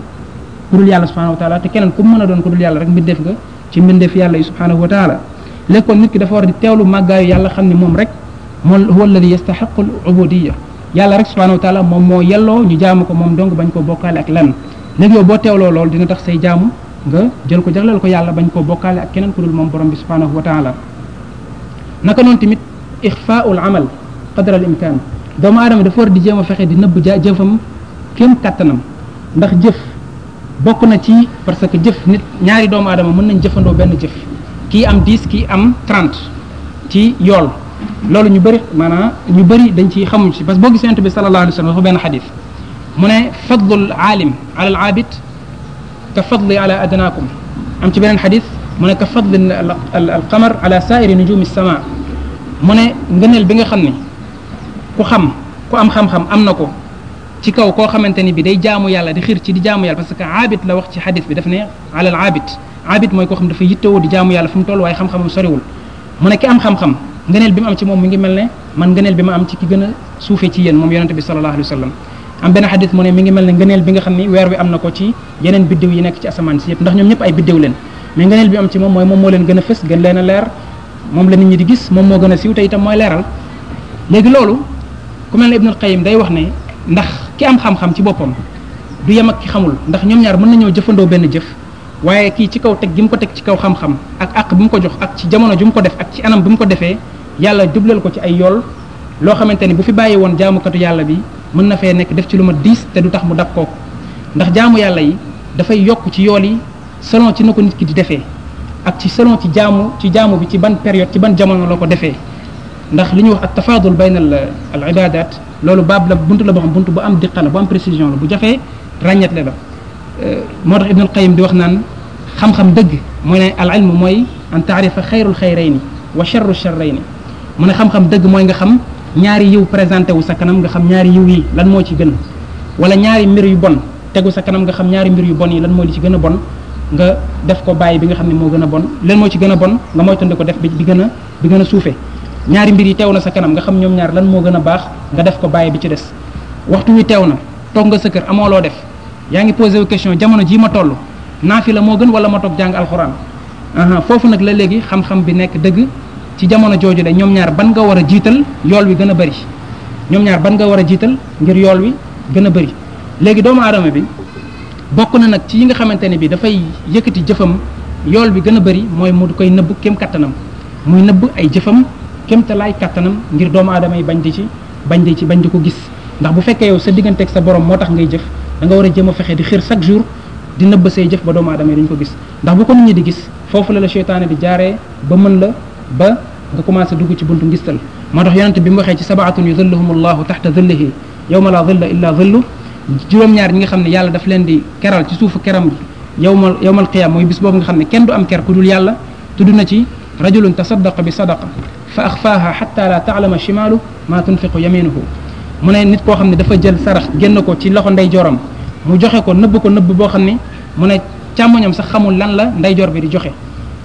S2: ku dul yàlla subhanahu wa taala te keneen ku mën a doon ku dul yàlla rek mbindeef nga ci mbindeef yàlla yi subhanahu wa taala léegi kon nit ki dafa war di teewlu màggaayu yàlla xam ne moom rek moom huwa alladi yastahiqu al ubudiyya yàlla rek subhanahu wa taala moom moo yelloo ñu jaama ko moom dong bañ koo bokkaale ak lenn léegi yow boo teewloo loolu dina tax say jaamu nga jël ko jagleel ko yàlla bañ koo bokkaale ak keneen ku dul moom borom bi subhanahu wa taala naka noonu tamit ixfaul amal qadra al imkan doomu aadama dafa war di jéem a fexe di nëbb ja jëfam kéem kàttanam ndax bokk na ci parce que jëf nit ñaari doomu aadama mën nañ jëfandoo benn jëf kii am 10 kii am 30 ci yool loolu ñu bëri maanaam ñu bëri dañ ci xamuñ ci parce que boo gisee yonent bi sallallahu alayhi wa sallam benn xadis mu ne fadlul aalim ala al aabid ka fadli ala adnaakum am ci beneen xadis mu ne ka fadli al qamar ala saairi nujumi sama mu ne ngëneel bi nga xam ne ku xam ku am xam-xam am na ko ci kaw koo xamante ni bi day jaamu yàlla di xir ci di jaamu yàlla parce que abit la wax ci xadis bi daf ne alal abit abit mooy koo xam dafa yittewoo di jaamu yàlla fu mu toll waaye xam-xamam soriwul mu ne am xam-xam ngëneel bi mu am ci moom ma am ci ki gën a suufee ne mi ngi mel ne ngëneel bi nga xam ni weer wi am na moo leen gën a fës gën leen a leer moom la nit ñi di gis moom moo gën a siiw te itam mooy leeral léegi loolu ku mel ne ibnul qayim day wax ne ndax ki am xam-xam ci boppam du yem ak ki xamul ndax ñoom ñaar mën nañoo jëfandoo benn jëf waaye kii ci kaw teg gi mu ko teg ci kaw xam-xam ak àq bi mu ko jox ak ci jamono ju mu ko def ak ci anam bi mu ko defee yàlla jublal ko ci ay yool loo xamante ne bu fi bàyyi woon jaamukatu yàlla bi mën na fee nekk def ci lu ma diis te du tax mu dab kooku ndax jaamu yàlla yi dafay yokk ci yool yi selon ci na ko nit ki di defee ak ci selon ci jaamu ci jaamu bi ci ban période ci ban jamono la ko defee ndax li ñuy wax ak tafaadul bayna al ibadat loolu baab la bunt la boo xam buntu bu am diqa la bu am précision la bu jafee ràññetle la euh, moo tax ibnul qayim di wax naan xam-xam dëgg mooy ne al ilmu mooy an taarifa xayrul xayrayni wa charru charrayni mu ne xam-xam dëgg mooy nga xam ñaari yiw présenté wu sa kanam nga xam ñaari yiw yi lan moo ci gën wala ñaari mbir yu bon tegu sa kanam nga xam ñaari mbir yu bon yi lan moo li ci gën a bon nga def ko bàyyi bi nga xam ne moo gën a bon leen moo ci gën a bon nga moytandi ko def bi gën a bi gën a suufee ñaari mbir yi teew na sa kanam nga xam ñoom ñaar lan moo gën a baax nga def ko bàyyi bi ci des waxtu wi teew na toog nga sa kër amoo loo def yaa ngi posé wu question jamono jii ma toll naafila moo gën wala ma toog jàng alxuraan aha foofu nag la léegi xam-xam bi nekk dëgg ci jamono jooju de ñoom ñaar ban nga war a jiital yool wi gën a bëri ñoom ñaar ban nga war a jiital ngir yool wi gën a bëri léegi doomu aadama bi bokk na nag ci yi nga xamante ne bi dafay yëkkati jëfam yool bi gën a bëri mooy mu koy nëbb kem kattanam muy nëbb ay jëfam kémtalaay kattanam ngir doomu aadama yi bañ di ci bañ di ci bañ di ko gis ndax bu fekkee yow sa digganteeg sa borom moo tax ngay jëf da war a jëm a fexe di xir chaque jour di nëbb say jëf ba doomu aadama yi dañ ko gis ndax bu ko nit ñi di gis foofu la la seytaane di jaaree ba mën la ba nga commencé dugg ci buntu ngistal moo tax yonente bi mu waxee ci sabaatun yudilluhum llahu taxta dillihi yawma la dilla illa dillu juróom-ñaar ñi nga xam ne yàlla daf leen di keral ci suufu keram yawmal yawmal qiyaam mooy bis boobu nga xam ne kenn du am ker ku yàlla tudd na ci rajulun tasaddaqa bi sadaqa fa axfaaha xatta la taalama chimaalu ma tunfiqu yaminuhu mu ne nit koo xam ne dafa jël sarax génn ko ci loxo ndeyjooram mu joxe ko nëbb ko nëbb boo xam ne mu ne càmmoñam sax xamul lan la ndeyjoor bi di joxe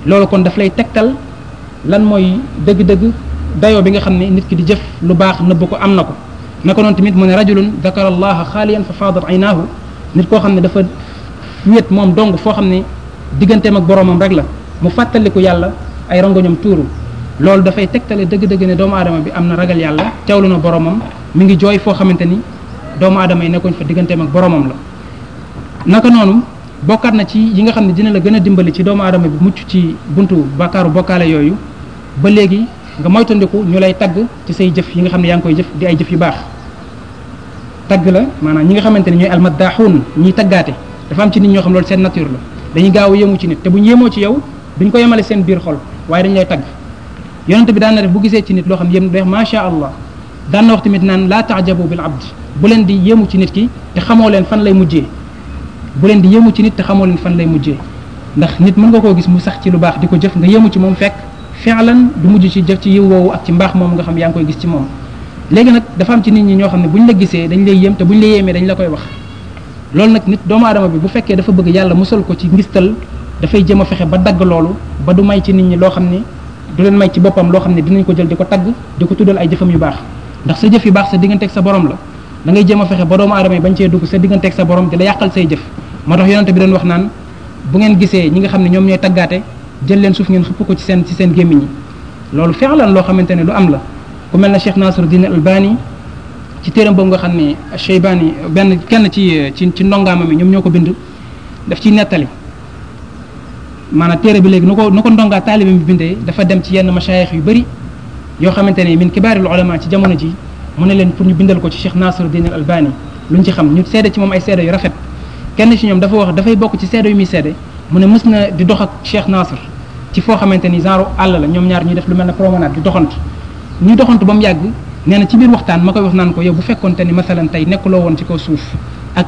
S2: loolu kon daf lay tegtal lan mooy dëgg-dëgg dayoo bi nga xam ne nit ki di jëf lu baax nëbb ko am na ko naka noonu tamit mu ne rajulun dakara allaha xaaliyan fa faadat aynaahu nit koo xam ne dafa wéet moom dong foo xam ne digganteem ak boroomam rek la mu fàttaliku yàlla ay rongoñam tuuru loolu dafay tegtale dëgg-dëgg ne doomu aadama bi am na ragal yàlla teewlu na boromam mi ngi jooy foo xamante ni doomu aadama yi nekkuñ fa digganteem ak boromam la naka noonu bokkaat na ci yi nga xam ne dina la gën a dimbali ci doomu aadama bi mucc ci buntu bàkkaaru bokkaale yooyu ba léegi nga moytandiku ñu lay tagg ci say jëf yi nga xam ne yaa ngi koy jëf di ay jëf yu baax tagg la maanaam ñi nga xamante ne ñooy almaddaaxuun ñiy taggaate dafa am ci nit ñoo xam loolu seen nature la dañuy gaaw a ci nit bu ñu yéemoo ci yow duñ ko yemale seen biir xol waaye dañ lay tagg yonent bi daana na def bu gisee ci nit loo xam yéem day wax macha allah daan na wax naan laa tajabu bil abd bu leen di yemu ci nit ki te xamoo leen fan lay mujjee bu leen di yéemu ci nit te xamoo leen fan lay mujjee ndax nit mën nga koo gis mu sax ci lu baax di ko jëf nga yemu ci moom fekk fi'lan du mujj ci jëf ci yiw woowu ak ci mbaax moom nga xam yaa ngi koy gis ci moom léegi nag dafa am ci nit ñi ñoo xam ne bu ñu la gisee dañ lay yéem te bu ñu la yéemee dañ la koy wax loolu nag nit doomu aadama bi bu fekkee dafa bëgg yàlla musal ko ci ngistal dafay jëm a fexe ba dagg loolu ba du may ci nit ñi loo xam ni du leen may ci boppam loo xam ne dinañ ko jël di ko tagg di ko tuddal ay jëfam yu baax ndax sa jëf yu baax sa digganteeg sa borom la da ngay jéem a fexe ba doomu aadama yi bañ cee dugg sa digganteeg sa borom di la yàqal say jëf moo tax yonente bi doon wax naan bu ngeen gisee ñi nga xam ne ñoom ñooy taggaate jël leen suuf ngeen xëpp ko ci seen ci seen gémmiñ yi loolu fexlan loo xamante ne lu am la ku mel na Cheikh Nasruddin Albani ci téeram boobu nga xam ne Cheybani benn kenn ci ci ci ndongaama mi ñoom ñoo ko bind daf ciy nettali maanaam téere bi léegi nu ko nu ko ndongaa taalibe bi bindee dafa dem ci yenn masaayix yu bëri yoo xamante ne min kibaaril ulama ci jamono ji mu ne leen pour ñu bindal ko ci Cheikh Nasiruddin al Albani luñ ci xam ñu seede ci moom ay seede yu rafet kenn ci ñoom dafa wax dafay bokk ci seede yu muy seede mu ne mës na di dox ak Cheikh Nasir ci foo xamante ni genre àll la ñoom ñaar ñuy def lu mel ne promenade di doxantu ñuy doxantu ba mu yàgg nee na ci biir waxtaan ma koy wax naan ko yow bu fekkonte ni masalan tey nekkuloo woon ci kaw suuf ak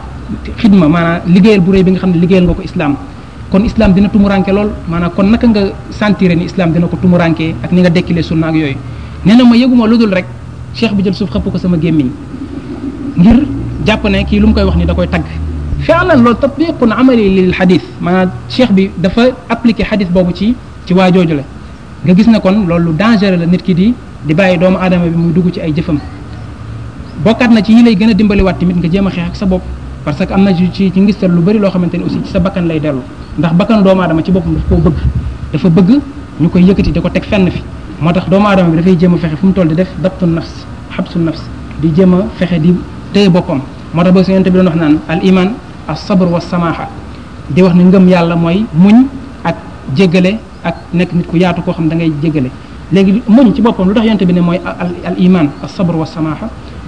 S2: bu rëy bi nga xam ne liggéeyal nga ko islam kon islam dina tumuranke lool maanaam kon naka nga sentir ni islam dina ko tumuranke ak ni nga dekkilee sunna ak yooyu nee na ma yëguma lu dul rek cheikh bi jël suuf xëpp ko sama gémmiñ ngir jàpp ne kii lu mu koy wax ni da koy tagg fialan loolu tatbiqun amali lil xadis maanaam cheikh bi dafa appliqué xadis boobu ci ci waa jooju la nga gis ne kon loolu dangereux la nit ki di di bàyyi doomu aadama bi muy dugg ci ay jëfam bokkaat na ci yi lay gën a dimbaliwaat nga jéem a xeex ak sa bopp parce que am na ci ci ngistal lu bëri loo xamante ne aussi ci sa bakkan lay dellu ndax bakkan doomu aadama ci boppam daf koo bëgg dafa bëgg ñu koy yëkkati da ko teg fenn fi moo tax doomu aadama bi dafay jéem a fexe fu mu toll di def dabtu nafs su nafs di jéem a fexe di téye boppam moo tax ba su yonent bi doon wax naan al iman as sabr wa samaaha di wax ne ngëm yàlla mooy muñ ak jéggale ak nekk nit ku yaatu koo xam da ngay jéggale léegi muñ ci boppam lu tax yonent bi ne mooy al iman as sabr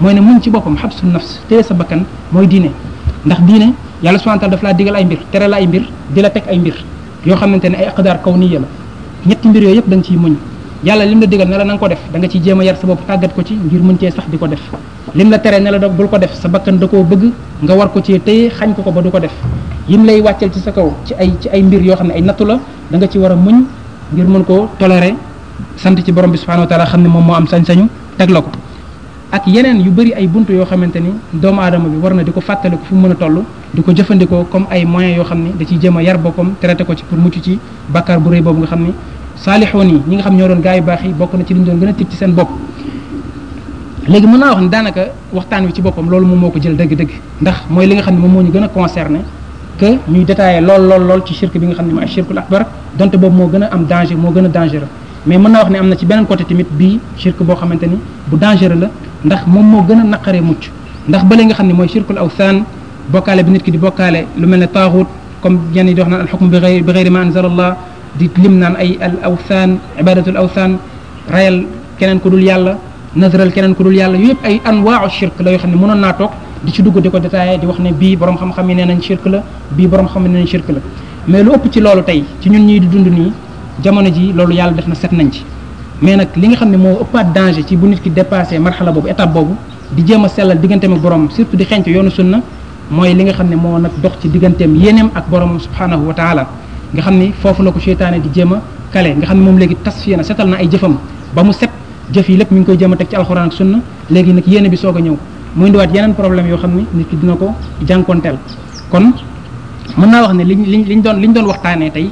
S2: mooy ne muñ ci boppam xabsu nafs téye sa bakkan mooy diine ndax diine yàlla subhanahu wa daf laa digal ay mbir tere la ay mbir di la teg ay mbir yoo xamante ne ay aqdaar kawniya la ñetti mbir yoo yëpp danga nga ciy muñ yàlla lim la digal ne la na ko def da nga ciy jéem a yar sa bopp tàggat ko ci ngir mën cee sax di ko def lim la tere ne la bul ko def sa bakkan da ko bëgg nga war ko cee téye xañ ko ko ba du ko def yim lay wàcceel ci sa kaw ci ay ci ay mbir yoo xam ne ay nattu la da nga ci war a muñ ngir mën koo tolérer sant ci borom bi subhanahu wa ta'ala xam ne moom moo am sañ-sañu teg ko ak yeneen yu bëri ay bunt yoo xamante ni doomu aadama bi war na di ko fàttaliku fu mën a toll di ko jëfandikoo comme ay moyens yoo xam ne da ciy jéem a yar boppam traité ko ci pour mucc ci bakkaar bu rëy boobu nga xam ni saalixoon yi ñi nga xam ñoo doon gaa yu baax yi bokk na ci li doon gën a tiit ci seen bopp léegi mën naa wax ne daanaka waxtaan wi ci boppam loolu moom moo ko jël dëgg-dëgg ndax mooy li nga xam ne moom moo ñu gën a concerné que ñuy détaillé lool lool lool bi nga xam ne mooy shirkul akbar donte boobu moo am danger moo gën a dangereux mais mën naa wax ne am na ci beneen côté tamit bii shirk boo xamante ni bu dangereux la ndax moom moo gën a naqaree mucc ndax bale nga xam ne mooy shirkul awsaan bokkaale bi nit ki di bokkaale lu mel ne taaxut comme ñenn yi dox wax naan alxukm bi bi gayri ma anzal di lim naan ay al awsaan ibadatul awsaan rayal keneen ku dul yàlla nasral keneen ku dul yàlla yooyu yëpp ay anwaau shirk la yoo xam ne mënoon naa toog di ci dugg di ko détaillé di wax ne bii borom xam-xam yi nee nañ shirk la bii borom xam-xam yi nee nañ shirk la mais lu ëpp ci loolu tey ci ñun ñii di dund nii jamono ji loolu yàlla def na set nañ ci mais nag li nga xam ne moo ëppaat danger ci bu nit ki dépassé marxala boobu étape boobu di jéem a sellal digganteem ak boromam surtout di xenc yoonu sunna mooy li nga xam ne moo nag dox ci digganteem yéeneem ak boromam subhanahu wa taala nga xam ni foofu la ko seytaane di jéem a kale nga xam ne moom léegi tasfiya na setal na ay jëfam ba mu set jëf yi lépp mi ngi koy jéem a teg ci alxuraan sun na léegi nag yéene bi soo a ñëw muy ndiwaat yeneen problème yoo xam ne nit ki dina ko jànkonteel kon mën naa wax ne liñ liñ liñ doon liñ doon waxtaanee tey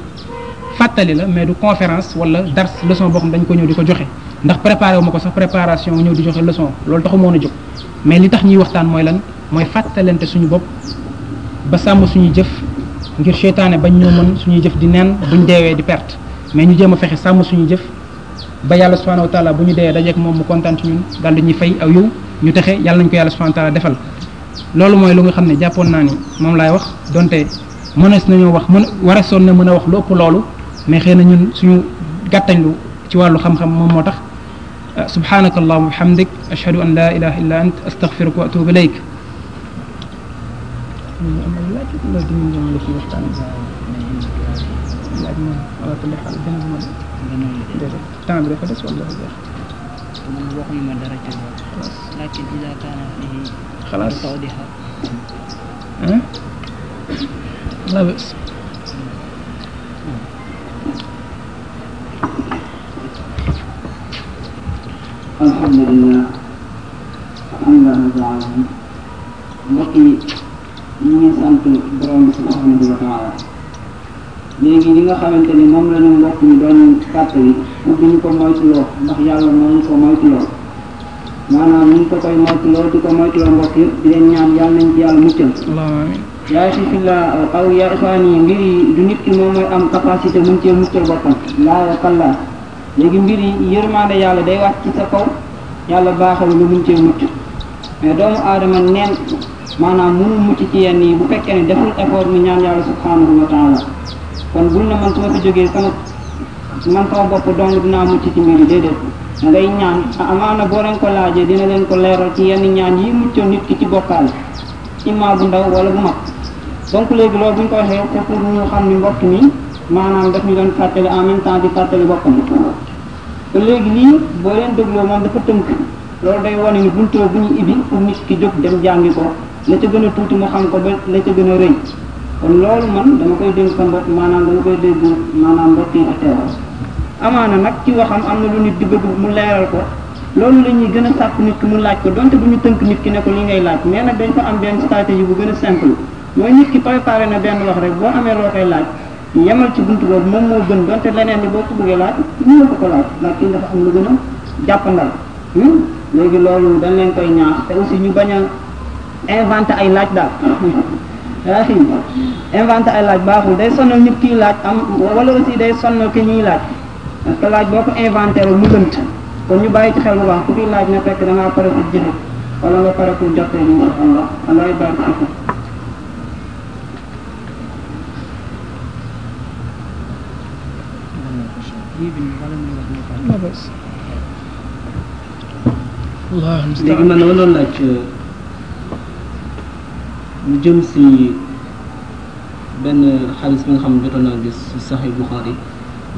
S2: fàttali la mais du conférence wala dars leçon boo xam dañ ko ñëw di ko joxe ndax préparé ma ko sax préparation ñëw di joxe leçon loolu taxu moon a jóg mais li tax ñuy waxtaan mooy lan mooy fàttalante suñu bopp ba sàmm suñuy jëf ngir seytaane bañ ñoo mën suñuy jëf di neen buñ deewee di perte mais ñu jéem a fexe sàmm suñu jëf ba yàlla subhanahu wa bu ñu deewee dajeek moom mu kontaan ci ñun daal di ñuy fay aw yow ñu texe yàlla nañ ko yàlla subhanahu wa defal loolu mooy lu nga xam ne jàppoon naa ni moom laay wax donte mënees nañoo wax mën waresoon na mën a wax lu loolu mais xëy na ñun suñu gàttañlu ci wàllu xam-xam moom moo tax ah, subhanaka allahuma bihamdik ashhadu an la ilaha illa ant astaghfiruka wa atubu ilayk
S1: خلاص
S4: لا بأس الحمد لله
S1: الحمد لله العالمين mbokk yi ñu ngi sant borom subhanahu wa léegi li nga xamante ni moom la ñu mbokk ñu doon fàttali pour ñu ko moytuloo ndax yàlla moo ñu ko moytuloo maanaam ñu ko koy moytuloo di ko moytuloo mbokk yëpp di leen ñaan yàlla nañ ci yàlla muccal yaa si fi la aw yaa isaani mbir yi du nit ki moom mooy am capacité mun cee muccal boppam laa kalla léegi mbir yi yërmaande yàlla day wàcc ci sa kaw yàlla baaxal nga mun cee mucc mais doomu aadama neen maanaam mënul mucc ci yenn yi bu fekkee ne deful effort mu ñaan yàlla subhanahu wa taala kon bul na man su ma fi jógee sama man sama bopp dong dinaa mucc ci mbir yi déedéet ngay ñaan amaana boo leen ko laajee dina leen ko leeral ci yenn ñaan yi muccoon nit ki ci bokkaal imma bu ndaw wala bu mag donc léegi loolu bu ko waxee c'est pour ñu xam ni mbokk mi maanaam daf ñu doon fàttali en même temps di fàttali boppam te léegi lii boo leen dégloo moom dafa tënk loolu day wane ni buntoo bu ñu ibi pour nit ki jóg dem jàngi ko la ca gën a tuuti mu xam ko ba la ca gën a rëy kon loolu man dama koy dénk sa mbokk maanaam dama koy dégg maanaam mbokk yi ak teewal amaana nag ci waxam am na lu nit di bëgg mu leeral ko loolu la gën a sàpp nit ki mu laaj ko donte bu ñu tënk nit ki ne ko li ngay laaj mais nag dañ ko am benn stratégie bu gën a simple mooy nit ki préparé na benn wax rek amee loo koy laaj yemal ci bunt boobu moom moo gën donte leneen boo ko bëggee laaj mën nga ko ko laaj ndax kii dafa am lu gën a jàppandal hmm? léegi loolu dañ leen koy ñaax te aussi ñu bañ a ay laaj daal (laughs) yaa fi ay laaj baaxul day sonal nit kii laaj am wala aussi day sonal ki ñuy laaj parce que laaj boo ko inventé rek mu lënt kon ñu bàyyi ci xel bu baax ku fi laaj na fekk da ngaa pare pour jëfe wala nga pare pour jotee ñu nga xam nga léegi
S4: man dama doon laaj euh, lu jëm si benn xaalis bi nga xam ne jotoon naa gis si Sahih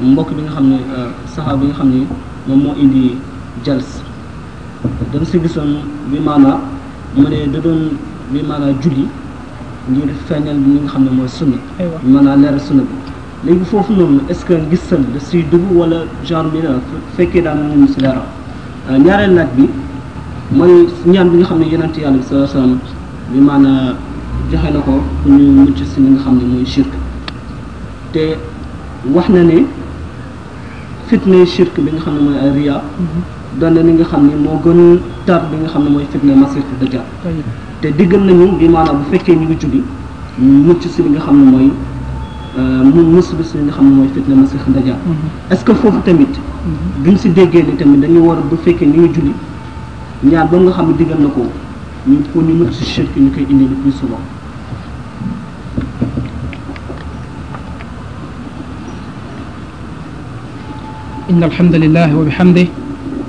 S4: mbokk bi nga xam ne euh, saxaaba bi nga xam ne moom moo indi jals dama si gisoon bi maanaa mu ne da bi maanaa julli ngir feeñal bi nga xam ne mooy sunna maanaa leeral sunna bi léegi foofu noonu est-ce que gis san da siy dugg wala genre bi la euh, fekkee daal mënuñu si dara euh, ñaareel laaj bi mooy ñaan bi nga xam ne yonent yàlla bi sallallahu alayhi wasallam bi maanaam joxe na ko pour ñu mucc si li nga xam ne mooy shirk te wax na ne fitne shirk bi nga xam ne mooy ay riya mm-hmm. doon na nga xam ne moo gën tar bi nga xam ne mooy fitne masih dajjal te diggal nañu bi maanaam bu fekkee ñu ngi julli mucc si li nga xam ne mooy moom euh, musiba si nga xam ne mooy fitna masix dajjal mm-hmm. est-ce que foofu tamit duñ mm-hmm. si déggee ni tamit dañu war bu fekkee ñu ngi julli ñaar boobu nga xam ne diggal na ko ñu pour ñu mucc si shirk ñu koy indi le plus souvent
S2: إن الحمد لله وبحمده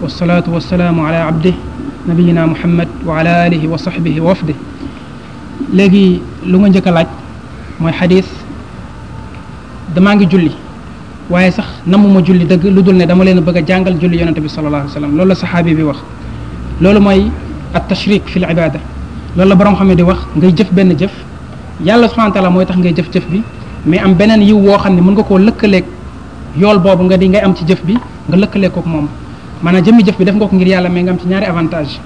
S2: والصلاة والسلام على عبده نبينا محمد وعلى آله وصحبه ووفده léegi lu nga njëkk a laaj mooy xadis damaa ngi julli waaye sax namuma julli dëgg lu dul ne dama leen bëgg a jàngal julli yonente bi sallallahu alayhi wa sallam loolu la saxaabi bi wax loolu mooy at tashrik fi l ibada loolu la borom xam ne di wax ngay jëf benn jëf yàlla subhanahu wa taala mooy tax ngay jëf jëf bi mais am beneen yiw woo xam ne mën nga koo lëkkaleeg yool boobu nga di ngay am ci jëf bi nga lëkkaleeg kook moom maanaam jëmmi jëf bi def nga ko ngir yàlla mais nga am ci ñaari avantage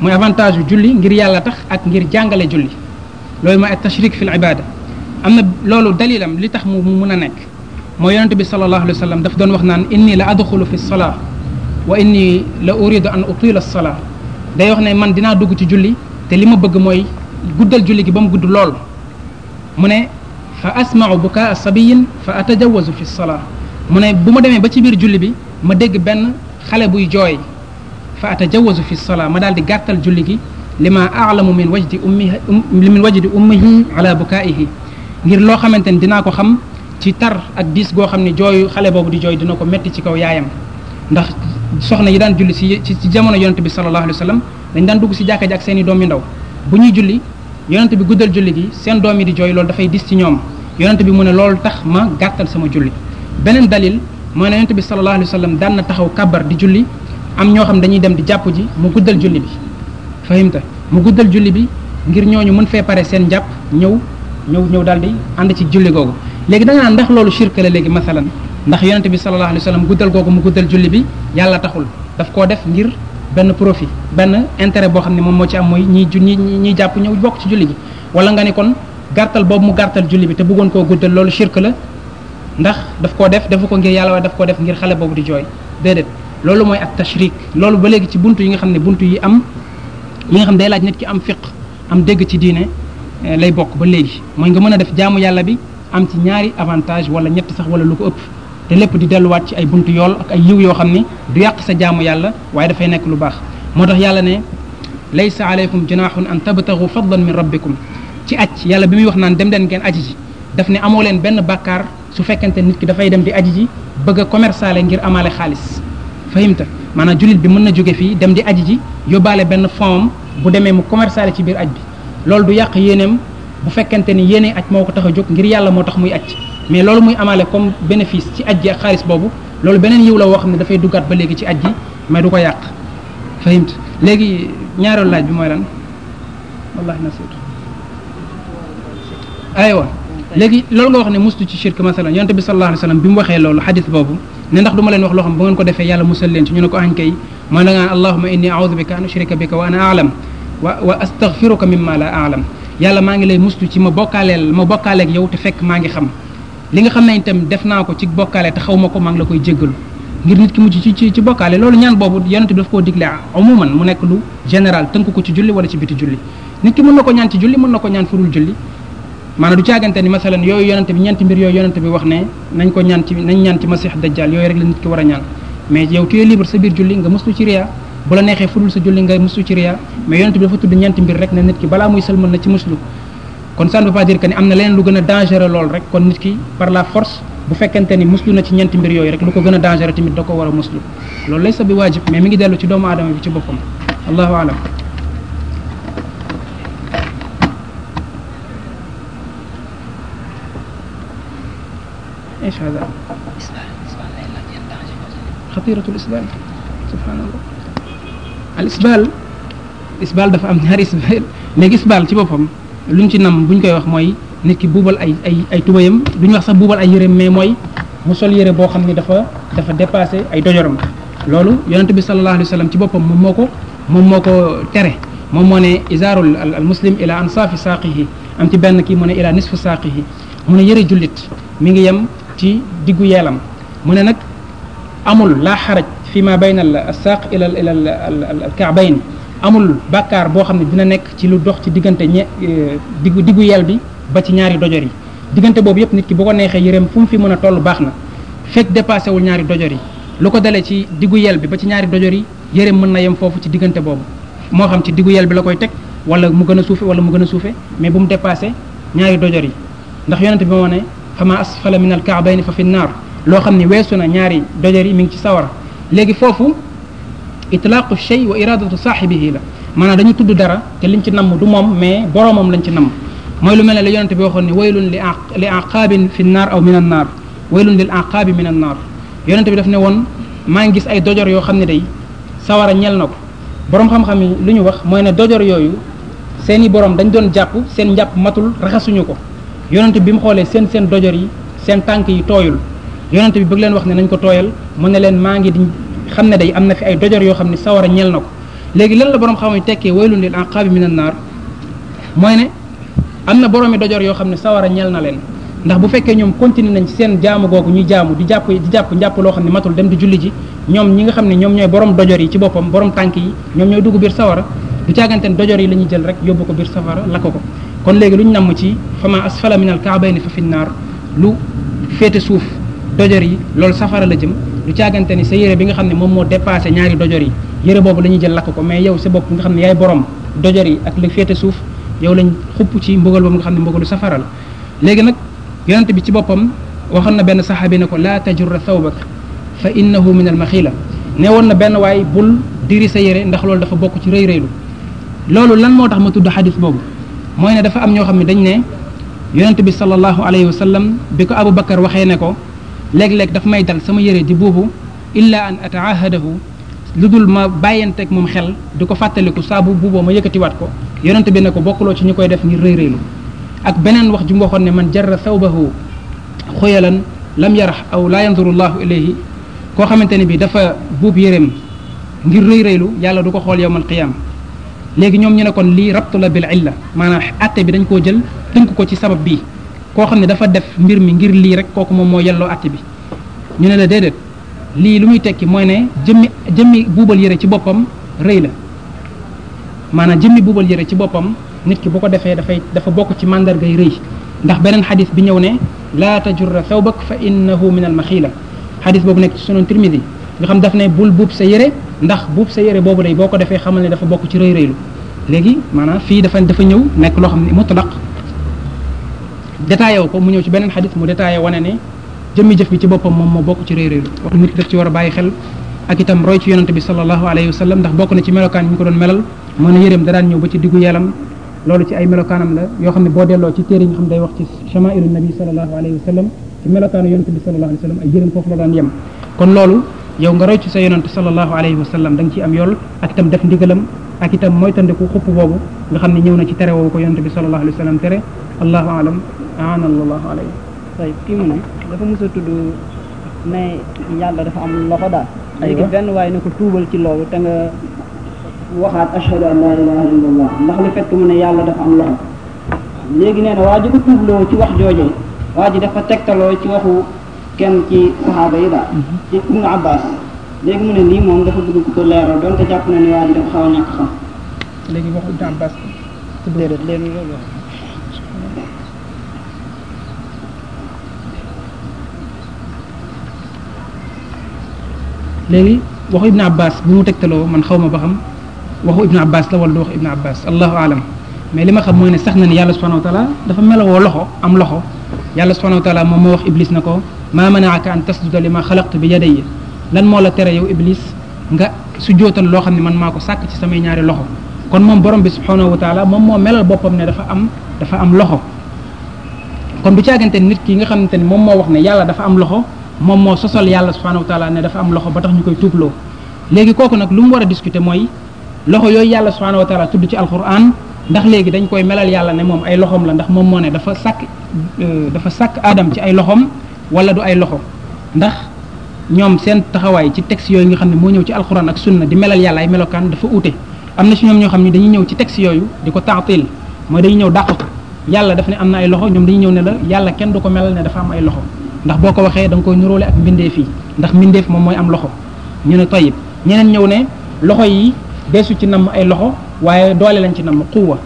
S2: mooy avantage yu julli ngir yàlla tax ak ngir jàngale julli loolu mooy at tashrik fi l ibada am na loolu dalilam li tax mu mun a nekk mooy bi sallallahu alayhi wa daf doon wax naan inni la adxulu fi salaa wa inni la uridu an utila salaa day wax ne man dinaa dugg ci julli te li ma bëgg mooy guddal julli gi ba mu gudd lool mu ne fa asmau bukaa sabiyin fa atajawazu fi salaa mu ne bu ma demee ba ci biir julli bi ma dégg benn xale buy jooy fa atajawazu fi salaa ma daal di gàttal julli gi li ma alamu min wajdi ummihi um, min wajdi ummihi ngir loo xamante ni dinaa ko xam ci tar ak diis goo xam ne jooyu xale boobu di jooy dina ko metti ci kaw yaayam ndax soxna yi daan julli si ci jamono yonente bi sallallahu alayhi wa sallam dañ daan dugg si jàkka ji ak seen doom yu ndaw bu ñuy julli yonente bi guddal julli gi seen doom yi di jooy loolu dafay dis ci ñoom yonente bi mu ne loolu tax ma gàttal sama julli beneen dalil mooy ne yonente bi sallallahu alayhi wa sallam daan na taxaw kàbbar di julli am ñoo xam dañuy dem di jàpp ji mu guddal julli bi fahimta mu guddal julli bi ngir ñooñu mën fee pare seen jàpp ñëw ñëw ñëw daal di ànd ci julli googu léegi da nga ndax loolu shirk la léegi masalan ndax yonente bi sallallahu alayhi wa sallam guddal googu mu guddal julli bi yàlla taxul daf koo def ngir benn profit benn intérêt boo xam ne moom moo ci am mooy ñi ñi ñiy jàpp ñëw bokk ci julli gi wala nga ne kon gàttal boobu mu gàttal julli bi te bëggoon koo guddal loolu shirk la ndax daf koo def defu ko ngir yàlla waaye daf koo def ngir xale boobu di jooy déedéet loolu mooy ak tashrik loolu ba léegi ci buntu yi nga xam ne buntu yi am yi nga xam day laaj nit ki am fiq am dégg ci diine Euh, lay bokk ba léegi mooy nga mën a def jaamu yàlla bi am ci ñaari avantage wala ñett sax wala lu ko ëpp te lépp di delluwaat ci ay bunt yool ak ay yiw yoo xam ne du yàq sa jaamu yàlla waaye dafay nekk lu baax moo tax yàlla ne laysa aleykum junahun an tabtagu fadlan mi rabbikum ci aj yàlla bi muy wax naan dem leen ngeen aji ji daf ne amoo leen benn bàkkaar su fekkente nit ki dafay dem di aji ji bëgg a commerçaler ngir amaale xaalis fahimta maanaam jullit bi mën na jóge fii dem di aji ji yóbbaale benn fond bu demee mu commerçaler ci biir aj bi loolu du yàq yéeneem bu fekkente ni yéene aj moo ko tax a jóg ngir yàlla moo tax muy aj mais loolu muy amaale comme bénéfice ci aj ji ak xaalis boobu loolu beneen yiw la woo xam ne dafay duggaat ba léegi ci aj ji du ko yàq fahimt léegi ñaareelu laaj bi mooy lan wallahi nasitu aywa léegi loolu nga wax ne mustu ci shirk masalan mu waxee loolu xadis boobu ne ndax du leen wax loo bu ngeen ko defee yàlla musal leen ci ñu ne ko añ kay maa da ngaan allahuma inni a'udhu bika an ushrika bika wa ana a'lam wa wa astaghfiruka mimma la aalam yàlla maa ngi lay mustu ci ma bokkaaleel ma bokkaaleeg yow te fekk maa ngi xam li nga xam ne itam def naa ko ci bokkaale te xaw ma ko maa ngi la koy jéggalu ngir nit ki mucc ci ci ci bokkaale loolu ñaan boobu yonente bi daf koo mu nekk lu général tënk ko ci julli wala ci biti julli nit ki mën na ko ñaan ci julli mën na ko ñaan furul julli maanaam du caagante ni masalan yooyu yonente bi ñeenti mbir yooyu yonente bi wax ne nañ ko ñaan ci nañ ñaan ci masix dajjal yooyu rek la nit ki war a ñaan mais yow tu libre sa biir julli nga muslu bu la neexee fudul sa julli nga muslu ci riya mais yonent bi dafa tudd ñeenti mbir rek ne nit ki balaa muy sëlmal na ci muslu kon ça ne veut pas ni am na leneen lu gën a lool rek kon nit ki par la force bu fekkente ni muslu na ci ñeenti mbir yooyu rek lu ko gën a dangereux tamit da ko war a muslu loolu lay sa bi waajib mais mi ngi dellu ci doomu aadama bi ci boppam allahu alam al isbal isbal dafa am ñaari isbal léegi isbal ci boppam luñ ci nam buñ koy wax mooy nit ki buubal ay ay ay tubayam duñ wax sax buubal ay yëreem mais mooy mu sol yére boo xam ni dafa dafa dépassé ay dojoram loolu yonente bi sallallahu alayhi wa ci boppam moom moo ko moom moo ko tere moom moo ne izaarul al muslim ila ansaafi saaqihi am ci benn kii mu ne ila nisfu saaqihi mu ne yëre jullit mi ngi yem ci diggu yeelam mu ne nag amul laa xaraj fi ma bayna al saq ila ila al ka'bayn amul bàkkaar boo xam ne dina nekk ci lu dox ci diggante ñe e, diggu diggu yel bi ba ci ñaari dojor yi diggante boobu yëpp nit ki bu ko neexee yëreem fu mu mën a toll baax na fekk dépassé wul ñaari dojor yi lu ko dalee ci diggu yel bi ba ci ñaari dojor yi yëreem mën na yem foofu ci diggante boobu moo xam ci diggu yel bi la koy teg wala mu gën a suufe wala mu gën a suufe mais bu mu dépassé ñaari dojor yi ndax yonente bi moo ne fama asfala min al ka'bayni fa fi naar loo xam ne weesu na ñaari dojor yi mi ngi ci sawara léegi foofu itlaaqu shay wa iradatu saaxibihi la maanaam dañu tudd dara te liñ ci namm du moom mais boroomam lañ ci namm mooy lu mel ne la yonente bi waxoon ni waylun li aqaabin fi naar aw min an naar waylun lil aqaabi min an naar yonente bi daf ne woon maa ngi gis ay dojor yoo xam ne day sawara ñel na ko boroom xam-xam yi lu ñu wax mooy ne dojor yooyu seen i borom dañ doon jàpp seen njàpp matul raxasuñu ko yonente bi mu xoolee seen seen dojor yi seen tànk yi tooyul yonent bi bëgg leen wax ne nañ ko tooyal mu ne leen maa ngi xam ne day am na fi ay dojor yoo xam ne sawara ñel na ko léegi lan la borom xam ne tekkee waylun lil aqaabi min an naar mooy ne am na boroomi dojor yoo xam ne sawara ñel na leen ndax bu fekkee ñoom continué nañ ci seen jaamu googu ñuy jaamu di jàpp di jàpp njàpp loo xam ne matul dem di julli ji ñoom ñi nga xam ne ñoom ñooy borom dojor yi ci boppam borom tànk yi ñoom ñoo dugg biir sawara du caagante yi la jël rek yóbbu ko biir sawara la ko ko kon léegi lu ñu namm ci fama asfala min al kaabayni fa fi naar lu féete suuf dojor yi loolu safara la jëm du caagante ni sa yére bi nga xam ne moom moo dépassé ñaari dojor yi yére boobu la ñuy jël lakk ko mais yow sa bopp nga xam ne yaay borom dojor yi ak la féete suuf yow lañ xupp ci mbugal boobu nga xam ne mbugalu safara la léegi nag yonente bi ci boppam waxoon na benn saxaabi ne ko laa tajurra thawbak fa innahu min al maxila ne woon na benn waay bul diri sa yére ndax loolu dafa bokk ci rëy rëylu loolu lan moo tax ma tudd xadis boobu mooy ne dafa am ñoo xam ne dañ ne yonente bi salallahu alayhi wa sallam bi ko Abu Bakar waxee ne ko léeg-léeg dafa may dal sama yére di buubu illa an ataahadahu lu dul ma bàyyante bàyyanteeg moom xel di ko fàttaliku saabu buuboo ma yëkkatiwaat ko yonent bi ne ko bokkuloo ci ñu koy def ngir rëy-rëylu ak beneen wax ju mu ne man jarra thawbahu xoyalan lam yarax aw laa yanzuru llahu ilayhi koo xamante ne bi dafa buub yéreem ngir rëy-rëylu yàlla du ko xool yowmal qiyaama léegi ñoom ñu ne kon lii rabtu bi bil illa maanaa atte bi dañ koo jël tënk ko ci sabab bii koo xam ne dafa def mbir mi ngir lii rek kooku moom moo yelloo àtte bi ñu ne la déedéet lii lu muy tekki mooy ne jëmmi jëmmi buubal yére ci boppam rëy la maanaa jëmmi buubal yére ci boppam nit ki bu ko defee dafay dafa bokk ci màndargay rëy ndax beneen xadis bi ñëw ne laa tajurra thawbak fa innahu min al maxiila xadis boobu nekk ci sunu tirmidi nga xam daf ne bul buub sa yëre ndax buub sa yére boobu day boo ko defee xamal ne dafa bokk ci rëy rëylu léegi maanaam fii dafa dafa ñëw nekk loo xam ne mutlaq détaillé wu ko mu ñëw ci beneen xadis mu détaillé wane ne jëmmi jëf bi ci boppam moom moo bokk ci réeréeru wax nit ki daf ci war a bàyyi xel ak itam roy ci yonante bi sallallahu bokk na ci melokaan ko doon melal moo ne yëreem da daan ñëw ba ci ay melokaanam la yoo xam ne boo delloo ci wax ci chamailu nabi sallallahu alayhi wa sallam ci melokaanu yonante bi sallallahu alayhi wa sallam ay yëreem foofu la daan yem kon loolu yow nga roy ci sa yonante sallallahu alayhi wa sallam da nga ciy am yool ak itam def ndigalam ak itam moytandiku xupp boobu nga xam ne ñëw na ci tere woowu ko yonent bi sallallahu alayhi wa sallam tere allahu alam aanallahu
S1: alayhi tey kii mu ne dafa mos a tudd ne yàlla dafa am loxo daal léegi benn waaye ne ko tuubal ci loolu te nga waxaat ashhadu an la ilaha illallah ndax li fekk mu ne yàlla dafa am loxo léegi nee na waa ji ko tuubloo ci wax joojee waa ji dafa tegtaloo ci waxu kenn ci saxaaba yi daal ci mm-hmm. Ibnu Abbas léegi mu lii moom na léegi waxu temps bas. déedéet léegi loolu wax.
S2: léegi waxu Ibn Abbas bi mu tegtaloo man xaw ma ba xam waxu Ibn Abbas la wala du waxu Ibn Abbas allahu alam mais li ma xam mooy ne sax na ni yàlla subhanahu wa taala dafa melowoo loxo am loxo yàlla subhanahu wa taala wax iblis na ko maa manaaka an tasjuda li ma xalaqtu bi yadayya lan moo la tere yow iblis nga su jootal loo xam ne man maa ko sàkk ci samay ñaari loxo kon moom borom bi subhanahu wa taala moom moo melal boppam ne dafa am dafa am loxo kon du caagante nit kii nga xamante ne moom moo wax ne yàlla dafa am loxo moom moo sosal yàlla subhanahu wa taala ne dafa am loxo ba tax ñu koy tuubloo léegi kooku nag lu mu war a discuter mooy loxo yooyu yàlla subhanahu wa tudd ci alquran ndax léegi dañ koy melal yàlla ne moom ay loxoom la ndax moom moo ne dafa sàkk euh, dafa sàkk aadam ci ay loxoom wala du ay loxo ñoom seen taxawaay ci texte yooyu nga xam ne moo ñëw ci alxuraan ak sunna di melal yàlla ay melokaan dafa uute am na si ñoom ñoo xam ni dañu ñëw ci texte yooyu di ko taatil mooy dañuy ñëw dàq ko yàlla daf ne am na ay loxo ñoom dañu ñëw ne la yàlla kenn du ko melal ne dafa am ay loxo ndax boo ko waxee da koy nuróole ak mbindeef yi ndax mbindeef moom mooy am loxo ñu ne toyib ñeneen ñëw ne loxo yi deesu ci namm ay loxo waaye doole lañ ci namm quwa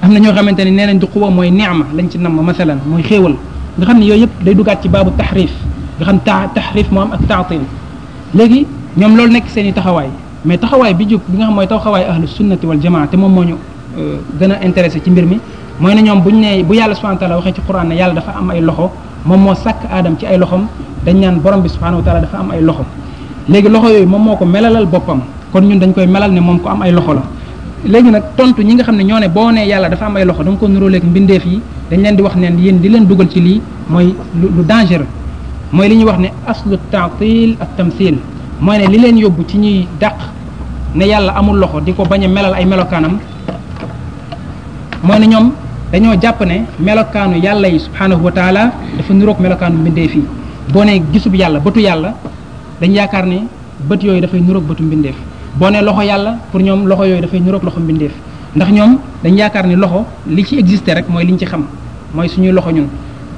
S2: am na ñoo xamante ne nee nañ di quwa mooy neema lañ ci namm masalan mooy xéewal nga xam ne yooyu yëpp day dugaat ci baabu taxrif nga xam ta taxrif moo am ak taatil léegi ñoom loolu nekk seen taxawaay mais taxawaay bi jub bi nga xam mooy xawaay ahlu sunnati wal jamaa te moom moo ñu euh, gën a intéressé ci mbir mi mooy ne ñoom bu buñu nee bu yàlla subhanahu wa taala waxee ci quran ne yàlla dafa am ay loxo moom moo sàkk aadam ci ay loxom dañ naan borom bi subhanahu wa taala dafa am ay loxo léegi loxo yooyu moom moo ko melalal boppam kon ñun dañ koy melal ne moom ko am ay loxo la léegi nag tontu ñi nga xam ne ñoo ne boo nee yàlla dafa am ay loxo dama ko nuróoleeg mbindeef yi dañ leen di wax neen yéen di leen dugal ci lii mooy mooy li ñuy wax ne aslu taatil ak tamsil mooy ne li leen yóbbu ci ñuy dàq ne yàlla amul loxo di ko bañ a melal ay melokaanam mooy ne ñoom dañoo jàpp ne melokaanu yàlla yi subhaanahu wa dafa niroog melokaanu mbindeef yi boo ne gisub yàlla bëtu yàlla dañu yaakaar ne bët yooyu dafay niroog bëtu mbindeef boo ne loxo yàlla pour ñoom loxo yooyu dafay niroog loxo mbindeef ndax ñoom dañ yaakaar ne loxo li ci existé rek mooy liñ ci xam mooy suñuy loxo ñun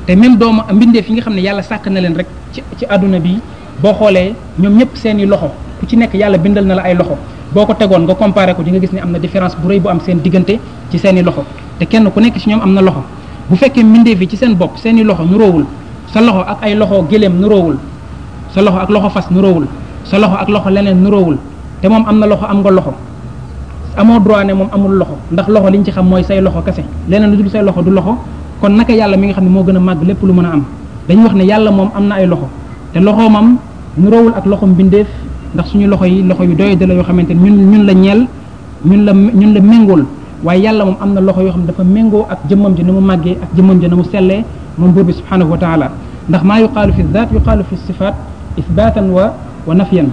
S2: te même doomu mbindeef yi nga xam ne yàlla sàkk na leen rek ci ci àdduna bi boo xoolee ñoom ñëpp seeni loxo ku ci nekk yàlla bindal na la ay loxo boo ko tegoon nga comparé ko di nga gis ne am na différence bu rëy bu am seen diggante ci seeni loxo te kenn ku nekk ci ñoom am na loxo bu fekkee mbindeef yi ci seen bopp seeni loxo nuroowul sa loxo ak ay loxo géléem nuroowul sa loxo ak loxo fas nuroowul sa loxo ak loxo leneen nuroowul te moom am na loxo am nga loxo amoo droit moom amul loxo ndax loxo liñ ci xam mooy say loxo kese leneen lu loxo du loxo kon naka yàlla mi nga xam ne moo gën a màgg lépp lu mën a am dañuy wax ne yàlla moom am na ay loxo te loxoomam ñu roowul ak loxom bindeef ndax suñu loxo yi loxo yi doy de la yoo xamante ne ñun ñun la ñel ñun la ñun la méngool waaye yàlla moom am na loxo yoo xam ne dafa méngoo ak jëmmam ji na mu màggee ak jëmmam ji na mu sellee moom buur bi subhanahu wa taala ndax maa yuqaalu fi zaat yuqaalu fi sifaat isbaatan wa wa nafyan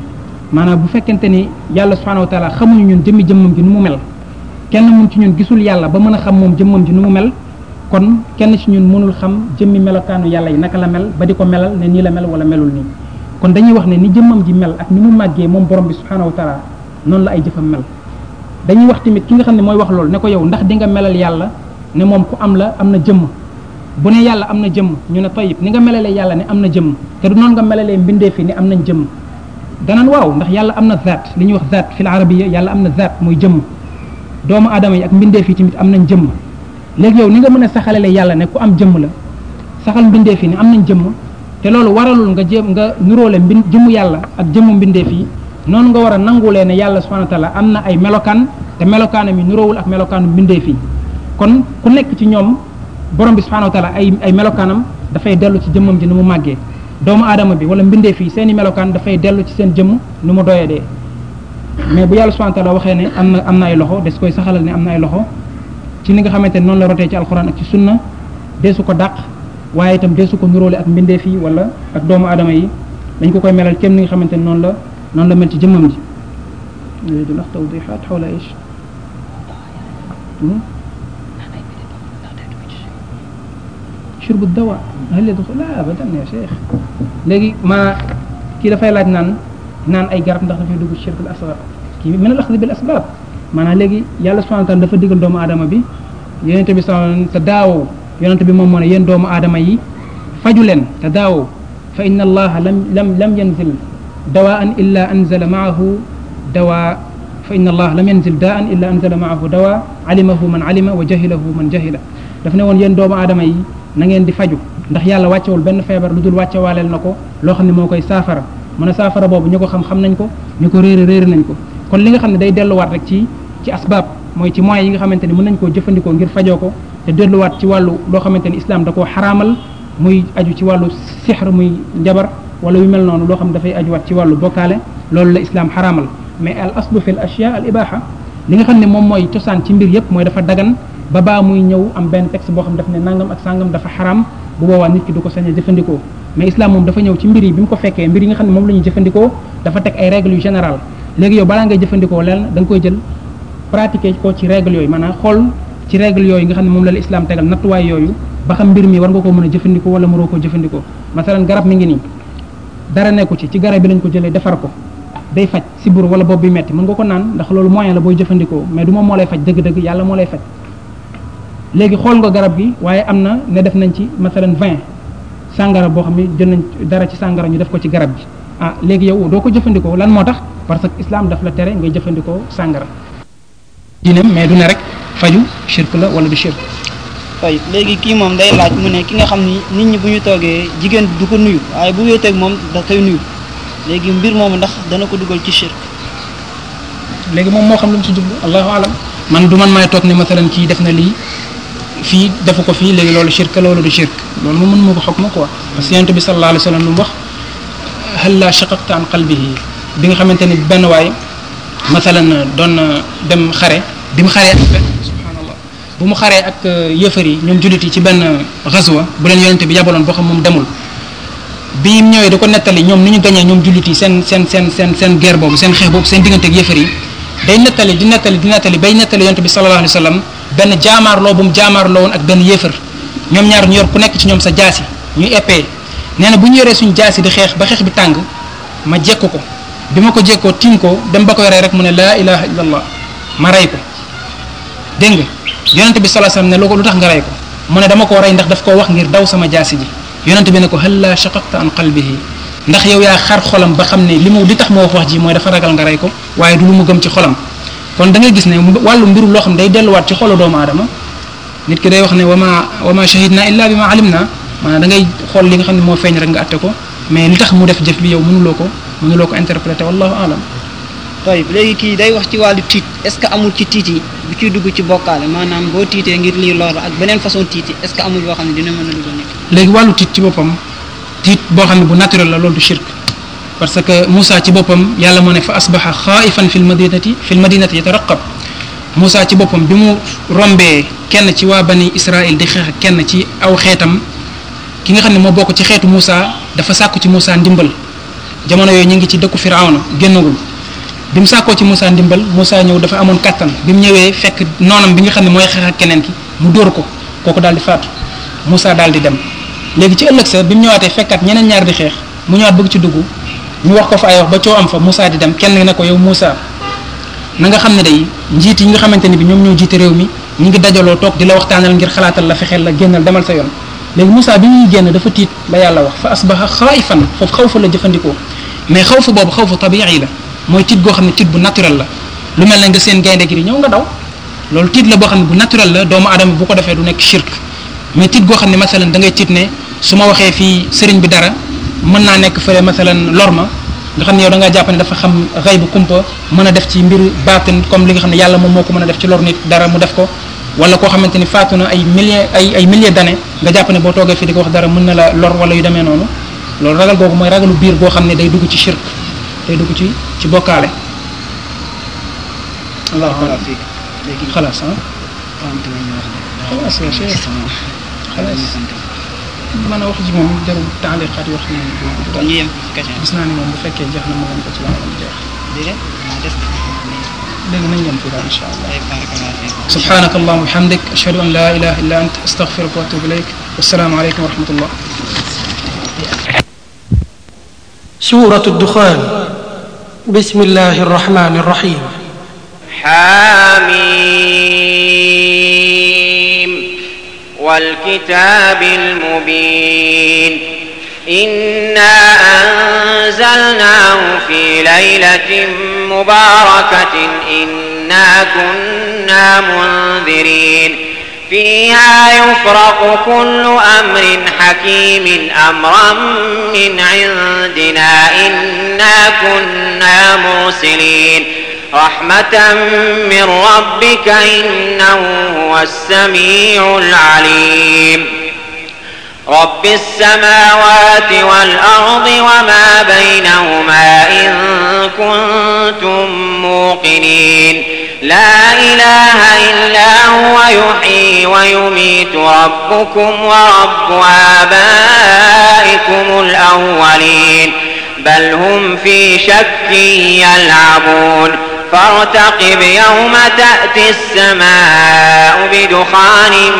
S2: maanaam bu fekkente ni yàlla subhanahu wa taala xamuñu ñun jëmmi jëmmam ji nu mu mel kenn mun ci ñun gisul yàlla ba mën a xam moom jëmmam ji nu mu mel kon kenn ci ñun mënul xam jëmmi melokaanu yàlla yi naka la mel ba di ko melal ne nii la mel wala melul nii kon dañuy wax ne ni jëmmam ji mel ak ni mu màggee moom borom bi subhanahu wa taala noonu la ay jëfam mel dañuy wax tamit ki nga xam ne mooy wax loolu ne ko yow ndax di nga melal yàlla ne moom ku am la am na jëmm bu ne yàlla am na jëmm ñu ne tayib ni nga melalee yàlla ne am na jëmm te du noonu nga melalee mbindeef yi ne am nañ jëmm danan waaw ndax yàlla am na zaat li ñuy wax zaat fil arabiya yàlla am na zaat mooy jëmm doomu aadama yi ak mbindeef yi tamit am nañ jëmm léegi yow ni nga mën a saxalale yàlla ne ku am jëmm la saxal mbindeef yi ne am nañ jëmm te loolu waralul nga jéem nga nuróole mbin jëmmu yàlla ak jëmmu mbindeef yi noonu nga war a nangulee ne yàlla subhanahu wa taala am na ay melokaan te melokaanam yi nuróowul ak melokaanu mbindeef yi kon ku nekk ci ñoom borom bi subhanahu ay ay melokaanam dafay dellu ci jëmmam ji nu mu màggee doomu aadama bi wala mbindeef yi seen i melokaan dafay dellu ci seen jëmm nu mu doyadee mais bu yàlla subhanahu wa waxee ne am na am na ay loxo des koy saxalal ne am na ay loxo ci li nga xamante ne noonu la rotee ci alxuraan ak ci sunna deesu ko daq waaye itam deesu ko nuróole ak mbindeef yi wala ak doomu aadama yi dañ ko koy melal kem ni nga xamante ne noonu la noonu la mel ci jëmmam ji yuridu ndax tawdihat xawla ish hmm? shurbu dawa hal yadxul la abadan ya ma kii dafay laaj naan naan ay garab ndax dafay dugg shirkul asgar kii min al axdi bil asbab maanaam léegi yàlla subhanahu dafa digal doomu adama bi yonente bi sallallahu te daawoo yonente bi moom moo ne yéen doomu aadama yi faju leen te daawoo fa inna allaha lam lam lam yanzil dawaan illa anzala maahu dawaa fa inna allaha lam yanzil daan illa anzala maahu dawaa alimahu man alima wa jahilahu man jahila daf ne woon yéen doomu aadama yi na ngeen faju ndax yàlla wàccewul benn feebar lu dul wàccewaaleel na ko loo xam ne moo koy saafara mën a saafara boobu ñu ko xam xam nañ ko ñu ko réere réere nañ ko kon li nga xam ne day delluwaat rek ci ci asbaab mooy ci moyens yi nga xamante ni mën nañ koo jëfandikoo ngir fajoo ko te delluwaat ci wàllu loo xamante ni islam da ko xaraamal muy aju ci wàllu sixr muy njabar wala yu mel noonu loo xam dafay ajuwaat ci wàllu bokkaale loolu la islam xaraamal mais al aslu fi l ashya al ibaha li nga xam ne moom mooy cosaan ci mbir yépp mooy dafa dagan ba baa muy ñëw am benn texte boo xam daf ne nangam ak sangam dafa xaraam bu boobaa nit ki du ko sañ a jëfandikoo mais islam moom dafa ñëw ci mbir bi mu ko fekkee mbir yi nga xam ne moom la ñuy jëfandikoo dafa teg ay règles général léegi yow balaa ngay jëfandikoo lenn da koy jël pratiquer ko ci règle yooyu maanaam xool ci règle yooyu nga xam ne moom la islam tegal nattuwaay yooyu ba xam mbir mi war nga koo mën a jëfandikoo wala mënoo ko jëfandikoo masalan garab mi ngi nii dara nekku ci ci garab bi lañ ko jëlee defar ko day faj si sibur wala bopp bi metti mën nga ko naan ndax loolu moyen la booy jëfandikoo mais du moo lay faj dëgg-dëgg yàlla moo lay faj léegi xool nga garab gi waaye am na ne def nañ ci masalan vin sàngara boo xam ne jël nañ dara ci sàngara ñu def ko ci garab gi ah léegi yow doo ko jëfandikoo lan moo tax parce que islam daf la tere ngay jëfandikoo sàngara diinam mais du ne rek
S1: faju shirk la wala du shirk waaye léegi kii moom day laaj mu ne ki nga xam ni nit ñi bu ñu toogee jigéen du ko nuyu waaye bu teg moom da koy nuyu léegi mbir moomu ndax dana ko dugal ci shirk
S2: léegi moom moo xam lu mu ci jublu allahu alam man du man may toog ni masalan kii def na lii fii defu ko fii léegi loolu shirk loolu du shirk loolu moom mën moo ko xokma ma ko que yonent bi sallallahu alayhi wa sallam lu mu wax halla shaqaqta an bi nga xamante ni benn waay masalan euh, doon dem xare bi mu xaree ak mu xaree ak euh, yëfër yi ñoom jullit yi ci benn xaswa euh, bu leen yonente bi yabaloon boo xam moom demul bi ñëwee da ko nettali ñoom ni ñu gañee ñoom jullit yi seen seen seen seen seen guerre boobu seen xeex boobu seen diggante ak yëfër yi day nettali di nettali di nettali bay nettali yonente bi sallallahu alayhi wa sallam benn jaamaarloo bu mu jaamaarloo woon ak benn yëfër ñoom ñaar ñu yor ku nekk ci ñoom sa jaasi ñuy épée nee na bu ñu yoree suñu jaasi di xeex ba xeex bi tàng ma jekku ko bi ma ko jekkoo tiim ko dem ba koy rey rek mu ne laa ilaha la ma rey ko dégg nga yonente bi sallallahu alayhi wasallam ne lu ko lu tax nga rey ko mu ne dama ko rey ndax daf koo wax ngir daw sama jaasi ji yonente bi ne ko halla shaqaqta an qalbihi ndax yow yaa xar xolam ba xam ne li mu di tax moo wax wax ji mooy dafa ragal nga rey ko waaye du lu mu gëm ci xolam kon da ngay gis ne wàllu mbiru loo xam day delluwaat ci xolu doomu aadama nit ki day wax ne wama wama shahidna illa bi ma alim na maanaam da xool li nga xam ne moo feeñ rek nga atte ko mais li mu def jëf bi yow mënuloo ko mënuloo ko interpréter
S1: wallahu alam tayib léegi kii day wax ci wàllu tiit est-ce que amul ci tiit yi bu ciy dugg ci bokkaale maanaam boo tiitee ngir lii loolu ak beneen façon tiit yi est-ce que amul yoo xam ne dina mën a dugg nekk léegi wàllu
S2: tiit ci boppam tiit boo xam ne bu naturel la loolu du shirk parce que Moussa ci boppam yàlla moo ne fa asbaha xaayifan fi lmadinati fi lmadinati yataraqab Moussa ci boppam bi mu rombee kenn ci waa bani Israël di xeex kenn ci aw xeetam ki nga xam ne moo bokk ci xeetu Moussa dafa sàkku ci Moussa ndimbal jamono yooyu ñu ngi ci dëkku Firawna génnagul bi mu sàkkoo ci Moussa ndimbal Moussa ñëw dafa amoon kattan bi mu ñëwee fekk noonam bi nga xam ne mooy xeex ak keneen ki mu dóor ko kooku daal di faatu Moussa daal di dem léegi ci ëllëg sa bi mu ñëwaatee fekkaat ñeneen ñaar di xeex mu ñëwaat bëgg ci dugg ñu wax ko fa ay wax ba coow am fa Moussa di dem kenn ne ko yow Moussa na nga xam ne day njiit yi nga xamante ni bi ñoom ñoo jiite réew mi ñu ngi dajaloo toog di la waxtaanal ngir xalaatal la fexeel la génnal demal sa yoon léegi Moussa bi ñuy génn dafa tiit la yàlla wax fa asbaha xaayfan foofu xaw fa la jëfandikoo mais xaw fa boobu xaw fa tabii la mooy tiit goo xam ne tiit bu naturel la lu mel ne nga seen gaynde gi di ñëw nga daw loolu tiit la boo xam ne bu naturel la doomu aadama bu ko defee du nekk shirk mais tiit goo xam ne masalan da ngay tiit ne su ma waxee fi sëriñ bi dara mën naa nekk fële masalan lor ma nga xam ne yow da ngaa jàpp dafa xam xëy bu kumpa mën a def ci mbiru baatin comme li nga xam ne yàlla moom moo ko mën a def ci lor nit mu def ko wala koo xamante ni faatu na ay milliers ay ay milliers d'années nga jàpp ne boo toogee fii di ko wax dara mën na la lor wala yu demee noonu loolu ragal googu mooy ragalu biir boo xam ne day dugg ci shirk day duggu ci ci bokkaale. allahu akbar léegi ah? a
S1: wax naa ne bu fekkee jeex léegi nañ yem fi daal incha allah subhanaka
S2: allahuma bihamdik ashhadu an la ilaha illa ant astaghfiruka wa atubu ilayk wassalaamu aleykum wa rahmatullah سورة الدخان بسم الله الرحمن الرحيم
S5: حاميم والكتاب المبين إنا أنزلناه في ليلة مباركة إنا كنا منذرين فيها يفرق كل أمر حكيم أمرا من عندنا إنا كنا مرسلين رحمة من ربك إنه هو السميع العليم رب السماوات والأرض وما بينهما إن كنتم موقنين لا إله إلا هو يحيي ويميت ربكم ورب آبائكم الأولين بل هم في شك يلعبون فارتقب يوم تأتي السماء بدخان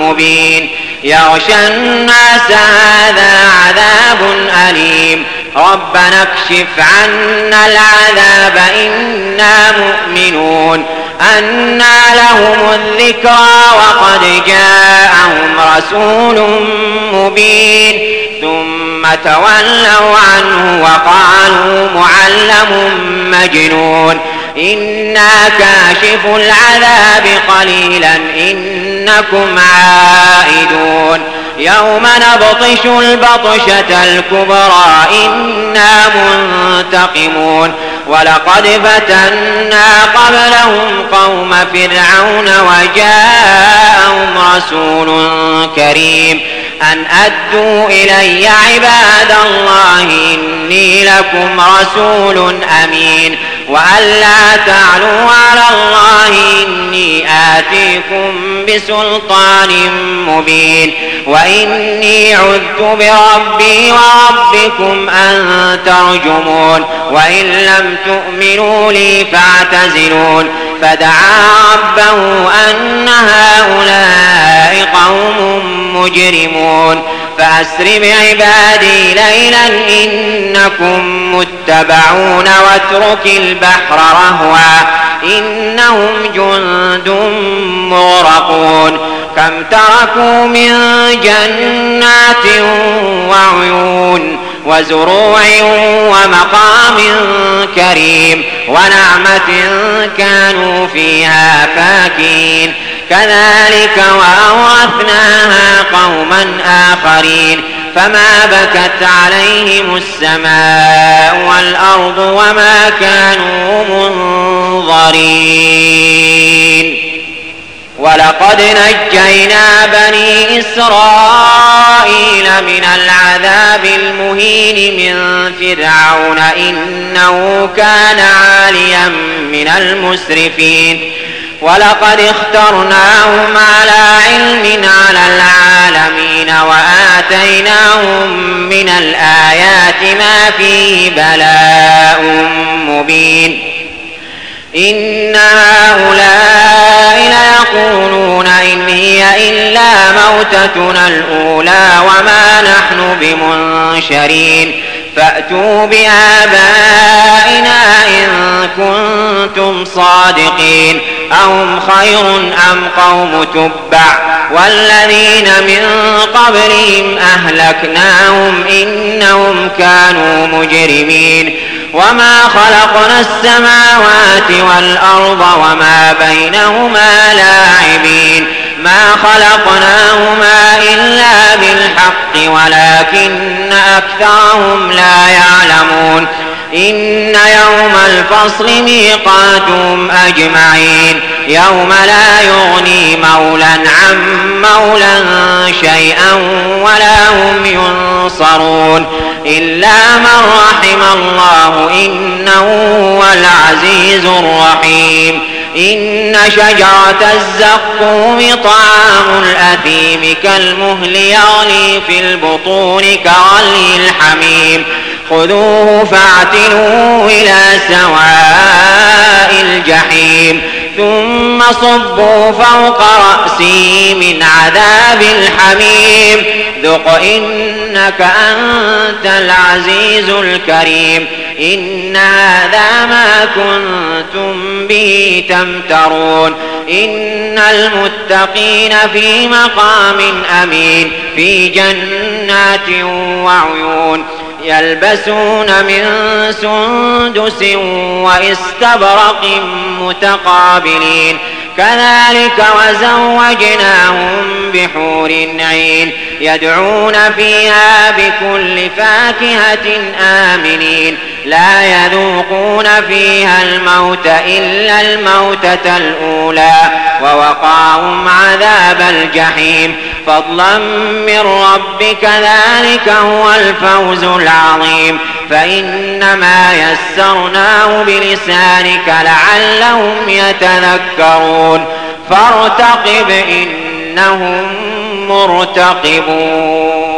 S5: مبين يغشى الناس هذا عذاب أليم ربنا اكشف عنا العذاب إنا مؤمنون أنا لهم الذكرى وقد جاءهم رسول مبين ثم تولوا عنه وقالوا معلم مجنون إنا كاشف العذاب قليلا إنا إنكم عائدون يوم نبطش البطشة الكبرى إنا منتقمون ولقد فتنا قبلهم قوم فرعون وجاءهم رسول كريم أن أدوا إلي عباد الله إني لكم رسول أمين وألا تعلوا على الله إني آتيكم بسلطان مبين وإني عذت بربي وربكم أن ترجمون وإن لم تؤمنوا لي فاعتزلون فدعا ربه أن هؤلاء قوم مجرمون فأسر بعبادي ليلا إنكم متبعون واترك البحر رهوا إنهم جند مغرقون كم تركوا من جنات وعيون وزروع ومقام كريم ونعمة كانوا فيها فاكين كذلك وأورثناها قوما آخرين فما بكت عليهم السماء والأرض وما كانوا منظرين ولقد نجينا بني إسرائيل من العذاب المهين من فرعون إنه كان عاليا من المسرفين ولقد اخترناهم على علم على العالمين وآتيناهم من الآيات ما فيه بلاء مبين إن هؤلاء ليقولون إن هي إلا موتتنا الأولى وما نحن بمنشرين فأتوا بآبائنا إن كنتم صادقين أهم خير أم قوم تبع والذين من قبلهم أهلكناهم إنهم كانوا مجرمين وما خلقنا السماوات والأرض وما بينهما لاعبين ما خلقناهما إلا بالحق ولكن أكثرهم لا يعلمون إن يوم الفصل ميقاتهم أجمعين يوم لا يغني مولا عن مولا شيئا ولا هم ينصرون إلا من رحم الله إنه هو العزيز الرحيم إن شجرة الزقوم طعام الأثيم كالمهل يغلي في البطون كغلي الحميم خذوه فاعتلوه إلى سواء الجحيم ثم صبوا فوق رأسي من عذاب الحميم ذق إنك أنت العزيز الكريم إن هذا ما كنتم به تمترون إن المتقين في مقام أمين في جنات وعيون يلبسون من سندس واستبرق متقابلين كذلك وزوجناهم بحور عين يدعون فيها بكل فاكهة آمنين لا يذوقون فيها الموت إلا الموتة الأولى ووقاهم عذاب الجحيم فضلا من ربك ذلك هو الفوز العظيم فإنما يسرناه بلسانك لعلهم يتذكرون يعلمون فارتقب إنهم مرتقبون